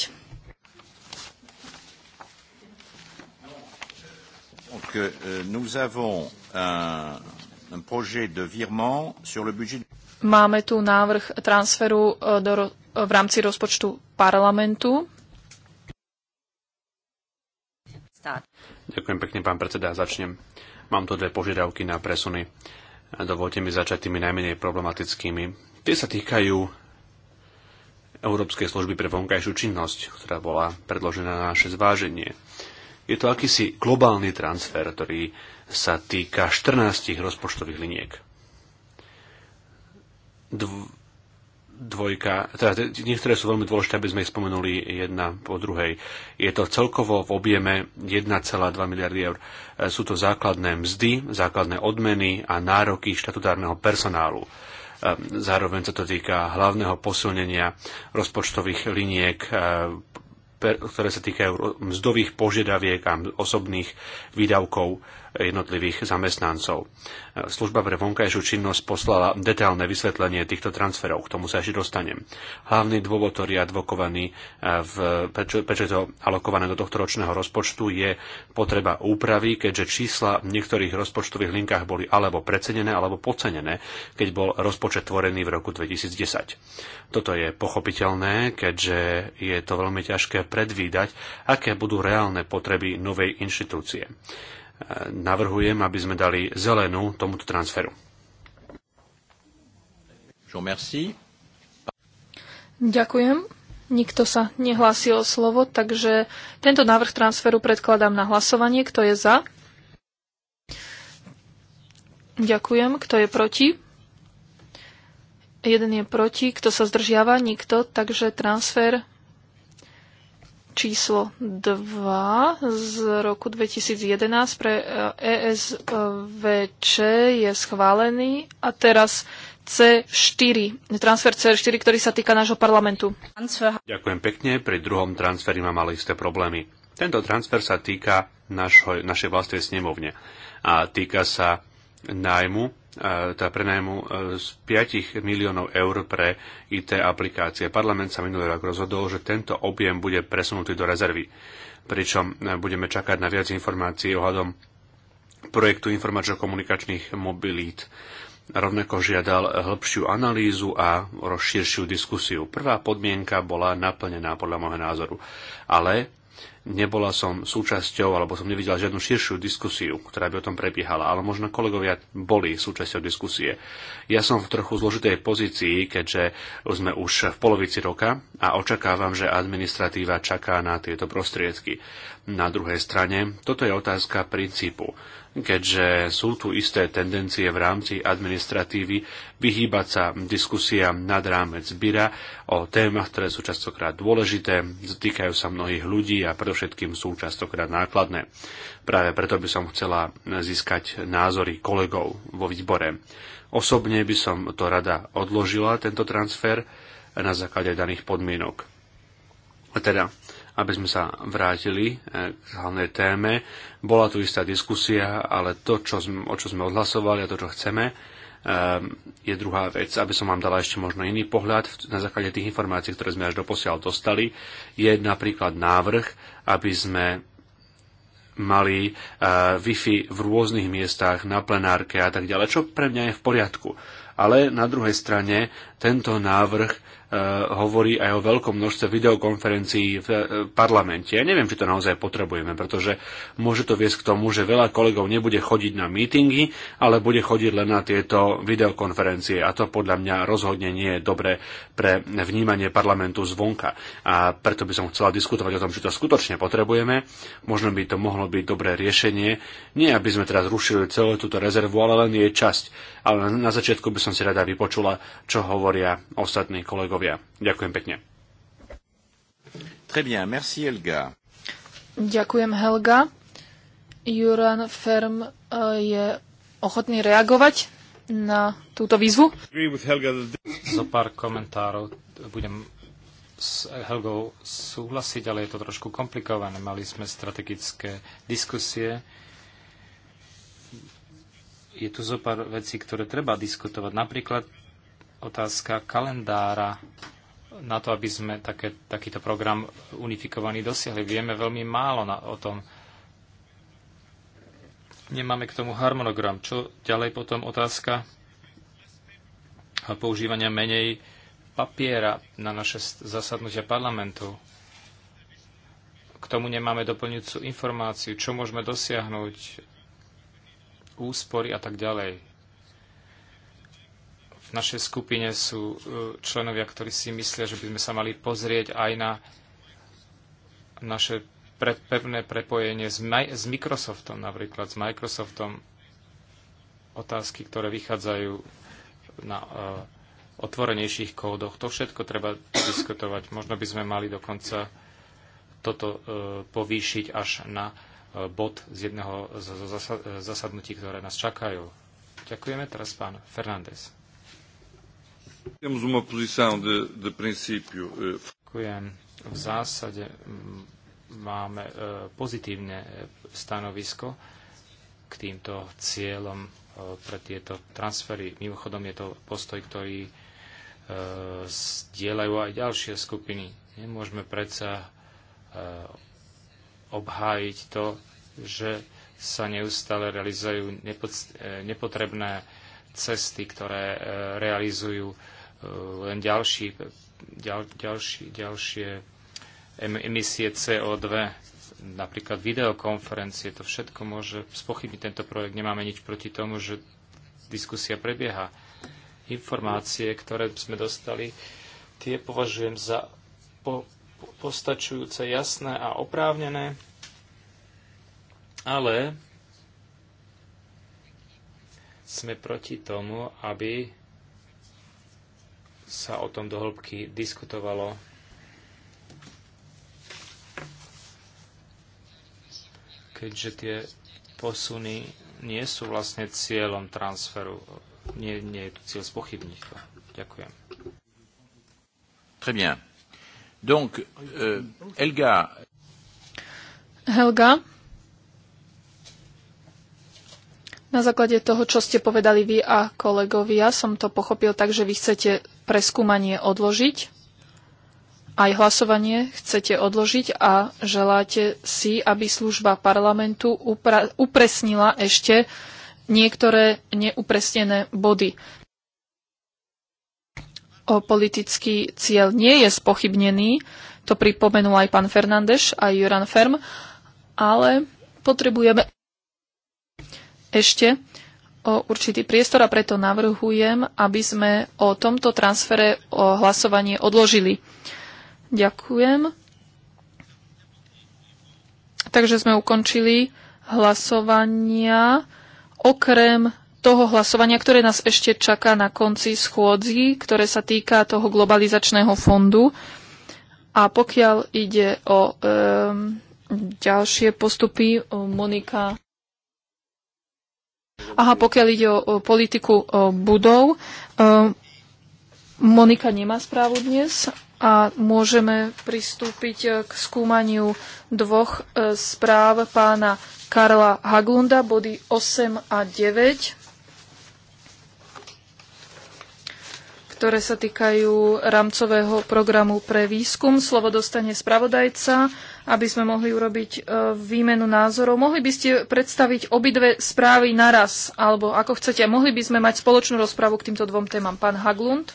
Donc, euh, nous avons un, un projet de virement sur le budget. Máme tu návrh transferu e, do, v rámci rozpočtu parlamentu Ďakujem pekne, pán predseda. Začnem. Mám tu dve požiadavky na presuny. Dovolte mi začať tými najmenej problematickými. Tie sa týkajú Európskej služby pre vonkajšiu činnosť, ktorá bola predložená na naše zváženie. Je to akýsi globálny transfer, ktorý sa týka 14 rozpočtových liniek. Dv- dvojka, teda niektoré sú veľmi dôležité, aby sme ich spomenuli jedna po druhej. Je to celkovo v objeme 1,2 miliardy eur. E, sú to základné mzdy, základné odmeny a nároky štatutárneho personálu. E, zároveň sa to týka hlavného posilnenia rozpočtových liniek, e, ktoré sa týkajú mzdových požiadaviek a osobných výdavkov jednotlivých zamestnancov. Služba pre vonkajšiu činnosť poslala detailné vysvetlenie týchto transferov, k tomu sa ešte dostanem. Hlavný dôvod, ktorý je advokovaný, eh, v, prečo, prečo je to alokované do tohto ročného rozpočtu, je potreba úpravy, keďže čísla v niektorých rozpočtových linkách boli alebo precenené, alebo podcenené, keď bol rozpočet tvorený v roku 2010. Toto je pochopiteľné, keďže je to veľmi ťažké predvídať, aké budú reálne potreby novej inštitúcie navrhujem, aby sme dali zelenú tomuto transferu. Ďakujem. Nikto sa nehlásil o slovo, takže tento návrh transferu predkladám na hlasovanie. Kto je za? Ďakujem. Kto je proti? Jeden je proti. Kto sa zdržiava? Nikto. Takže transfer číslo 2 z roku 2011 pre ESVČ e je schválený a teraz C4, transfer C4, ktorý sa týka nášho parlamentu. Ďakujem pekne, pri druhom transferi mám ale isté problémy. Tento transfer sa týka našho, našej vlastnej snemovne a týka sa nájmu tá prenajmu e, z 5 miliónov eur pre IT aplikácie. Parlament sa minulý rok rozhodol, že tento objem bude presunutý do rezervy, pričom e, budeme čakať na viac informácií ohľadom projektu informačno-komunikačných mobilít. Rovnako žiadal hĺbšiu analýzu a rozširšiu diskusiu. Prvá podmienka bola naplnená podľa môjho názoru, ale Nebola som súčasťou, alebo som nevidela žiadnu širšiu diskusiu, ktorá by o tom prebiehala, ale možno kolegovia boli súčasťou diskusie. Ja som v trochu zložitej pozícii, keďže sme už v polovici roka a očakávam, že administratíva čaká na tieto prostriedky. Na druhej strane, toto je otázka princípu keďže sú tu isté tendencie v rámci administratívy vyhýbať sa diskusiám nad rámec zbyra o témach, ktoré sú častokrát dôležité, týkajú sa mnohých ľudí a predovšetkým sú častokrát nákladné. Práve preto by som chcela získať názory kolegov vo výbore. Osobne by som to rada odložila, tento transfer, na základe daných podmienok. A teda aby sme sa vrátili eh, k hlavnej téme. Bola tu istá diskusia, ale to, čo sme, o čo sme odhlasovali a to, čo chceme, eh, je druhá vec, aby som vám dala ešte možno iný pohľad na základe tých informácií, ktoré sme až doposiaľ dostali, je napríklad návrh, aby sme mali eh, Wi-Fi v rôznych miestach, na plenárke a tak ďalej, čo pre mňa je v poriadku. Ale na druhej strane tento návrh Eh, hovorí aj o veľkom množstve videokonferencií v eh, parlamente. Ja neviem, či to naozaj potrebujeme, pretože môže to viesť k tomu, že veľa kolegov nebude chodiť na mítingy, ale bude chodiť len na tieto videokonferencie. A to podľa mňa rozhodne nie je dobre pre vnímanie parlamentu zvonka. A preto by som chcela diskutovať o tom, či to skutočne potrebujeme. Možno by to mohlo byť dobré riešenie. Nie, aby sme teraz rušili celú túto rezervu, ale len jej časť. Ale na začiatku by som si rada vypočula, čo hovoria ostatní kolegovia kolegovia. Ďakujem pekne. Très bien, merci Helga. Ďakujem Helga. Juran Ferm eh, je ochotný reagovať na túto výzvu? Zo pár komentárov budem s Helgou súhlasiť, ale je to trošku komplikované. Mali sme strategické diskusie. Je tu zo pár vecí, ktoré treba diskutovať. Napríklad otázka kalendára na to, aby sme také, takýto program unifikovaný dosiahli. Vieme veľmi málo na, o tom. Nemáme k tomu harmonogram. Čo ďalej potom otázka používania menej papiera na naše zasadnutia parlamentu. K tomu nemáme doplňujúcu informáciu, čo môžeme dosiahnuť, úspory a tak ďalej. V našej skupine sú e, členovia, ktorí si myslia, že by sme sa mali pozrieť aj na naše pevné prepojenie s, s Microsoftom, napríklad s Microsoftom, otázky, ktoré vychádzajú na uh, otvorenejších kódoch. To všetko treba diskutovať. Možno by sme mali dokonca toto uh, povýšiť až na uh, bod z jedného z, z zasadnutí, ktoré nás čakajú. Ďakujeme teraz pán Fernández. Eh, Ďakujem. V zásade máme eh, pozitívne eh, stanovisko k týmto cieľom pre tieto transfery. Mimochodom je to postoj, ktorý zdieľajú aj ďalšie skupiny. Nemôžeme predsa obhájiť to, že sa neustále realizujú nepotrebné cesty, ktoré realizujú len ďalší, ďal, ďalší, ďalšie emisie CO2, napríklad videokonferencie, to všetko môže spochybniť tento projekt. Nemáme nič proti tomu, že diskusia prebieha. Informácie, ktoré sme dostali, tie považujem za po, po, postačujúce, jasné a oprávnené, ale sme proti tomu, aby sa o tom dohlbky diskutovalo. Keďže tie posuny nie sú vlastne cieľom transferu, nie, nie je tu cieľ spochybniť to. Ďakujem. Très bien. Donc, euh, Elga. Helga, na základe toho, čo ste povedali vy a kolegovia, som to pochopil tak, že vy chcete preskúmanie odložiť, aj hlasovanie chcete odložiť a želáte si, aby služba parlamentu upresnila ešte niektoré neupresnené body. O politický cieľ nie je spochybnený, to pripomenul aj pán Fernández, aj Juran Ferm, ale potrebujeme ešte o určitý priestor a preto navrhujem, aby sme o tomto transfere o hlasovanie odložili. Ďakujem. Takže sme ukončili hlasovania, okrem toho hlasovania, ktoré nás ešte čaká na konci schôdzi, ktoré sa týka toho globalizačného fondu. A pokiaľ ide o um, ďalšie postupy, Monika. Aha, pokiaľ ide o, o politiku o budov, o, Monika nemá správu dnes a môžeme pristúpiť e, k skúmaniu dvoch e, správ pána Karla Haglunda, body 8 a 9, ktoré sa týkajú rámcového programu pre výskum. Slovo dostane spravodajca aby sme mohli urobiť e, výmenu názorov. Mohli by ste predstaviť obidve správy naraz, alebo ako chcete, mohli by sme mať spoločnú rozpravu k týmto dvom témam. Pán Haglund.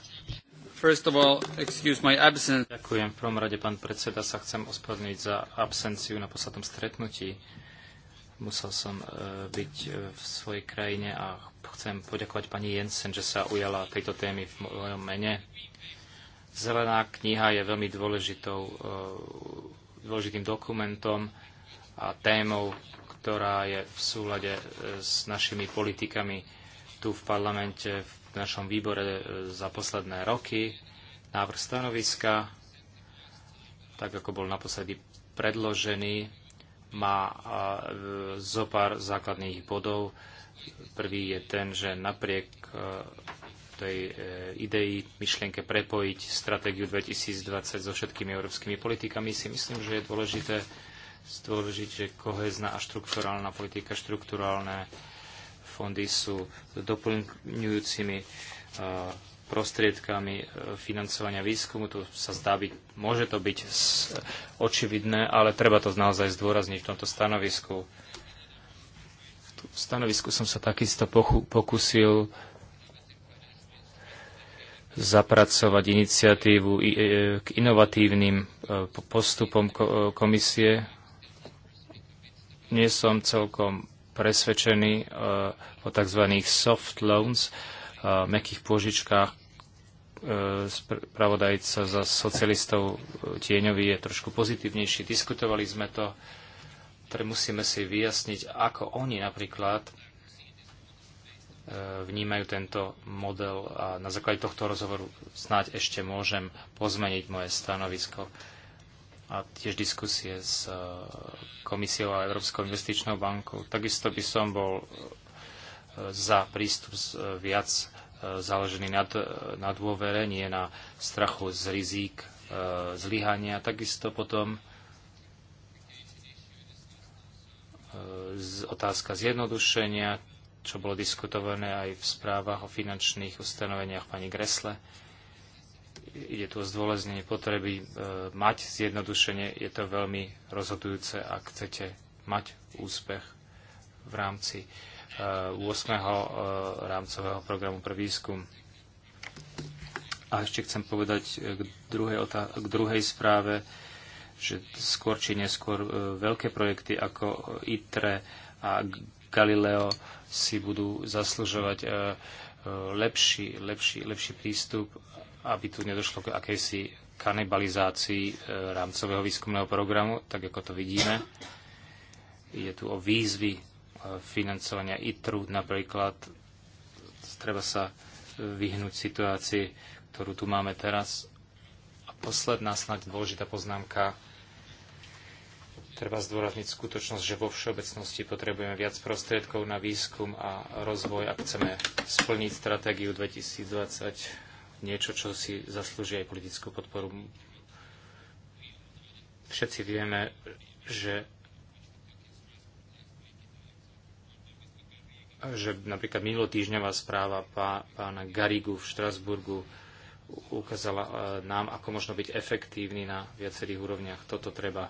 All, Ďakujem. V prvom rade, pán predseda, sa chcem ospravedlniť za absenciu na poslednom stretnutí. Musel som e, byť e, v svojej krajine a chcem poďakovať pani Jensen, že sa ujala tejto témy v mojom mene. Zelená kniha je veľmi dôležitou dôležitým dokumentom a témou, ktorá je v súlade e, s našimi politikami tu v parlamente, v našom výbore e, za posledné roky. Návrh stanoviska, tak ako bol naposledy predložený, má e, zo pár základných bodov. Prvý je ten, že napriek tej e, idei, myšlienke prepojiť stratégiu 2020 so všetkými európskymi politikami, si myslím, že je dôležité zdôležiť, že kohezná a štrukturálna politika, štrukturálne fondy sú doplňujúcimi e, prostriedkami e, financovania výskumu. Tu sa zdá byť, môže to byť očividné, ale treba to naozaj zdôrazniť v tomto stanovisku. V stanovisku som sa takisto pokusil zapracovať iniciatívu e, k inovatívnym e, postupom e, komisie. Nie som celkom presvedčený o tzv. soft loans, mekých pôžičkách. Spravodajca za socialistov Tieňový je trošku pozitívnejší. Diskutovali sme to, ktoré musíme si vyjasniť, ako oni napríklad vnímajú tento model a na základe tohto rozhovoru snáď ešte môžem pozmeniť moje stanovisko a tiež diskusie s e, Komisiou a Európskou investičnou bankou. Takisto by som bol e, za prístup e, viac založený na, na dôvere, nie na strachu z rizík, zlyhania. Takisto potom otázka zjednodušenia, čo bolo diskutované aj v správach o finančných ustanoveniach pani Gresle. Ide tu o zdôleznenie potreby e, mať zjednodušenie. Je to veľmi rozhodujúce, ak chcete mať úspech v rámci e, 8. E, rámcového programu pre výskum. A ešte chcem povedať e, k druhej, k druhej správe, že skôr či neskôr e, veľké projekty ako ITRE a Galileo si budú zaslužovať e, e, lepší, lepší, lepší prístup, aby tu nedošlo k akejsi kanibalizácii e, rámcového výskumného programu, tak ako to vidíme. Je tu o výzvy financovania ITRU napríklad. Treba sa vyhnúť situácii, ktorú tu máme teraz. A posledná snáď dôležitá poznámka Treba zdôrazniť skutočnosť, že vo všeobecnosti potrebujeme viac prostriedkov na výskum a rozvoj, ak chceme splniť stratégiu 2020, niečo, čo si zaslúži aj politickú podporu. Všetci vieme, že že napríklad minulotýžňová správa pána Garigu v Štrasburgu ukázala e, nám, ako možno byť efektívny na viacerých úrovniach. Toto treba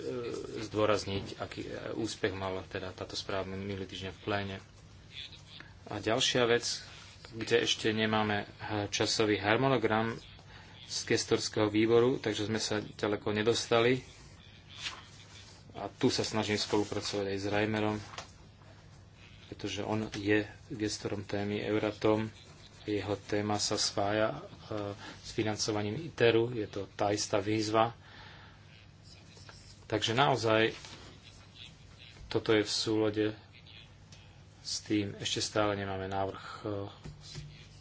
E, zdôrazniť, aký e, úspech mala teda táto správa minulý týždeň v pléne. A ďalšia vec, kde ešte nemáme e, časový harmonogram z gestorského výboru, takže sme sa ďaleko nedostali. A tu sa snažím spolupracovať aj s Reimerom, pretože on je gestorom témy Euratom. Jeho téma sa spája s financovaním ITERu, je to tá istá výzva, Takže naozaj toto je v súlode s tým. Ešte stále nemáme návrh e,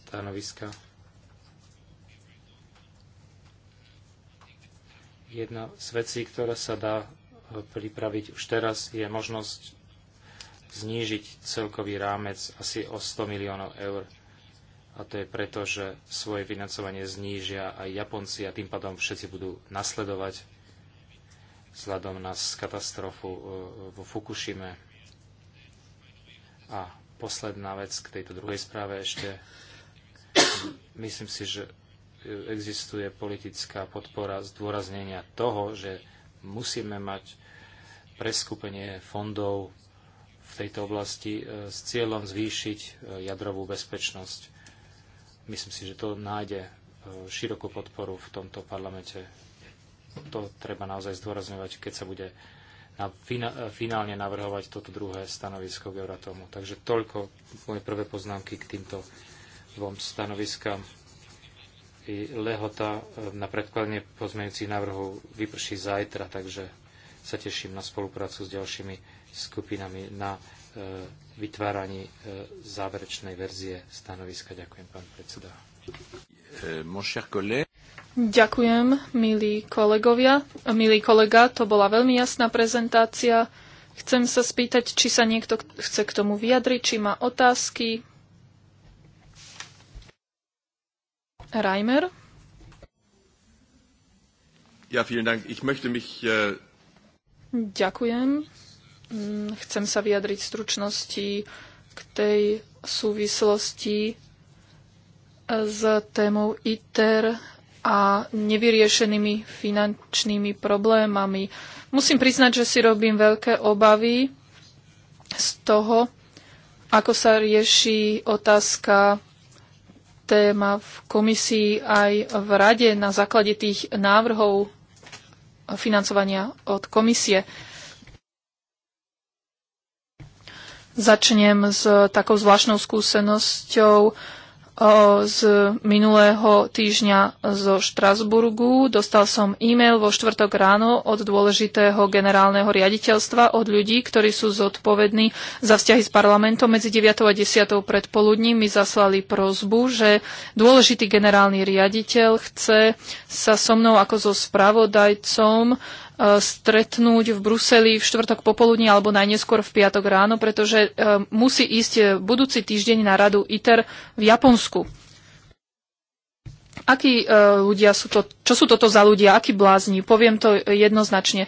stanoviska. Jedna z vecí, ktorá sa dá e, pripraviť už teraz, je možnosť znížiť celkový rámec asi o 100 miliónov eur. A to je preto, že svoje financovanie znížia aj Japonci a tým pádom všetci budú nasledovať vzhľadom na katastrofu e, vo Fukushime. A posledná vec k tejto druhej správe ešte. Myslím si, že existuje politická podpora zdôraznenia toho, že musíme mať preskupenie fondov v tejto oblasti e, s cieľom zvýšiť e, jadrovú bezpečnosť. Myslím si, že to nájde širokú podporu v tomto parlamente to treba naozaj zdôrazňovať, keď sa bude na, finálne navrhovať toto druhé stanovisko k Euratomu. Takže toľko moje prvé poznámky k týmto dvom stanoviskám. I lehota e, na predkladne pozmeňujúcich návrhov vyprší zajtra, takže sa teším na spoluprácu s ďalšími skupinami na e, vytváraní e, záverečnej verzie stanoviska. Ďakujem, pán predseda. E, Ďakujem, milí kolegovia. Milý kolega, to bola veľmi jasná prezentácia. Chcem sa spýtať, či sa niekto chce k tomu vyjadriť, či má otázky. Reimer? Ja, vielen Dank. Ich möchte mich... Uh... Ďakujem. Mm, chcem sa vyjadriť stručnosti k tej súvislosti s témou ITER a nevyriešenými finančnými problémami. Musím priznať, že si robím veľké obavy z toho, ako sa rieši otázka téma v komisii aj v rade na základe tých návrhov financovania od komisie. Začnem s takou zvláštnou skúsenosťou z minulého týždňa zo Štrasburgu. Dostal som e-mail vo štvrtok ráno od dôležitého generálneho riaditeľstva, od ľudí, ktorí sú zodpovední za vzťahy s parlamentom. Medzi 9. a 10. predpoludní mi zaslali prozbu, že dôležitý generálny riaditeľ chce sa so mnou ako so spravodajcom E, stretnúť v Bruseli v štvrtok popoludní alebo najneskôr v piatok ráno, pretože e, musí ísť e, budúci týždeň na radu ITER v Japonsku. Akí ľudia sú to, čo sú toto za ľudia, akí blázni? Poviem to jednoznačne.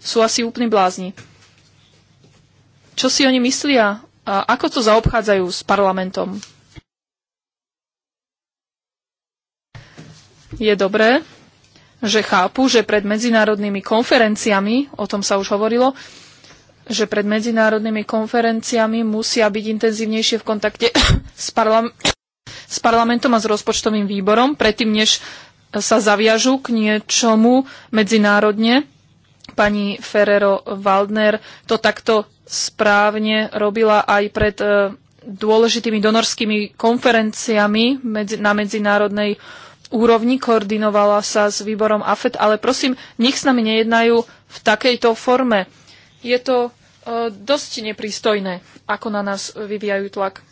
Sú asi úplní blázni. Čo si oni myslia? A ako to zaobchádzajú s parlamentom? Je dobré, že chápu, že pred medzinárodnými konferenciami, o tom sa už hovorilo, že pred medzinárodnými konferenciami musia byť intenzívnejšie v kontakte <coughs> s, parlam- s parlamentom a s rozpočtovým výborom, predtým než sa zaviažu k niečomu medzinárodne. Pani Ferrero Waldner to takto správne robila aj pred e, dôležitými donorskými konferenciami medzi- na medzinárodnej úrovni, koordinovala sa s výborom AFET, ale prosím, nech s nami nejednajú v takejto forme. Je to e, dosť neprístojné, ako na nás vyvíjajú tlak.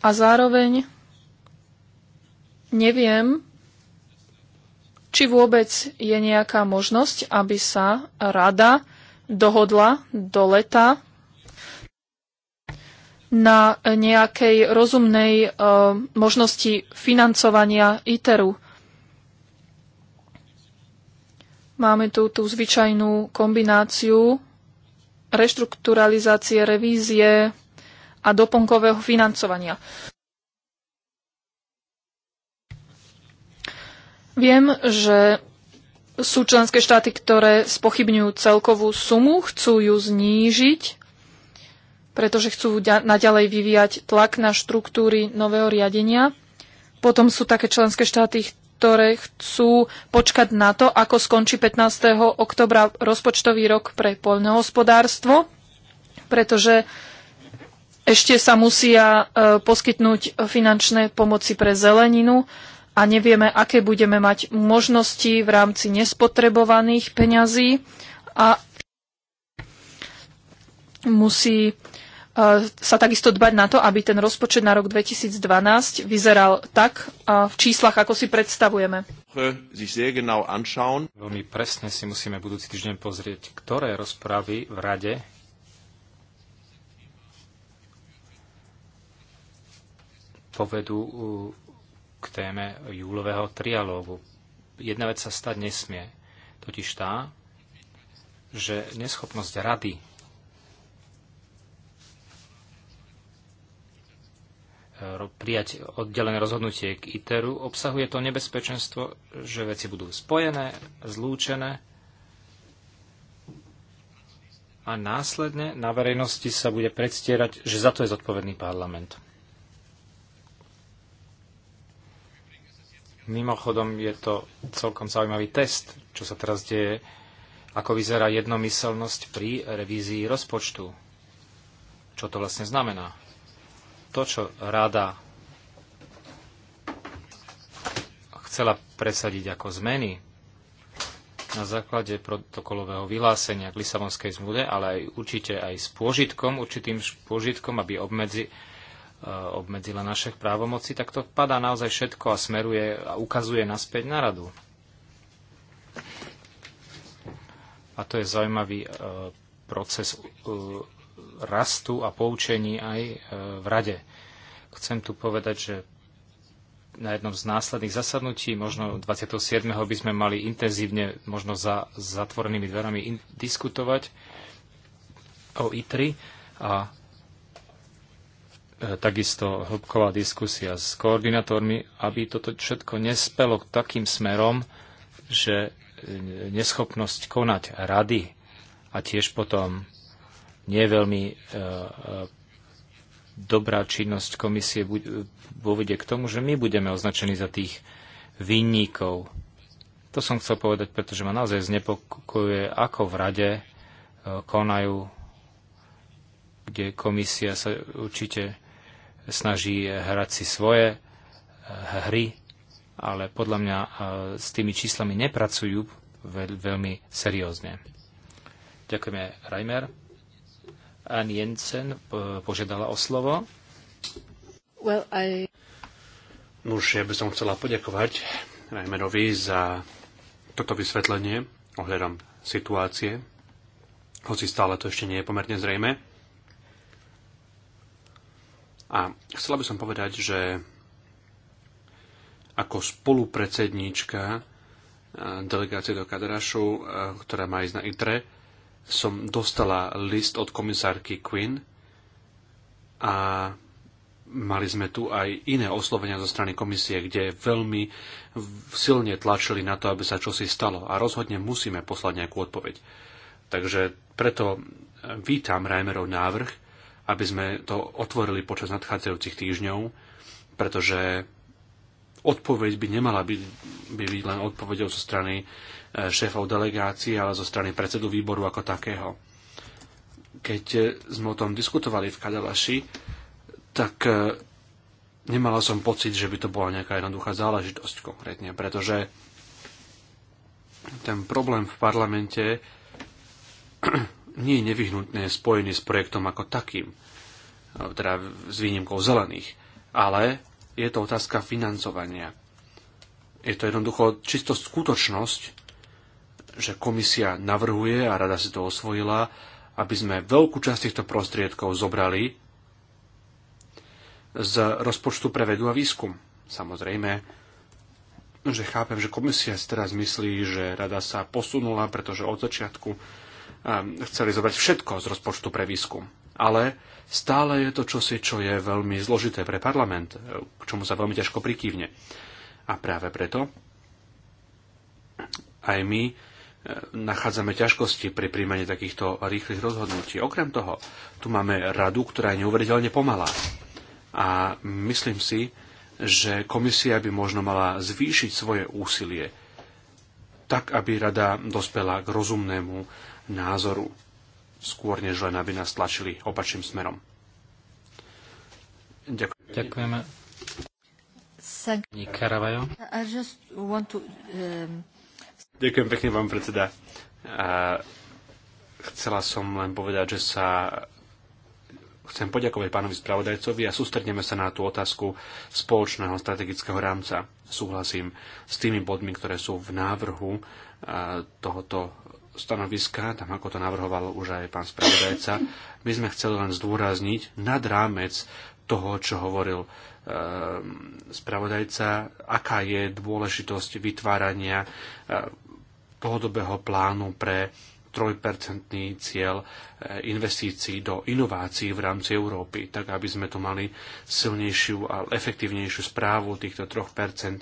A zároveň neviem, či vôbec je nejaká možnosť, aby sa rada dohodla do leta na nejakej rozumnej e, možnosti financovania ITERu. Máme tu tú zvyčajnú kombináciu reštrukturalizácie, revízie a doponkového financovania. Viem, že sú členské štáty, ktoré spochybňujú celkovú sumu, chcú ju znížiť pretože chcú naďalej vyvíjať tlak na štruktúry nového riadenia. Potom sú také členské štáty, ktoré chcú počkať na to, ako skončí 15. oktobra rozpočtový rok pre poľnohospodárstvo, pretože ešte sa musia e, poskytnúť finančné pomoci pre zeleninu a nevieme, aké budeme mať možnosti v rámci nespotrebovaných peňazí a musí sa takisto dbať na to, aby ten rozpočet na rok 2012 vyzeral tak v číslach, ako si predstavujeme. Veľmi presne si musíme budúci týždeň pozrieť, ktoré rozpravy v Rade povedú uh, k téme júlového trialógu. Jedna vec sa stať nesmie, totiž tá, že neschopnosť rady prijať oddelené rozhodnutie k ITERu, obsahuje to nebezpečenstvo, že veci budú spojené, zlúčené a následne na verejnosti sa bude predstierať, že za to je zodpovedný parlament. Mimochodom je to celkom zaujímavý test, čo sa teraz deje, ako vyzerá jednomyselnosť pri revízii rozpočtu. Čo to vlastne znamená? to, čo rada chcela presadiť ako zmeny na základe protokolového vyhlásenia k Lisabonskej zmluve, ale aj určite aj s pôžitkom, určitým pôžitkom, aby obmedzi, e, obmedzila naše právomoci, tak to padá naozaj všetko a smeruje a ukazuje naspäť na radu. A to je zaujímavý e, proces e, rastu a poučení aj e, v rade. Chcem tu povedať, že na jednom z následných zasadnutí, možno 27. by sme mali intenzívne, možno za zatvorenými dverami in, diskutovať o ITRI a e, takisto hĺbková diskusia s koordinátormi, aby toto všetko nespelo k takým smerom, že e, neschopnosť konať rady a tiež potom nie veľmi e, e, dobrá činnosť komisie povede k tomu, že my budeme označení za tých vinníkov. To som chcel povedať, pretože ma naozaj znepokojuje, ako v rade e, konajú, kde komisia sa určite snaží hrať si svoje hry, ale podľa mňa s tými číslami nepracujú veľmi seriózne. Ďakujeme, Reimer. Ann Jensen eh, požiadala o slovo. Well, I... Nuž, ja by som chcela poďakovať Rajmerovi za toto vysvetlenie ohľadom situácie, hoci stále to ešte nie je pomerne zrejme. A chcela by som povedať, že ako spolupredsedníčka eh, delegácie do Kadrašu, eh, ktorá má ísť na ITRE, som dostala list od komisárky Quinn a mali sme tu aj iné oslovenia zo strany komisie, kde veľmi silne tlačili na to, aby sa čosi stalo a rozhodne musíme poslať nejakú odpoveď. Takže preto e, vítam Reimerov návrh, aby sme to otvorili počas nadchádzajúcich týždňov, pretože odpoveď by nemala byť, by byť len odpoveďou zo strany šéfov delegácií, ale zo strany predsedu výboru ako takého. Keď sme o tom diskutovali v Kadalaši, tak e, nemala som pocit, že by to bola nejaká jednoduchá záležitosť konkrétne, pretože ten problém v parlamente nie je nevyhnutne spojený s projektom ako takým, teda s výnimkou zelených, ale je to otázka financovania. Je to jednoducho čisto skutočnosť, že komisia navrhuje, a rada si to osvojila, aby sme veľkú časť týchto prostriedkov zobrali z rozpočtu pre vedu a výskum. Samozrejme, že chápem, že komisia si teraz myslí, že rada sa posunula, pretože od začiatku um, chceli zobrať všetko z rozpočtu pre výskum. Ale stále je to čosi, čo je veľmi zložité pre parlament, k čomu sa veľmi ťažko prikývne. A práve preto aj my nachádzame ťažkosti pri príjmaní takýchto rýchlych rozhodnutí. Okrem toho, tu máme radu, ktorá je neuveriteľne pomalá. A myslím si, že komisia by možno mala zvýšiť svoje úsilie, tak aby rada dospela k rozumnému názoru, skôr než len aby nás tlačili opačným smerom. Ďakujem. Ďakujeme. I just want to, um... Ďakujem pekne, pán predseda. A chcela som len povedať, že sa chcem poďakovať pánovi spravodajcovi a sústredneme sa na tú otázku spoločného strategického rámca. Súhlasím s tými bodmi, ktoré sú v návrhu tohoto stanoviska, tam ako to navrhoval už aj pán spravodajca. My sme chceli len zdôrazniť nad rámec toho, čo hovoril spravodajca, aká je dôležitosť vytvárania dlhodobého plánu pre trojpercentný cieľ eh, investícií do inovácií v rámci Európy, tak aby sme tu mali silnejšiu a efektívnejšiu správu týchto 3%,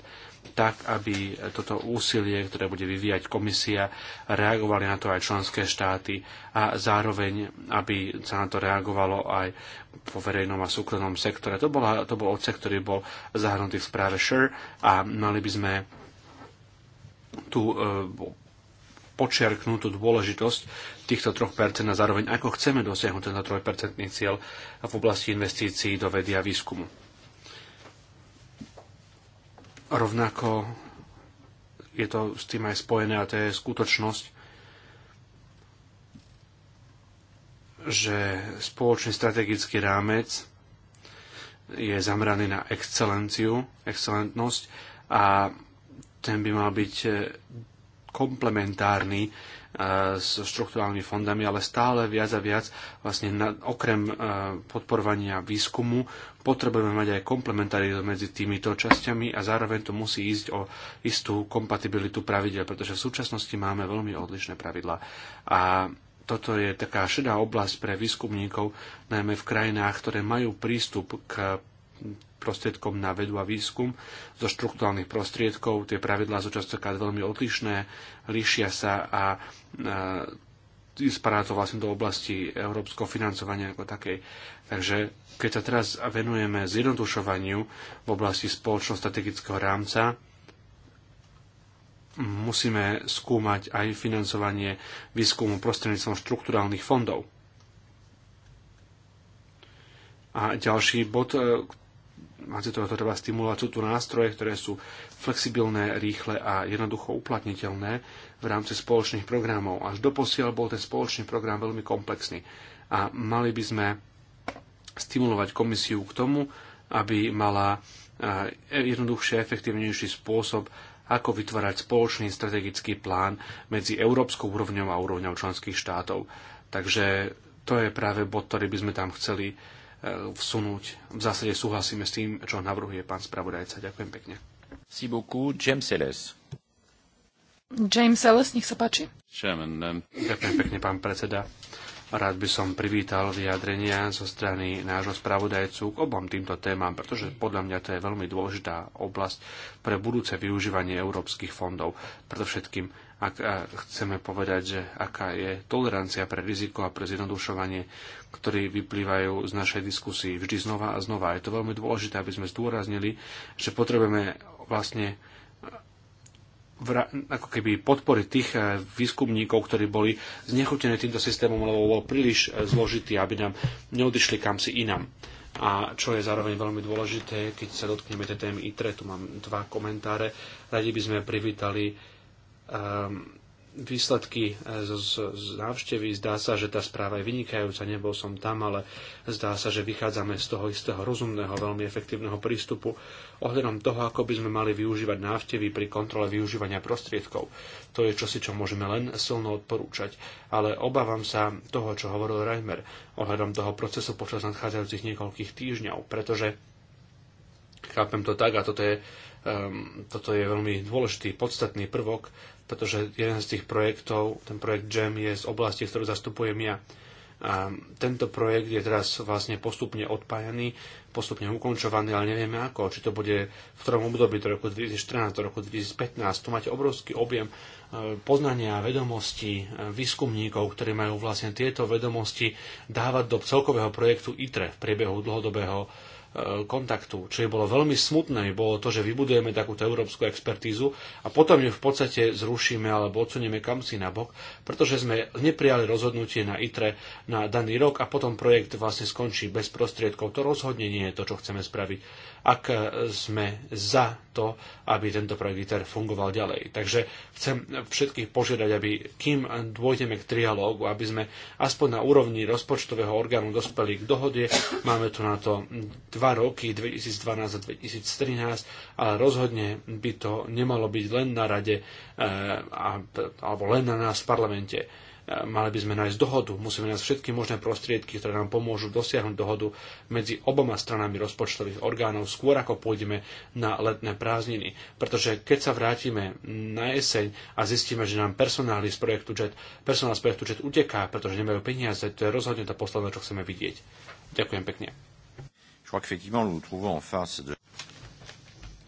tak aby toto úsilie, ktoré bude vyvíjať komisia, reagovali na to aj členské štáty a zároveň, aby sa na to reagovalo aj po verejnom a súkromnom sektore. To, bola, to bol odsek, ktorý bol zahrnutý v správe SURE a mali by sme tu eh, počiarknúť tú dôležitosť týchto 3% a zároveň ako chceme dosiahnuť tento 3% cieľ v oblasti investícií do vedy a výskumu. Rovnako je to s tým aj spojené a to je skutočnosť, že spoločný strategický rámec je zameraný na excelenciu, excelentnosť a ten by mal byť komplementárny eh, s štruktúrálnymi fondami, ale stále viac a viac vlastne na, okrem eh, podporovania výskumu potrebujeme mať aj komplementaritu medzi týmito časťami a zároveň to musí ísť o istú kompatibilitu pravidel, pretože v súčasnosti máme veľmi odlišné pravidla. A toto je taká šedá oblasť pre výskumníkov, najmä v krajinách, ktoré majú prístup k prostriedkom na vedu a výskum zo štruktúrnych prostriedkov. Tie pravidlá sú častokrát veľmi odlišné, líšia sa a e, spadá to vlastne do oblasti európskeho financovania ako takej. Takže keď sa teraz venujeme zjednodušovaniu v oblasti spoločnosti strategického rámca, musíme skúmať aj financovanie výskumu prostredníctvom štruktúrálnych fondov. A ďalší bod, e, máte toho treba stimulovať. Sú tu nástroje, ktoré sú flexibilné, rýchle a jednoducho uplatniteľné v rámci spoločných programov. Až doposiaľ bol ten spoločný program veľmi komplexný a mali by sme stimulovať komisiu k tomu, aby mala e, jednoduchšie, efektívnejší spôsob, ako vytvárať spoločný strategický plán medzi európskou úrovňou a úrovňou členských štátov. Takže to je práve bod, ktorý by sme tam chceli vsunúť. V zásade súhlasíme s tým, čo navrhuje pán spravodajca. Ďakujem pekne. Sibuku James Ellis. James Ellis, nech sa páči. Chairman, um, Ďakujem pekne, pán predseda. Rád by som privítal vyjadrenia zo strany nášho spravodajcu k obom týmto témam, pretože podľa mňa to je veľmi dôležitá oblasť pre budúce využívanie európskych fondov, predovšetkým ak chceme povedať, že aká je tolerancia pre riziko a pre zjednodušovanie, ktorí vyplývajú z našej diskusii vždy znova a znova. Je to veľmi dôležité, aby sme zdôraznili, že potrebujeme vlastne eh, ako keby podpory tých eh, výskumníkov, ktorí boli znechutení týmto systémom, lebo bol príliš eh, zložitý, aby nám neodišli kam si inam. A čo je zároveň veľmi dôležité, keď sa dotkneme tej témy ITRE, tu mám dva komentáre, radi by sme privítali Ehm, výsledky e, z, z návštevy. Zdá sa, že tá správa je vynikajúca, nebol som tam, ale zdá sa, že vychádzame z toho istého rozumného, veľmi efektívneho prístupu ohľadom toho, ako by sme mali využívať návštevy pri kontrole využívania prostriedkov. To je čosi, čo môžeme len silno odporúčať, ale obávam sa toho, čo hovoril Reimer ohľadom toho procesu počas nadchádzajúcich niekoľkých týždňov, pretože chápem to tak a toto je Ehm, toto je veľmi dôležitý, podstatný prvok, pretože jeden z tých projektov, ten projekt GEM, je z oblasti, ktorú zastupujem ja. A tento projekt je teraz vlastne postupne odpájaný, postupne ukončovaný, ale nevieme ako, či to bude v ktorom období, do roku 2014, do roku 2015. Tu máte obrovský objem e, poznania, vedomostí, e, výskumníkov, ktorí majú vlastne tieto vedomosti dávať do celkového projektu ITRE v priebehu dlhodobého kontaktu. Čo je bolo veľmi smutné, bolo to, že vybudujeme takúto európsku expertízu a potom ju v podstate zrušíme alebo odsunieme si na bok, pretože sme neprijali rozhodnutie na ITRE na daný rok a potom projekt vlastne skončí bez prostriedkov. To rozhodne nie je to, čo chceme spraviť ak eh, sme za to, aby tento projekt ITER fungoval ďalej. Takže chcem všetkých požiadať, aby kým dôjdeme k trialógu, aby sme aspoň na úrovni rozpočtového orgánu dospeli k dohode. Máme tu na to dva roky, 2012 a 2013, ale rozhodne by to nemalo byť len na rade eh, alebo len na nás v parlamente Mali by sme nájsť dohodu, musíme nájsť všetky možné prostriedky, ktoré nám pomôžu dosiahnuť dohodu medzi oboma stranami rozpočtových orgánov skôr ako pôjdeme na letné prázdniny. Pretože keď sa vrátime na jeseň a zistíme, že nám personál z projektu JET, personál z projektu JET uteká, pretože nemajú peniaze, to je rozhodne to posledné, čo chceme vidieť. Ďakujem pekne.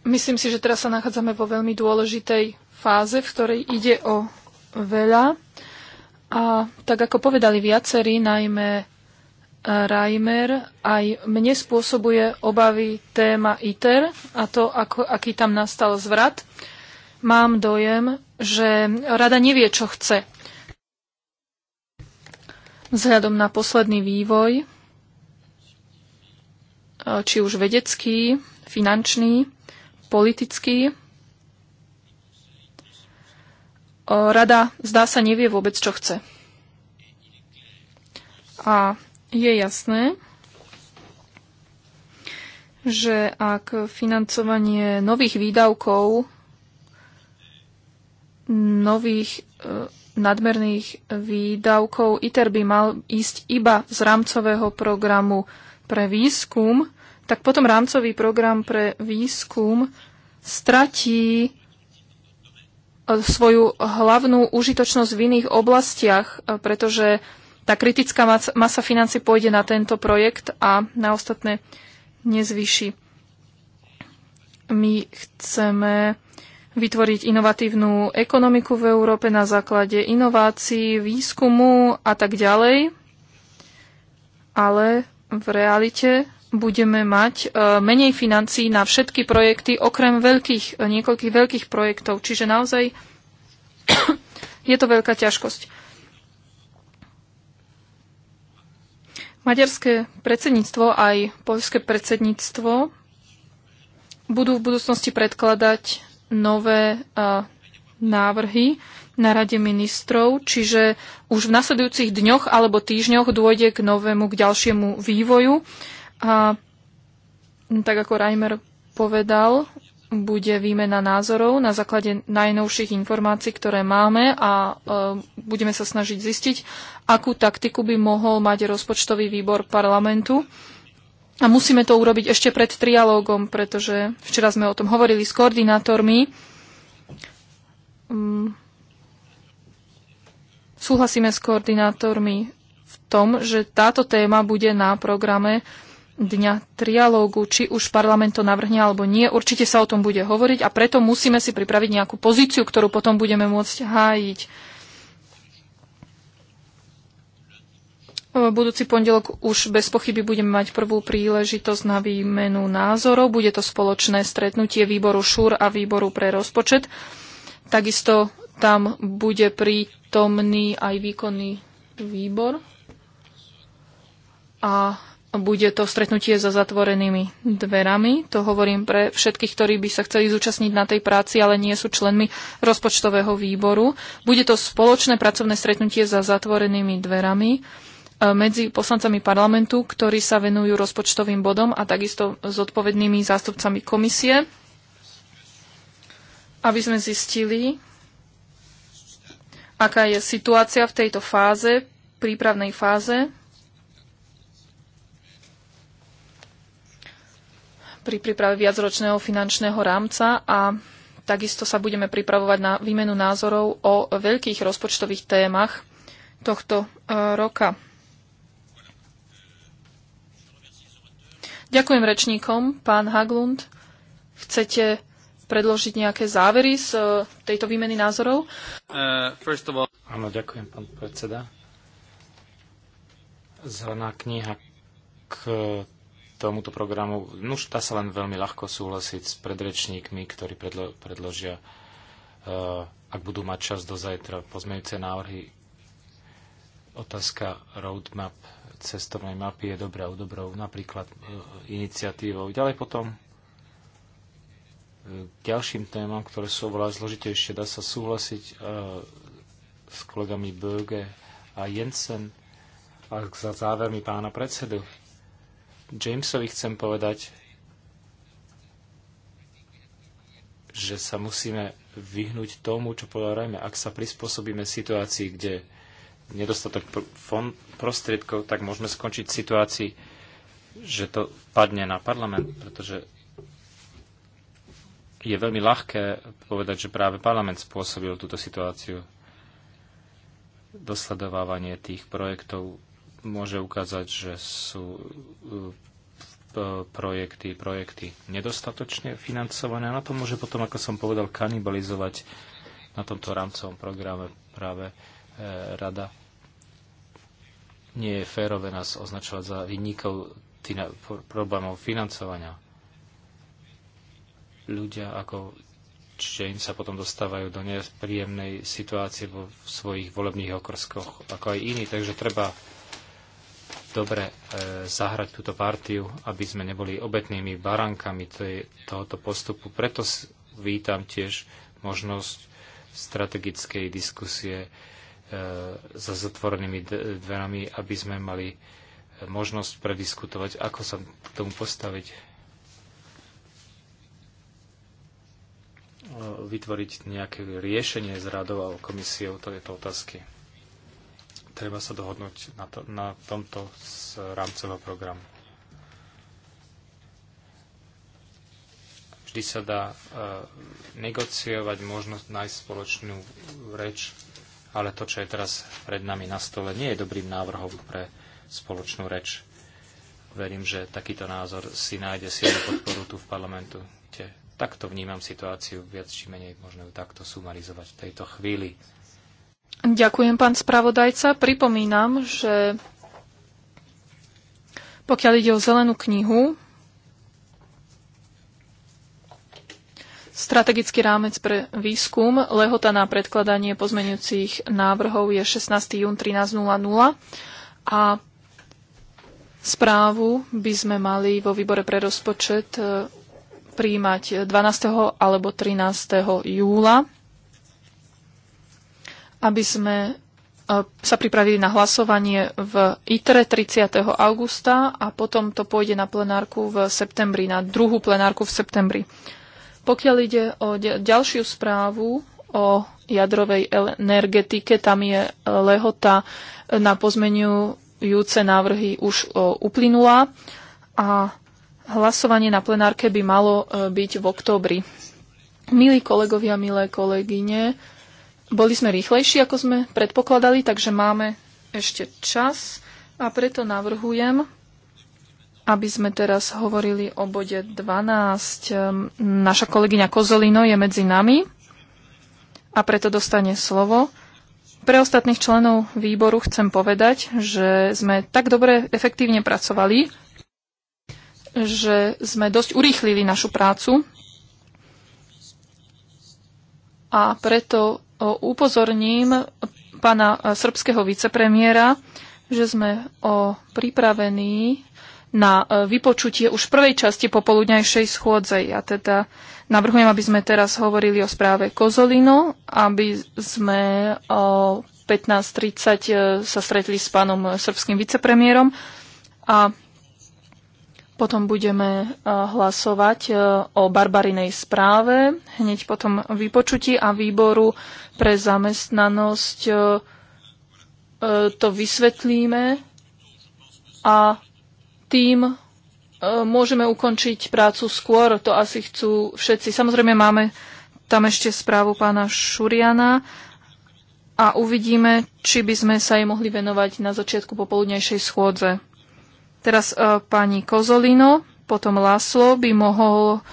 Myslím si, že teraz sa nachádzame vo veľmi dôležitej fáze, v ktorej ide o veľa. A tak ako povedali viacerí, najmä e, Reimer, aj mne spôsobuje obavy téma ITER a to, ako, aký tam nastal zvrat. Mám dojem, že rada nevie, čo chce. Vzhľadom na posledný vývoj, e, či už vedecký, finančný, politický, rada zdá sa nevie vôbec, čo chce. A je jasné, že ak financovanie nových výdavkov, nových e, nadmerných výdavkov ITER by mal ísť iba z rámcového programu pre výskum, tak potom rámcový program pre výskum stratí svoju hlavnú užitočnosť v iných oblastiach, e, pretože tá kritická masa financí pôjde na tento projekt a na ostatné nezvýši. My chceme vytvoriť inovatívnu ekonomiku v Európe na základe inovácií, výskumu a tak ďalej, ale v realite budeme mať e, menej financií na všetky projekty, okrem veľkých, e, niekoľkých veľkých projektov. Čiže naozaj <coughs> je to veľká ťažkosť. Maďarské predsedníctvo aj poľské predsedníctvo budú v budúcnosti predkladať nové e, návrhy na Rade ministrov, čiže už v nasledujúcich dňoch alebo týždňoch dôjde k novému, k ďalšiemu vývoju. A no tak ako Reimer povedal, bude výmena názorov na základe najnovších informácií, ktoré máme a e, budeme sa snažiť zistiť, akú taktiku by mohol mať rozpočtový výbor parlamentu. A musíme to urobiť ešte pred trialógom, pretože včera sme o tom hovorili s koordinátormi. Mm. Súhlasíme s koordinátormi v tom, že táto téma bude na programe dňa trialógu, či už parlament to navrhne alebo nie. Určite sa o tom bude hovoriť a preto musíme si pripraviť nejakú pozíciu, ktorú potom budeme môcť hájiť. E, budúci pondelok už bez pochyby budeme mať prvú príležitosť na výmenu názorov. Bude to spoločné stretnutie výboru ŠUR a výboru pre rozpočet. Takisto tam bude prítomný aj výkonný výbor. A bude to stretnutie za zatvorenými dverami. To hovorím pre všetkých, ktorí by sa chceli zúčastniť na tej práci, ale nie sú členmi rozpočtového výboru. Bude to spoločné pracovné stretnutie za zatvorenými dverami e, medzi poslancami parlamentu, ktorí sa venujú rozpočtovým bodom a takisto s odpovednými zástupcami komisie, aby sme zistili, aká je situácia v tejto fáze, prípravnej fáze pri príprave viacročného finančného rámca a takisto sa budeme pripravovať na výmenu názorov o veľkých rozpočtových témach tohto e, roka. Ďakujem rečníkom. Pán Haglund, chcete predložiť nejaké závery z e, tejto výmeny názorov? Uh, all... Áno, ďakujem, pán predseda. Zelená kniha k tomuto programu. No už dá sa len veľmi ľahko súhlasiť s predrečníkmi, ktorí predlo- predložia, uh, ak budú mať čas do zajtra, pozmejúce návrhy. Otázka roadmap cestovnej mapy je dobrá, dobrou napríklad uh, iniciatívou. Ďalej potom k eh, ďalším témam, ktoré sú oveľa zložitejšie, dá sa súhlasiť uh, s kolegami Böge a Jensen a za závermi pána predsedu Jamesovi chcem povedať, že sa musíme vyhnúť tomu, čo povedal Ak sa prispôsobíme situácii, kde nedostatok prostriedkov, tak môžeme skončiť v situácii, že to padne na parlament, pretože je veľmi ľahké povedať, že práve parlament spôsobil túto situáciu. Dosledovávanie tých projektov môže ukázať, že sú e, projekty, projekty nedostatočne financované a na to môže potom, ako som povedal, kanibalizovať na tomto rámcovom programe práve e, rada. Nie je férové nás označovať za vynikov problémov financovania. Ľudia ako Jane sa potom dostávajú do nepríjemnej situácie vo svojich volebných okrskoch, ako aj iní, takže treba dobre e, zahrať túto partiu, aby sme neboli obetnými barankami tohoto postupu. Preto vítam tiež možnosť strategickej diskusie e, za zatvorenými dverami, aby sme mali e, možnosť prediskutovať, ako sa k tomu postaviť. vytvoriť nejaké riešenie s radou a komisiou tejto otázky treba sa dohodnúť na, to, na tomto z rámcového programu. Vždy sa dá uh, negociovať, možnosť nájsť spoločnú reč, ale to, čo je teraz pred nami na stole, nie je dobrým návrhom pre spoločnú reč. Verím, že takýto názor si nájde silnú podporu tu v parlamentu. Takto vnímam situáciu, viac či menej možno ju takto sumarizovať v tejto chvíli. Ďakujem, pán spravodajca. Pripomínam, že pokiaľ ide o zelenú knihu, strategický rámec pre výskum, lehota na predkladanie pozmenujúcich návrhov je 16. jún 13.00 a správu by sme mali vo výbore pre rozpočet eh, príjmať 12. alebo 13. júla aby sme e, sa pripravili na hlasovanie v ITRE 30. augusta a potom to pôjde na plenárku v septembri, na druhú plenárku v septembri. Pokiaľ ide o ďalšiu správu o jadrovej energetike, tam je lehota na pozmenujúce návrhy už e, uplynula a hlasovanie na plenárke by malo e, byť v októbri. Milí kolegovia, milé kolegyne, boli sme rýchlejší, ako sme predpokladali, takže máme ešte čas a preto navrhujem, aby sme teraz hovorili o bode 12. Ehm, naša kolegyňa Kozolino je medzi nami a preto dostane slovo. Pre ostatných členov výboru chcem povedať, že sme tak dobre efektívne pracovali, že sme dosť urýchlili našu prácu a preto upozorním pána e, srbského vicepremiéra, že sme o pripravení na e, vypočutie už v prvej časti popoludňajšej schôdze. Ja teda navrhujem, aby sme teraz hovorili o správe Kozolino, aby sme o 15.30 e, sa stretli s pánom srbským vicepremiérom a potom budeme e, hlasovať e, o Barbarinej správe, hneď potom vypočutí a výboru pre zamestnanosť e, to vysvetlíme a tým môžeme ukončiť prácu skôr, to asi chcú všetci. Samozrejme máme tam ešte správu pána Šuriana a uvidíme, či by sme sa jej mohli venovať na začiatku popoludnejšej schôdze. Teraz e, pani Kozolino, potom Laslo by mohol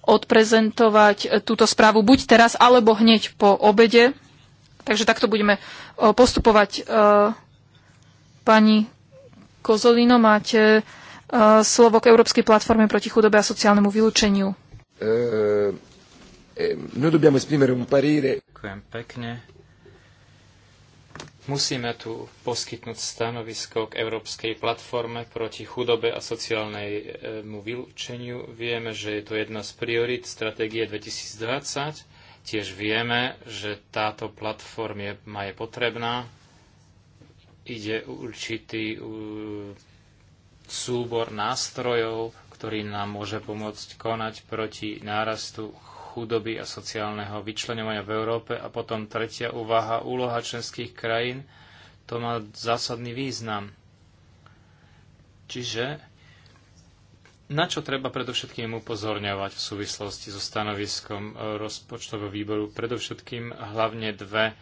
odprezentovať e, túto správu buď teraz, alebo hneď po obede. Takže takto budeme e, postupovať. E, pani Kozolino, máte e, slovo k Európskej platforme proti chudobe a sociálnemu vylúčeniu. E, Ďakujem pekne. Musíme tu poskytnúť stanovisko k Európskej platforme proti chudobe a sociálnemu vylúčeniu. Vieme, že je to jedna z priorit stratégie 2020. Tiež vieme, že táto platforma je, ma je potrebná. Ide určitý súbor nástrojov, ktorý nám môže pomôcť konať proti nárastu chudoby a sociálneho vyčlenovania v Európe. A potom tretia úvaha, úloha členských krajín, to má zásadný význam. Čiže na čo treba predovšetkým upozorňovať v súvislosti so stanoviskom e, rozpočtového výboru? Predovšetkým hlavne dve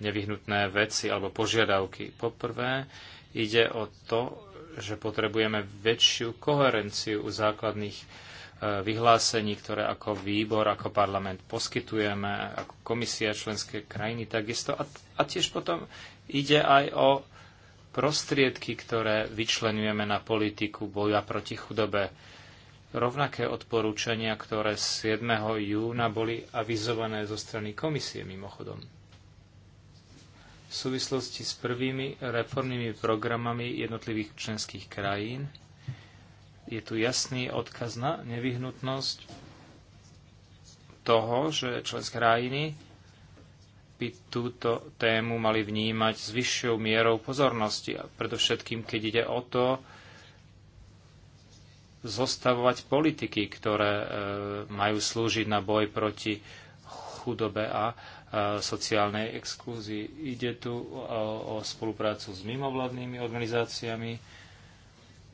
nevyhnutné veci alebo požiadavky. Poprvé ide o to, že potrebujeme väčšiu koherenciu u základných vyhlásení, ktoré ako výbor, ako parlament poskytujeme, ako komisia členské krajiny takisto. A, a tiež potom ide aj o prostriedky, ktoré vyčlenujeme na politiku boja proti chudobe. Rovnaké odporúčania, ktoré 7. júna boli avizované zo strany komisie mimochodom. V súvislosti s prvými reformnými programami jednotlivých členských krajín je tu jasný odkaz na nevyhnutnosť toho, že členské krajiny by túto tému mali vnímať s vyššou mierou pozornosti. A predovšetkým, keď ide o to, zostavovať politiky, ktoré e, majú slúžiť na boj proti chudobe a e, sociálnej exklúzii. Ide tu o, o spoluprácu s mimovládnymi organizáciami,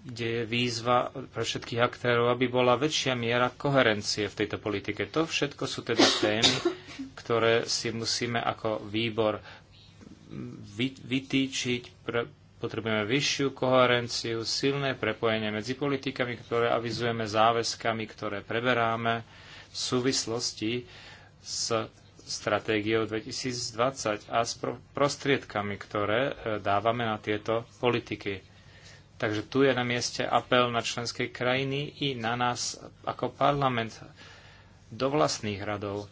kde je výzva pre všetkých aktérov, aby bola väčšia miera koherencie v tejto politike. To všetko sú teda témy, ktoré si musíme ako výbor vytýčiť. potrebujeme vyššiu koherenciu, silné prepojenie medzi politikami, ktoré avizujeme záväzkami, ktoré preberáme v súvislosti s stratégiou 2020 a s prostriedkami, ktoré e, dávame na tieto politiky. Takže tu je na mieste apel na členské krajiny i na nás ako parlament do vlastných radov.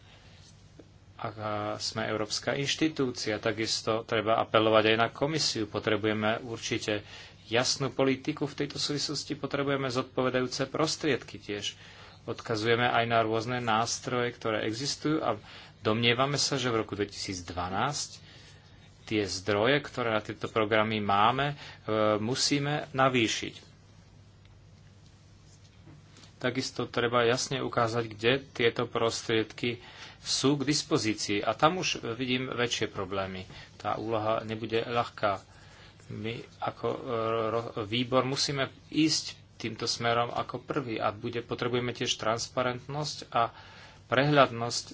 Ak sme európska inštitúcia, takisto treba apelovať aj na komisiu. Potrebujeme určite jasnú politiku. V tejto súvislosti potrebujeme zodpovedajúce prostriedky tiež. Odkazujeme aj na rôzne nástroje, ktoré existujú a domnievame sa, že v roku 2012 tie zdroje, ktoré na tieto programy máme, e, musíme navýšiť. Takisto treba jasne ukázať, kde tieto prostriedky sú k dispozícii. A tam už vidím väčšie problémy. Tá úloha nebude ľahká. My ako e, výbor musíme ísť týmto smerom ako prvý a bude, potrebujeme tiež transparentnosť a prehľadnosť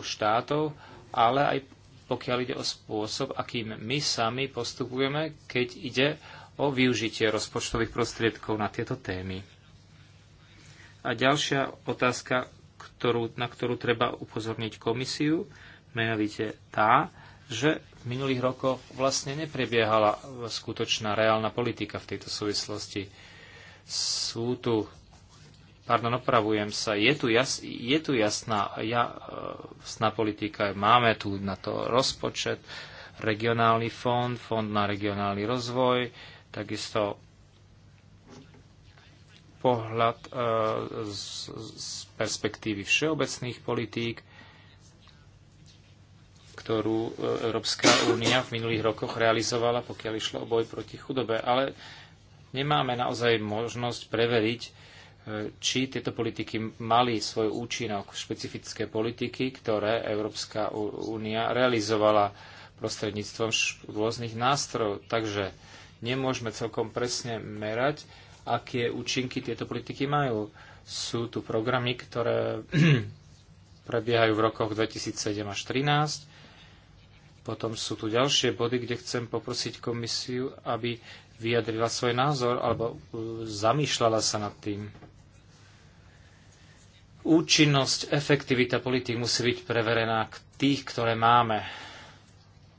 štátov, ale aj pokiaľ ide o spôsob, akým my sami postupujeme, keď ide o využitie rozpočtových prostriedkov na tieto témy. A ďalšia otázka, ktorú, na ktorú treba upozorniť komisiu, menovite tá, že v minulých rokoch vlastne neprebiehala skutočná reálna politika v tejto súvislosti. Sú tu pardon, opravujem sa, je tu, jas, je tu jasná, e, jasná politika, máme tu na to rozpočet, regionálny fond, fond na regionálny rozvoj, takisto pohľad e, z, z perspektívy všeobecných politík, ktorú e, Európska únia v minulých rokoch realizovala, pokiaľ išlo o boj proti chudobe. Ale nemáme naozaj možnosť preveriť, či tieto politiky mali svoj účinok, špecifické politiky, ktoré Európska únia realizovala prostredníctvom rôznych nástrojov. Takže nemôžeme celkom presne merať, aké účinky tieto politiky majú. Sú tu programy, ktoré <clears throat> prebiehajú v rokoch 2007 až 2013. Potom sú tu ďalšie body, kde chcem poprosiť komisiu, aby vyjadrila svoj názor alebo e, zamýšľala sa nad tým. Účinnosť, efektivita politik musí byť preverená k tých, ktoré máme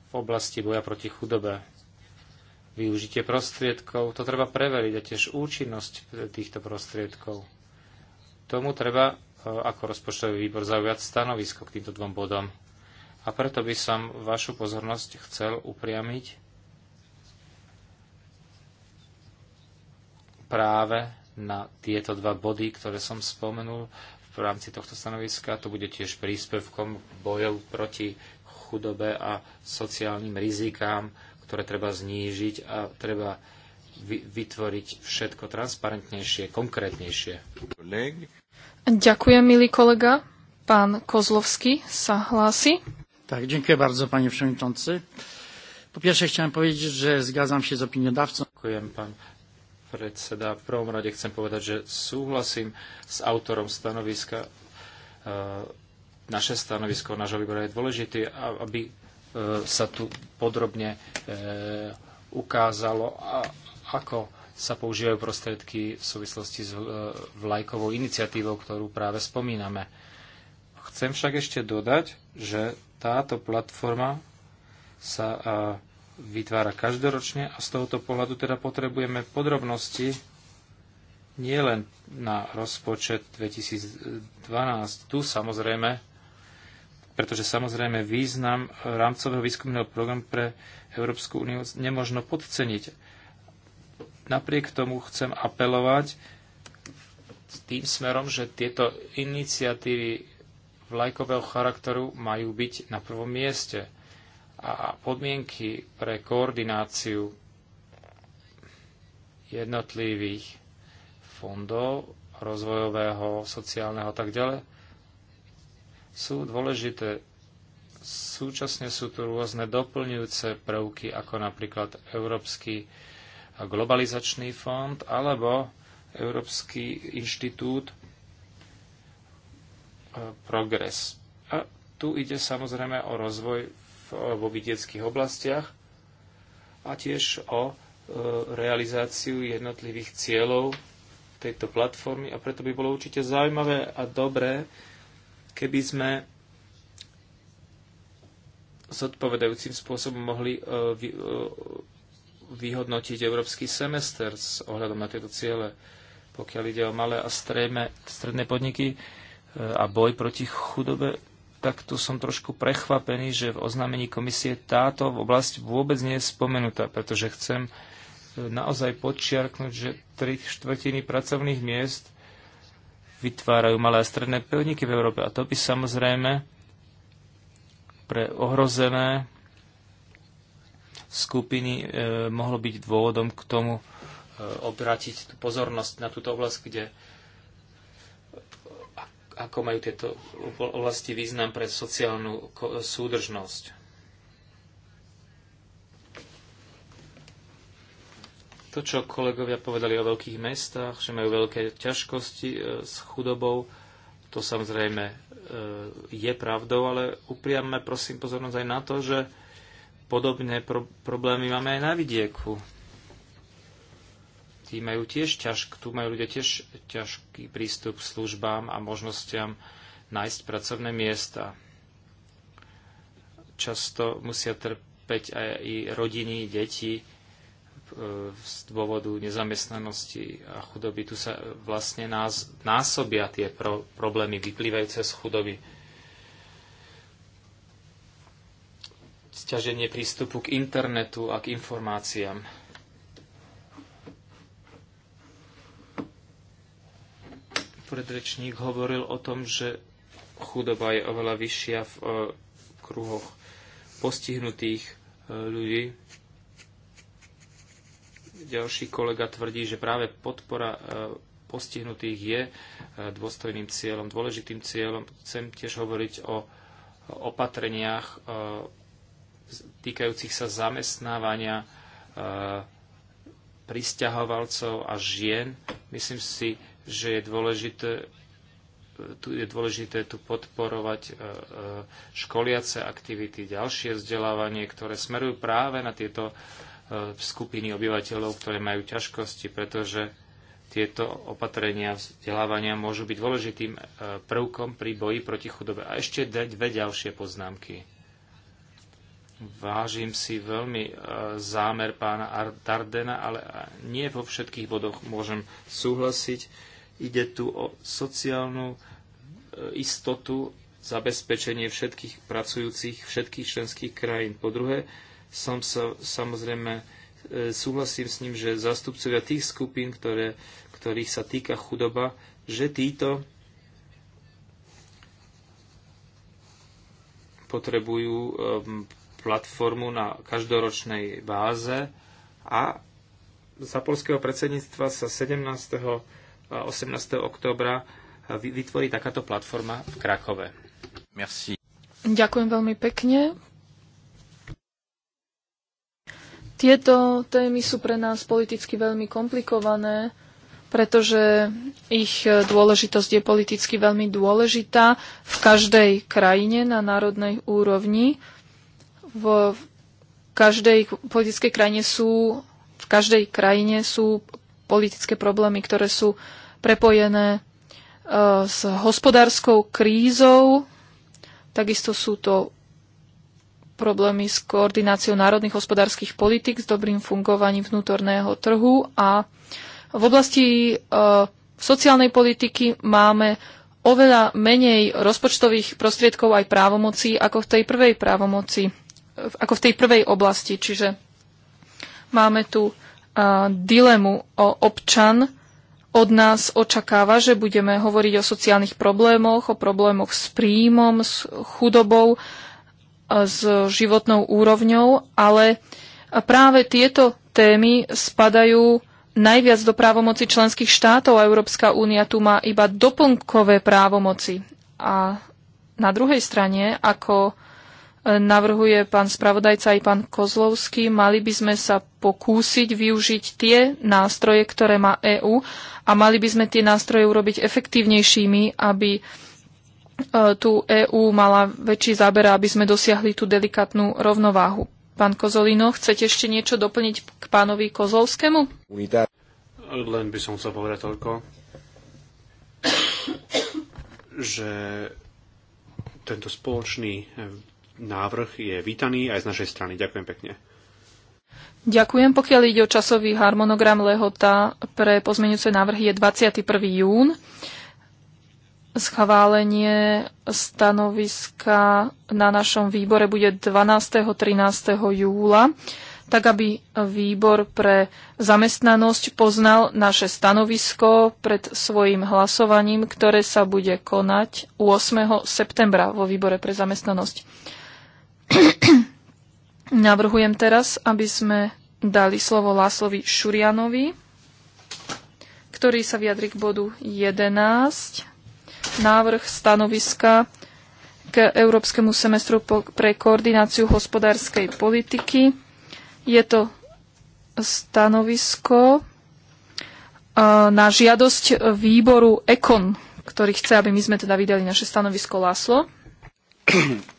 v oblasti boja proti chudobe. Využitie prostriedkov, to treba preveriť a tiež účinnosť týchto prostriedkov. Tomu treba e, ako rozpočtový výbor zaujať stanovisko k týmto dvom bodom. A preto by som vašu pozornosť chcel upriamiť práve na tieto dva body, ktoré som spomenul v rámci tohto stanoviska. To bude tiež príspevkom bojov proti chudobe a sociálnym rizikám, ktoré treba znížiť a treba vytvoriť všetko transparentnejšie, konkrétnejšie. Ďakujem, milý kolega. Pán Kozlovský sa hlási. Tak, ďakujem bardzo, panie przewodniczący. Po pierwsze chciałem powiedzieć, że zgadzam się z opiniodawcą. Dziękuję, pan predseda. V prvom rade chcem povedať, že súhlasím s autorom stanoviska. E, naše stanovisko nášho výboru je dôležité, aby e, sa tu podrobne e, ukázalo, ako sa používajú prostriedky v súvislosti s vlajkovou iniciatívou, ktorú práve spomíname. Chcem však ešte dodať, že táto platforma sa vytvára každoročne a z tohoto pohľadu teda potrebujeme podrobnosti nielen na rozpočet 2012. Tu samozrejme, pretože samozrejme význam rámcového výskumného programu pre Európsku úniu nemožno podceniť. Napriek tomu chcem apelovať tým smerom, že tieto iniciatívy vlajkového charakteru majú byť na prvom mieste – a podmienky pre koordináciu jednotlivých fondov rozvojového, sociálneho a tak ďalej sú dôležité. Súčasne sú tu rôzne doplňujúce prvky, ako napríklad Európsky globalizačný fond alebo Európsky inštitút e, Progres. A tu ide samozrejme o rozvoj vo vidieckých oblastiach a tiež o e, realizáciu jednotlivých cieľov tejto platformy a preto by bolo určite zaujímavé a dobré, keby sme zodpovedajúcim spôsobom mohli e, e, vyhodnotiť európsky semester s ohľadom na tieto ciele, pokiaľ ide o malé a stredné podniky a boj proti chudobe tak tu som trošku prechvapený, že v oznámení komisie táto oblasť vôbec nie je spomenutá, pretože chcem e, naozaj podčiarknúť, že tri štvrtiny pracovných miest vytvárajú malé a stredné podniky v Európe. A to by samozrejme pre ohrozené skupiny e, mohlo byť dôvodom k tomu e, obrátiť tú pozornosť na túto oblasť, kde ako majú tieto oblasti význam pre sociálnu súdržnosť. To, čo kolegovia povedali o veľkých mestách, že majú veľké ťažkosti e, s chudobou, to samozrejme e, je pravdou, ale upriamme prosím pozornosť aj na to, že podobné problémy máme aj na vidieku tí majú tiež ťažk, tu majú ľudia tiež ťažký prístup k službám a možnostiam nájsť pracovné miesta. Často musia trpeť aj i rodiny, deti e, z dôvodu nezamestnanosti a chudoby. Tu sa vlastne nás, násobia tie pro, problémy vyplývajúce z chudoby. Sťaženie prístupu k internetu a k informáciám predrečník hovoril o tom, že chudoba je oveľa vyššia v e, kruhoch postihnutých e, ľudí. Ďalší kolega tvrdí, že práve podpora e, postihnutých je dôstojným cieľom, dôležitým cieľom. Chcem tiež hovoriť o opatreniach týkajúcich sa zamestnávania pristahovalcov a žien. Myslím si, že je dôležité tu je dôležité tu podporovať e, e, školiace aktivity, ďalšie vzdelávanie, ktoré smerujú práve na tieto e, skupiny obyvateľov, ktoré majú ťažkosti, pretože tieto opatrenia vzdelávania môžu byť dôležitým prvkom pri boji proti chudobe. A ešte dve ďalšie poznámky. Vážim si veľmi zámer pána Dardena, ale nie vo všetkých bodoch môžem súhlasiť Ide tu o sociálnu e, istotu, zabezpečenie všetkých pracujúcich, všetkých členských krajín. Po druhé, som sa, samozrejme e, súhlasím s ním, že zastupcovia tých skupín, ktoré, ktorých sa týka chudoba, že títo potrebujú platformu na každoročnej báze a za polského predsedníctva sa 17. 18. októbra eh, vytvorí takáto platforma v Krakove. Merci. Ďakujem veľmi pekne. Tieto témy sú pre nás politicky veľmi komplikované, pretože ich eh, dôležitosť je politicky veľmi dôležitá v každej krajine na národnej úrovni. V každej politickej krajine sú v každej krajine sú politické problémy, ktoré sú prepojené e, s hospodárskou krízou. Takisto sú to problémy s koordináciou národných hospodárskych politik, s dobrým fungovaním vnútorného trhu a v oblasti e, sociálnej politiky máme oveľa menej rozpočtových prostriedkov aj právomocí ako v tej prvej právomoci, ako v tej prvej oblasti. Čiže máme tu dilemu. O občan od nás očakáva, že budeme hovoriť o sociálnych problémoch, o problémoch s príjmom, s chudobou, s životnou úrovňou, ale práve tieto témy spadajú najviac do právomoci členských štátov a Európska únia tu má iba doplnkové právomoci. A na druhej strane, ako navrhuje pán spravodajca aj pán Kozlovský, mali by sme sa pokúsiť využiť tie nástroje, ktoré má EÚ a mali by sme tie nástroje urobiť efektívnejšími, aby e, tu EÚ mala väčší záber, aby sme dosiahli tú delikatnú rovnováhu. Pán Kozolino, chcete ešte niečo doplniť k pánovi Kozlovskému? Len by som chcel povedať toľko, že tento spoločný návrh je vítaný aj z našej strany. Ďakujem pekne. Ďakujem. Pokiaľ ide o časový harmonogram lehota pre pozmeňujúce návrhy je 21. jún. Schválenie stanoviska na našom výbore bude 12. 13. júla, tak aby výbor pre zamestnanosť poznal naše stanovisko pred svojim hlasovaním, ktoré sa bude konať 8. septembra vo výbore pre zamestnanosť. <clears throat> Navrhujem teraz, aby sme dali slovo Láslovi Šurianovi, ktorý sa vyjadri k bodu 11, návrh stanoviska k Európskemu semestru pre koordináciu hospodárskej politiky. Je to stanovisko e, na žiadosť výboru EKON, ktorý chce, aby my sme teda vydali naše stanovisko Láslo. <coughs>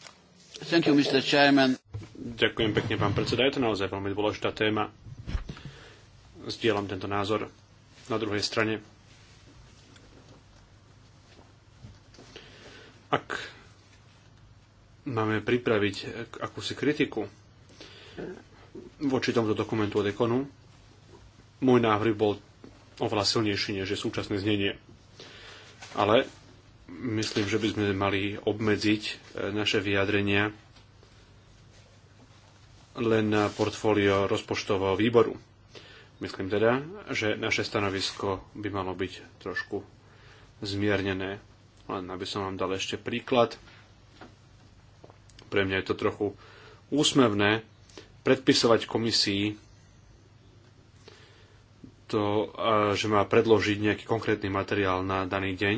You, Ďakujem pekne, pán predseda. Je to naozaj veľmi dôležitá téma. Zdieľam tento názor. Na druhej strane, ak máme pripraviť akúsi kritiku voči tomuto dokumentu od Ekonu, môj návrh bol oveľa silnejší, než je súčasné znenie. Ale myslím, že by sme mali obmedziť e, naše vyjadrenia len na portfólio rozpočtového výboru. Myslím teda, že naše stanovisko by malo byť trošku zmiernené. Len aby som vám dal ešte príklad. Pre mňa je to trochu úsmevné predpisovať komisii to, že má predložiť nejaký konkrétny materiál na daný deň,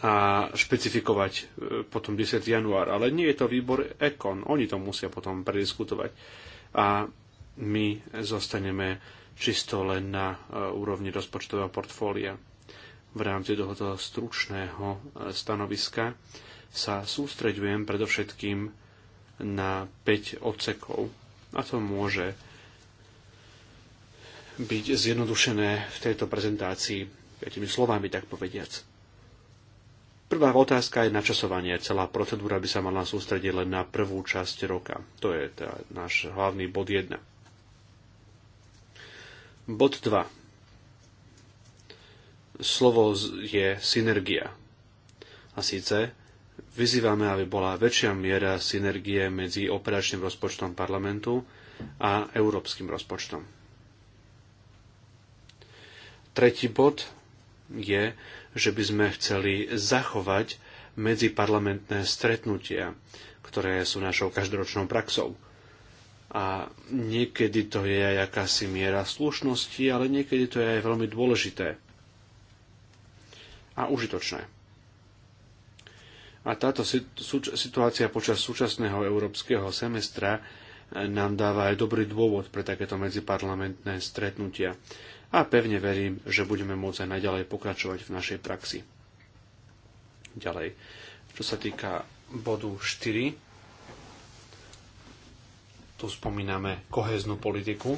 a špecifikovať e, potom 10. január. Ale nie je to výbor Ekon, oni to musia potom prediskutovať. A my zostaneme čisto len na e, úrovni rozpočtového portfólia. V rámci tohoto stručného e, stanoviska sa sústreďujem predovšetkým na 5 odsekov. A to môže byť zjednodušené v tejto prezentácii, 5 slovami, tak povediac. Prvá otázka je načasovanie. Celá procedúra by sa mala sústrediť len na prvú časť roka. To je tá, náš hlavný bod 1. Bod 2. Slovo je synergia. A síce vyzývame, aby bola väčšia miera synergie medzi operačným rozpočtom parlamentu a európskym rozpočtom. Tretí bod je že by sme chceli zachovať medziparlamentné stretnutia, ktoré sú našou každoročnou praxou. A niekedy to je aj akási miera slušnosti, ale niekedy to je aj veľmi dôležité a užitočné. A táto situácia počas súčasného európskeho semestra nám dáva aj dobrý dôvod pre takéto medziparlamentné stretnutia a pevne verím, že budeme môcť aj naďalej pokračovať v našej praxi. Ďalej, čo sa týka bodu 4, tu spomíname koheznú politiku.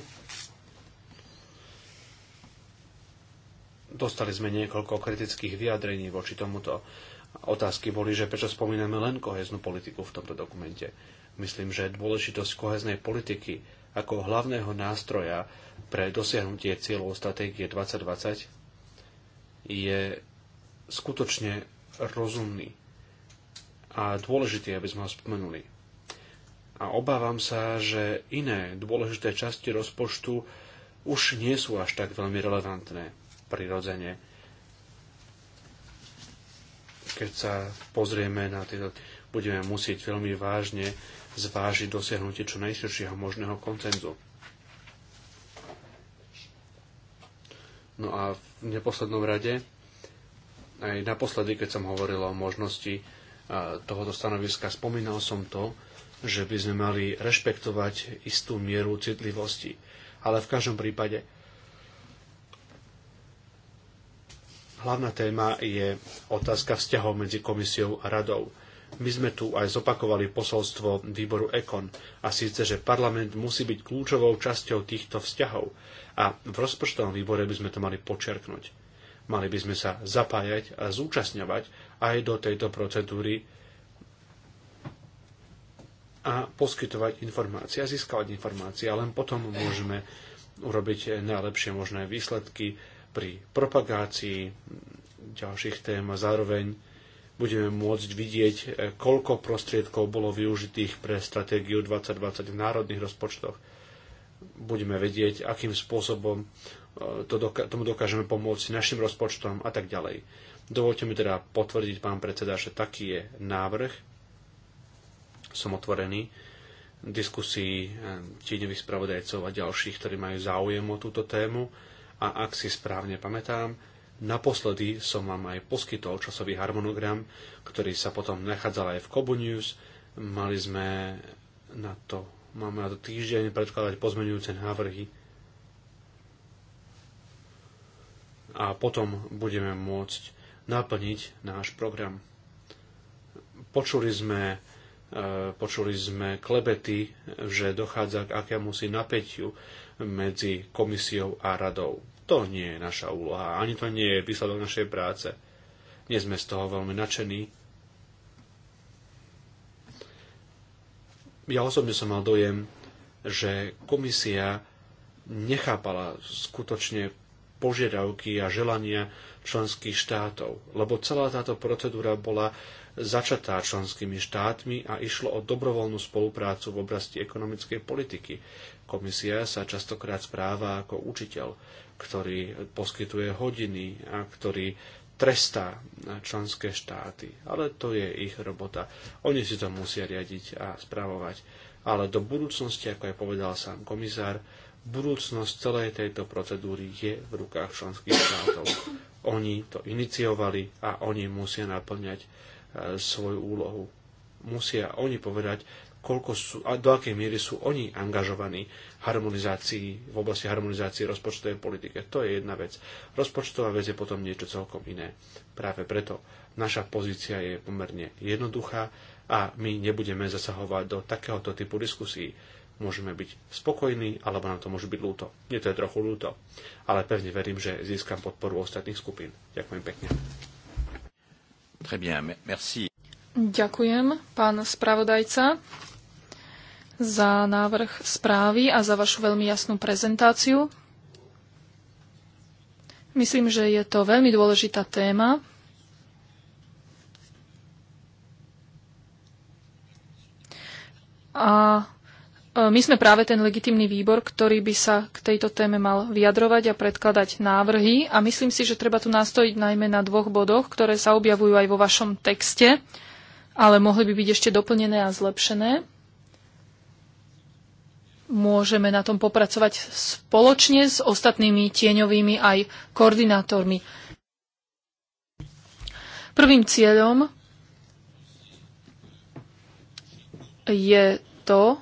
Dostali sme niekoľko kritických vyjadrení voči tomuto. Otázky boli, že prečo spomíname len koheznú politiku v tomto dokumente. Myslím, že dôležitosť koheznej politiky ako hlavného nástroja pre dosiahnutie cieľov stratégie 2020 je skutočne rozumný a dôležitý, aby sme ho spomenuli. A obávam sa, že iné dôležité časti rozpočtu už nie sú až tak veľmi relevantné prirodzene. Keď sa pozrieme na tieto, budeme musieť veľmi vážne zvážiť dosiahnutie čo najširšieho možného koncenzu. No a v neposlednom rade, aj naposledy, keď som hovoril o možnosti tohoto stanoviska, spomínal som to, že by sme mali rešpektovať istú mieru citlivosti. Ale v každom prípade hlavná téma je otázka vzťahov medzi komisiou a radou. My sme tu aj zopakovali posolstvo výboru EKON a síce, že parlament musí byť kľúčovou časťou týchto vzťahov a v rozpočtovom výbore by sme to mali počerknúť. Mali by sme sa zapájať a zúčastňovať aj do tejto procedúry a poskytovať informácie a získavať informácie a len potom môžeme urobiť najlepšie možné výsledky pri propagácii ďalších tém a zároveň budeme môcť vidieť, e, koľko prostriedkov bolo využitých pre stratégiu 2020 v národných rozpočtoch. Budeme vedieť, akým spôsobom e, to doka- tomu dokážeme pomôcť našim rozpočtom a tak ďalej. Dovolte mi teda potvrdiť, pán predseda, že taký je návrh. Som otvorený diskusii e, tieňových spravodajcov a ďalších, ktorí majú záujem o túto tému. A ak si správne pamätám, Naposledy som vám aj poskytol časový harmonogram, ktorý sa potom nachádzal aj v Kobu News. Mali sme na to, máme na to týždeň predkladať pozmenujúce návrhy. A potom budeme môcť naplniť náš program. Počuli sme e, počuli sme klebety, že dochádza k akémusi napätiu medzi komisiou a radou. To nie je naša úloha, ani to nie je výsledok našej práce. Nie sme z toho veľmi nadšení. Ja osobne som mal dojem, že komisia nechápala skutočne požiadavky a želania členských štátov, lebo celá táto procedúra bola začatá členskými štátmi a išlo o dobrovoľnú spoluprácu v oblasti ekonomickej politiky. Komisia sa častokrát správa ako učiteľ ktorý poskytuje hodiny a ktorý trestá členské štáty. Ale to je ich robota. Oni si to musia riadiť a spravovať. Ale do budúcnosti, ako aj povedal sám komisár, budúcnosť celej tejto procedúry je v rukách členských štátov. Oni to iniciovali a oni musia naplňať e, svoju úlohu. Musia oni povedať, koľko sú, a do akej miery sú oni angažovaní harmonizácii, v oblasti harmonizácie rozpočtovej politike. To je jedna vec. Rozpočtová vec je potom niečo celkom iné. Práve preto naša pozícia je pomerne jednoduchá a my nebudeme zasahovať do takéhoto typu diskusí. Môžeme byť spokojní, alebo nám to môže byť ľúto. Mne to je trochu ľúto, ale pevne verím, že získam podporu ostatných skupín. Ďakujem pekne. Très bien, merci. Ďakujem, pán spravodajca za návrh správy a za vašu veľmi jasnú prezentáciu. Myslím, že je to veľmi dôležitá téma. A e, my sme práve ten legitimný výbor, ktorý by sa k tejto téme mal vyjadrovať a predkladať návrhy. A myslím si, že treba tu nastojiť najmä na dvoch bodoch, ktoré sa objavujú aj vo vašom texte, ale mohli by byť ešte doplnené a zlepšené môžeme na tom popracovať spoločne s ostatnými tieňovými aj koordinátormi. Prvým cieľom je to,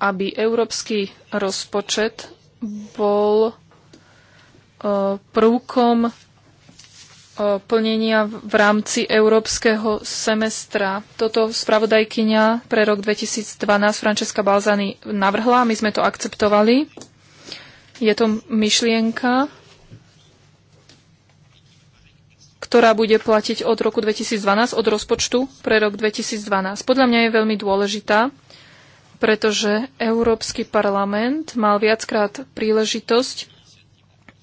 aby európsky rozpočet bol e, prvkom plnenia v rámci európskeho semestra. Toto spravodajkyňa pre rok 2012 Francesca Balzani navrhla, a my sme to akceptovali. Je to myšlienka, ktorá bude platiť od roku 2012, od rozpočtu pre rok 2012. Podľa mňa je veľmi dôležitá, pretože Európsky parlament mal viackrát príležitosť,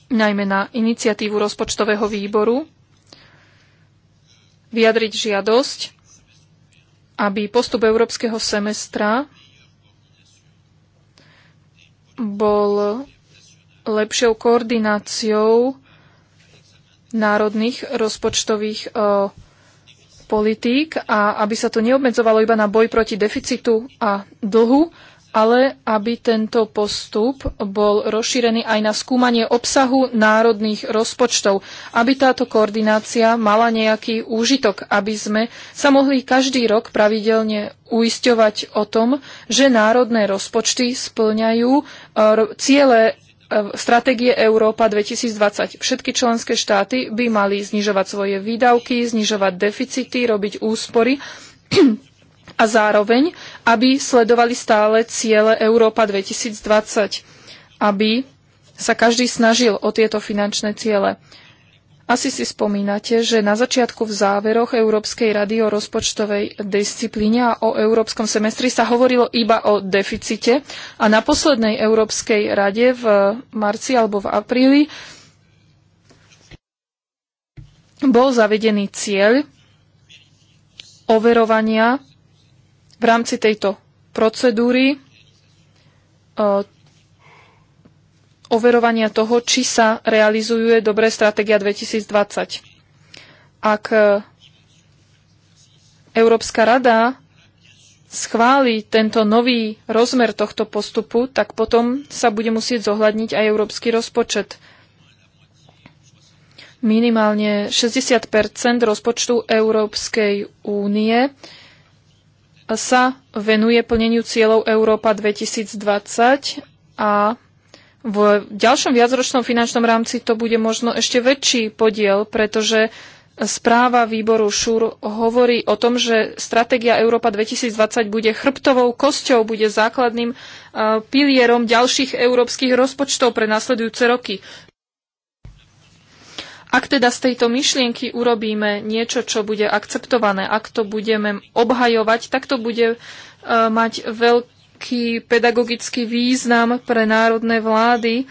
najmä na iniciatívu rozpočtového výboru, vyjadriť žiadosť, aby postup európskeho semestra bol lepšou koordináciou národných rozpočtových e, politík a aby sa to neobmedzovalo iba na boj proti deficitu a dlhu, ale aby tento postup bol rozšírený aj na skúmanie obsahu národných rozpočtov, aby táto koordinácia mala nejaký úžitok, aby sme sa mohli každý rok pravidelne uisťovať o tom, že národné rozpočty splňajú e, ciele e, stratégie Európa 2020. Všetky členské štáty by mali znižovať svoje výdavky, znižovať deficity, robiť úspory a zároveň, aby sledovali stále ciele Európa 2020, aby sa každý snažil o tieto finančné ciele. Asi si spomínate, že na začiatku v záveroch Európskej rady o rozpočtovej disciplíne a o európskom semestri sa hovorilo iba o deficite a na poslednej Európskej rade v marci alebo v apríli bol zavedený cieľ overovania v rámci tejto procedúry e, overovania toho, či sa realizuje dobré stratégia 2020. Ak e, Európska rada schváli tento nový rozmer tohto postupu, tak potom sa bude musieť zohľadniť aj európsky rozpočet. Minimálne 60 rozpočtu Európskej únie sa venuje plneniu cieľov Európa 2020 a v ďalšom viacročnom finančnom rámci to bude možno ešte väčší podiel, pretože správa výboru ŠUR hovorí o tom, že stratégia Európa 2020 bude chrbtovou kosťou, bude základným eh, pilierom ďalších európskych rozpočtov pre nasledujúce roky. Ak teda z tejto myšlienky urobíme niečo, čo bude akceptované, ak to budeme obhajovať, tak to bude e, mať veľký pedagogický význam pre národné vlády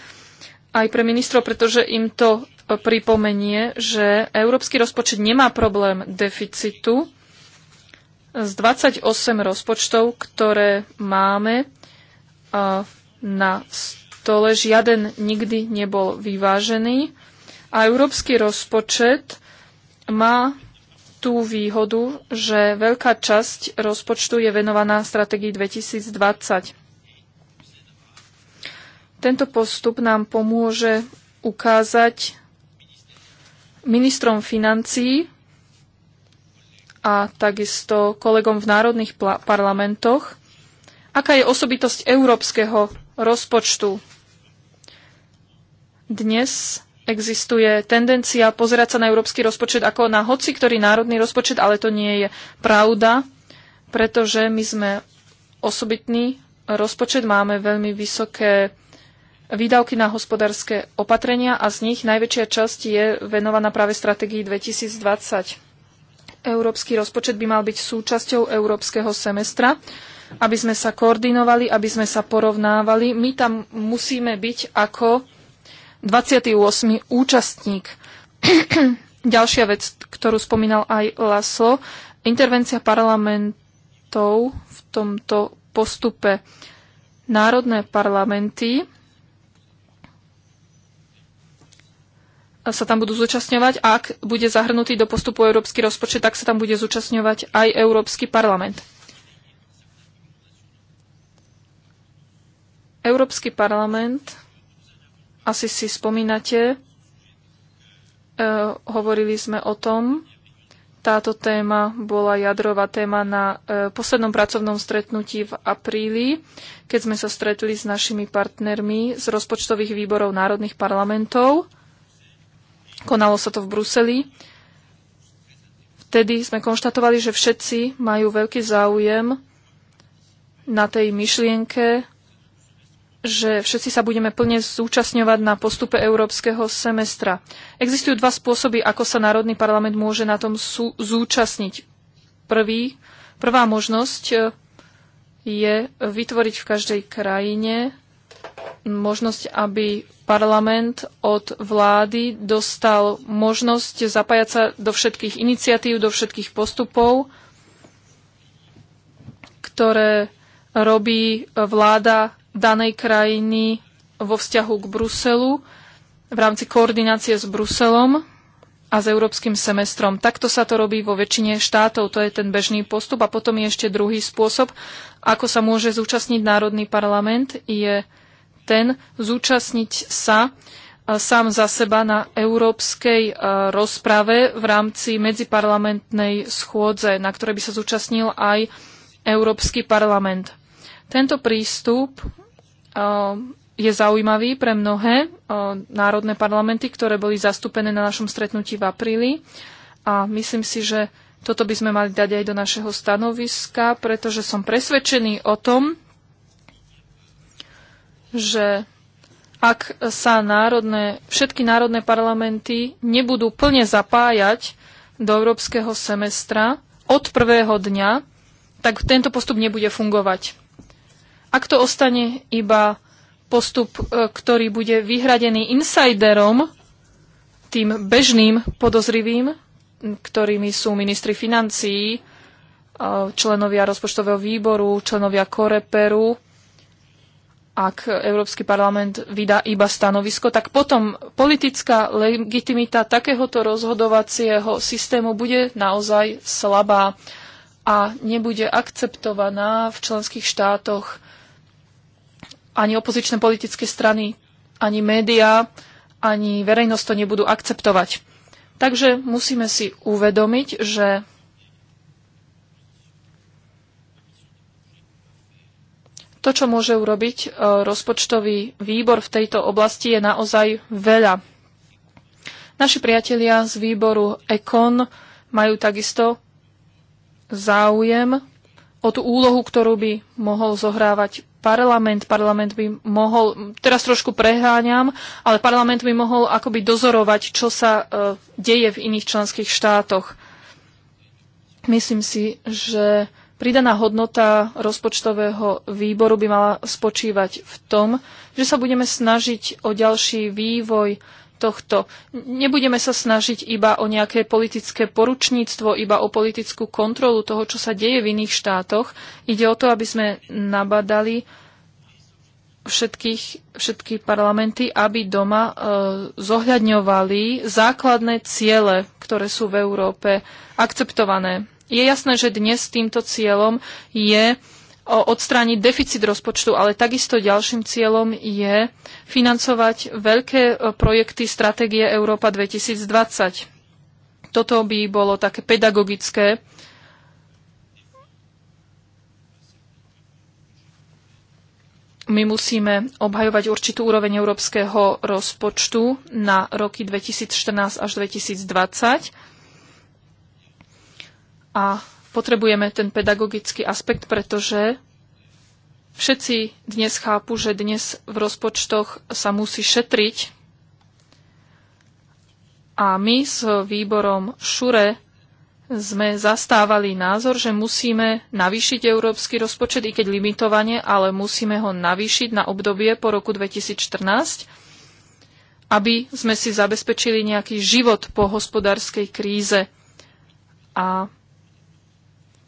aj pre ministrov, pretože im to pripomenie, že európsky rozpočet nemá problém deficitu. Z 28 rozpočtov, ktoré máme e, na stole, žiaden nikdy nebol vyvážený a európsky rozpočet má tú výhodu, že veľká časť rozpočtu je venovaná strategii 2020. Tento postup nám pomôže ukázať ministrom financií a takisto kolegom v národných parlamentoch, aká je osobitosť európskeho rozpočtu. Dnes existuje tendencia pozerať sa na európsky rozpočet ako na hoci ktorý národný rozpočet, ale to nie je pravda, pretože my sme osobitný rozpočet, máme veľmi vysoké výdavky na hospodárske opatrenia a z nich najväčšia časť je venovaná práve stratégii 2020. Európsky rozpočet by mal byť súčasťou európskeho semestra, aby sme sa koordinovali, aby sme sa porovnávali. My tam musíme byť ako 28. účastník. <clears throat> Ďalšia vec, ktorú spomínal aj Laslo, intervencia parlamentov v tomto postupe. Národné parlamenty sa tam budú zúčastňovať a ak bude zahrnutý do postupu európsky rozpočet, tak sa tam bude zúčastňovať aj Európsky parlament. Európsky parlament asi si spomínate, e, hovorili sme o tom, táto téma bola jadrová téma na e, poslednom pracovnom stretnutí v apríli, keď sme sa stretli s našimi partnermi z rozpočtových výborov národných parlamentov. Konalo sa to v Bruseli. Vtedy sme konštatovali, že všetci majú veľký záujem na tej myšlienke že všetci sa budeme plne zúčastňovať na postupe európskeho semestra. Existujú dva spôsoby, ako sa Národný parlament môže na tom zúčastniť. Prvý, prvá možnosť e, je vytvoriť v každej krajine možnosť, aby parlament od vlády dostal možnosť zapájať sa do všetkých iniciatív, do všetkých postupov, ktoré robí vláda danej krajiny vo vzťahu k Bruselu v rámci koordinácie s Bruselom a s európskym semestrom. Takto sa to robí vo väčšine štátov, to je ten bežný postup. A potom je ešte druhý spôsob, ako sa môže zúčastniť Národný parlament, je ten zúčastniť sa e, sám za seba na európskej e, rozprave v rámci medziparlamentnej schôdze, na ktorej by sa zúčastnil aj Európsky parlament. Tento prístup Eh, je zaujímavý pre mnohé eh, národné parlamenty, ktoré boli zastúpené na našom stretnutí v apríli. A myslím si, že toto by sme mali dať aj do našeho stanoviska, pretože som presvedčený o tom, že ak sa národné, všetky národné parlamenty nebudú plne zapájať do európskeho semestra od prvého dňa, tak tento postup nebude fungovať. Ak to ostane iba postup, e, ktorý bude vyhradený insiderom, tým bežným podozrivým, ktorými sú ministri financií, e, členovia rozpočtového výboru, členovia Koreperu, ak Európsky parlament vydá iba stanovisko, tak potom politická legitimita takéhoto rozhodovacieho systému bude naozaj slabá a nebude akceptovaná v členských štátoch ani opozičné politické strany, ani médiá, ani verejnosť to nebudú akceptovať. Takže musíme si uvedomiť, že to, čo môže urobiť e, rozpočtový výbor v tejto oblasti, je naozaj veľa. Naši priatelia z výboru EKON majú takisto záujem o tú úlohu, ktorú by mohol zohrávať parlament. Parlament by mohol, teraz trošku preháňam, ale parlament by mohol akoby dozorovať, čo sa uh, deje v iných členských štátoch. Myslím si, že pridaná hodnota rozpočtového výboru by mala spočívať v tom, že sa budeme snažiť o ďalší vývoj tohto. Nebudeme sa snažiť iba o nejaké politické poručníctvo, iba o politickú kontrolu toho, čo sa deje v iných štátoch. Ide o to, aby sme nabadali všetkých, všetky parlamenty, aby doma e, zohľadňovali základné ciele, ktoré sú v Európe akceptované. Je jasné, že dnes týmto cieľom je odstrániť deficit rozpočtu, ale takisto ďalším cieľom je financovať veľké e, projekty stratégie Európa 2020. Toto by bolo také pedagogické. My musíme obhajovať určitú úroveň európskeho rozpočtu na roky 2014 až 2020. A potrebujeme ten pedagogický aspekt, pretože všetci dnes chápu, že dnes v rozpočtoch sa musí šetriť a my s výborom Šure sme zastávali názor, že musíme navýšiť európsky rozpočet, i keď limitovane, ale musíme ho navýšiť na obdobie po roku 2014, aby sme si zabezpečili nejaký život po hospodárskej kríze. A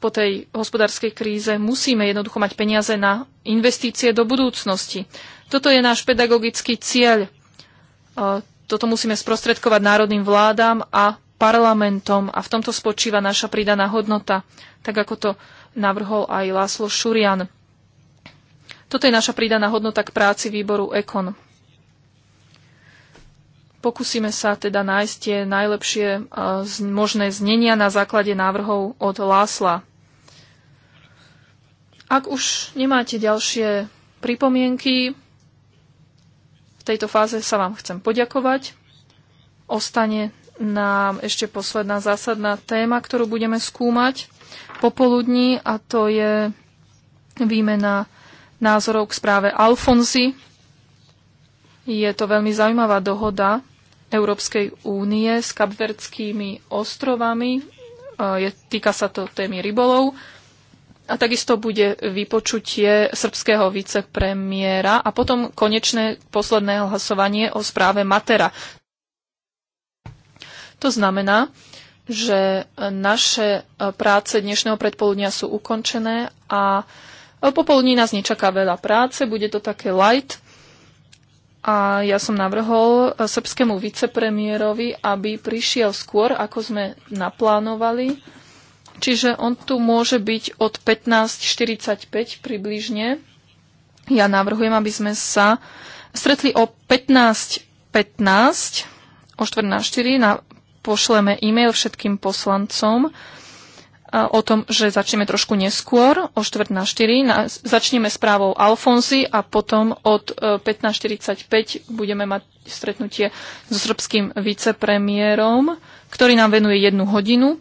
po tej hospodárskej kríze musíme jednoducho mať peniaze na investície do budúcnosti. Toto je náš pedagogický cieľ. Toto musíme sprostredkovať národným vládám a parlamentom a v tomto spočíva naša pridaná hodnota, tak ako to navrhol aj Láslo Šurian. Toto je naša pridaná hodnota k práci výboru EKON. Pokúsime sa teda nájsť tie najlepšie možné znenia na základe návrhov od Lásla. Ak už nemáte ďalšie pripomienky, v tejto fáze sa vám chcem poďakovať. Ostane nám ešte posledná zásadná téma, ktorú budeme skúmať popoludní a to je výmena názorov k správe Alfonzy. Je to veľmi zaujímavá dohoda Európskej únie s kapverckými ostrovami. E, je, týka sa to témy rybolov. A takisto bude vypočutie srbského vicepremiéra a potom konečné posledné hlasovanie o správe Matera. To znamená, že naše práce dnešného predpoludnia sú ukončené a popoludní nás nečaká veľa práce, bude to také light. A ja som navrhol srbskému vicepremiérovi, aby prišiel skôr, ako sme naplánovali Čiže on tu môže byť od 15.45 približne. Ja navrhujem, aby sme sa stretli o 15.15, .15, o 14.4, na pošleme e-mail všetkým poslancom o tom, že začneme trošku neskôr, o 14.4. na 4. začneme správou Alfonzy a potom od 15.45 e, budeme mať stretnutie so srbským vicepremiérom, ktorý nám venuje jednu hodinu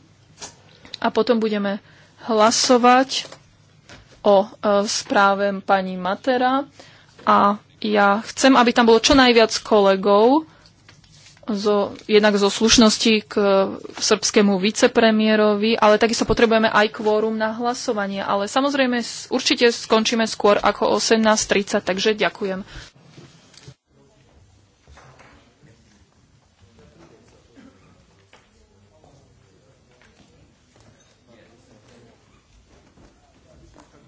a potom budeme hlasovať o e, správe pani Matera a ja chcem, aby tam bolo čo najviac kolegov, zo, jednak zo slušnosti k srbskému vicepremiérovi, ale takisto potrebujeme aj kvórum na hlasovanie. Ale samozrejme, určite skončíme skôr ako 18.30, takže ďakujem.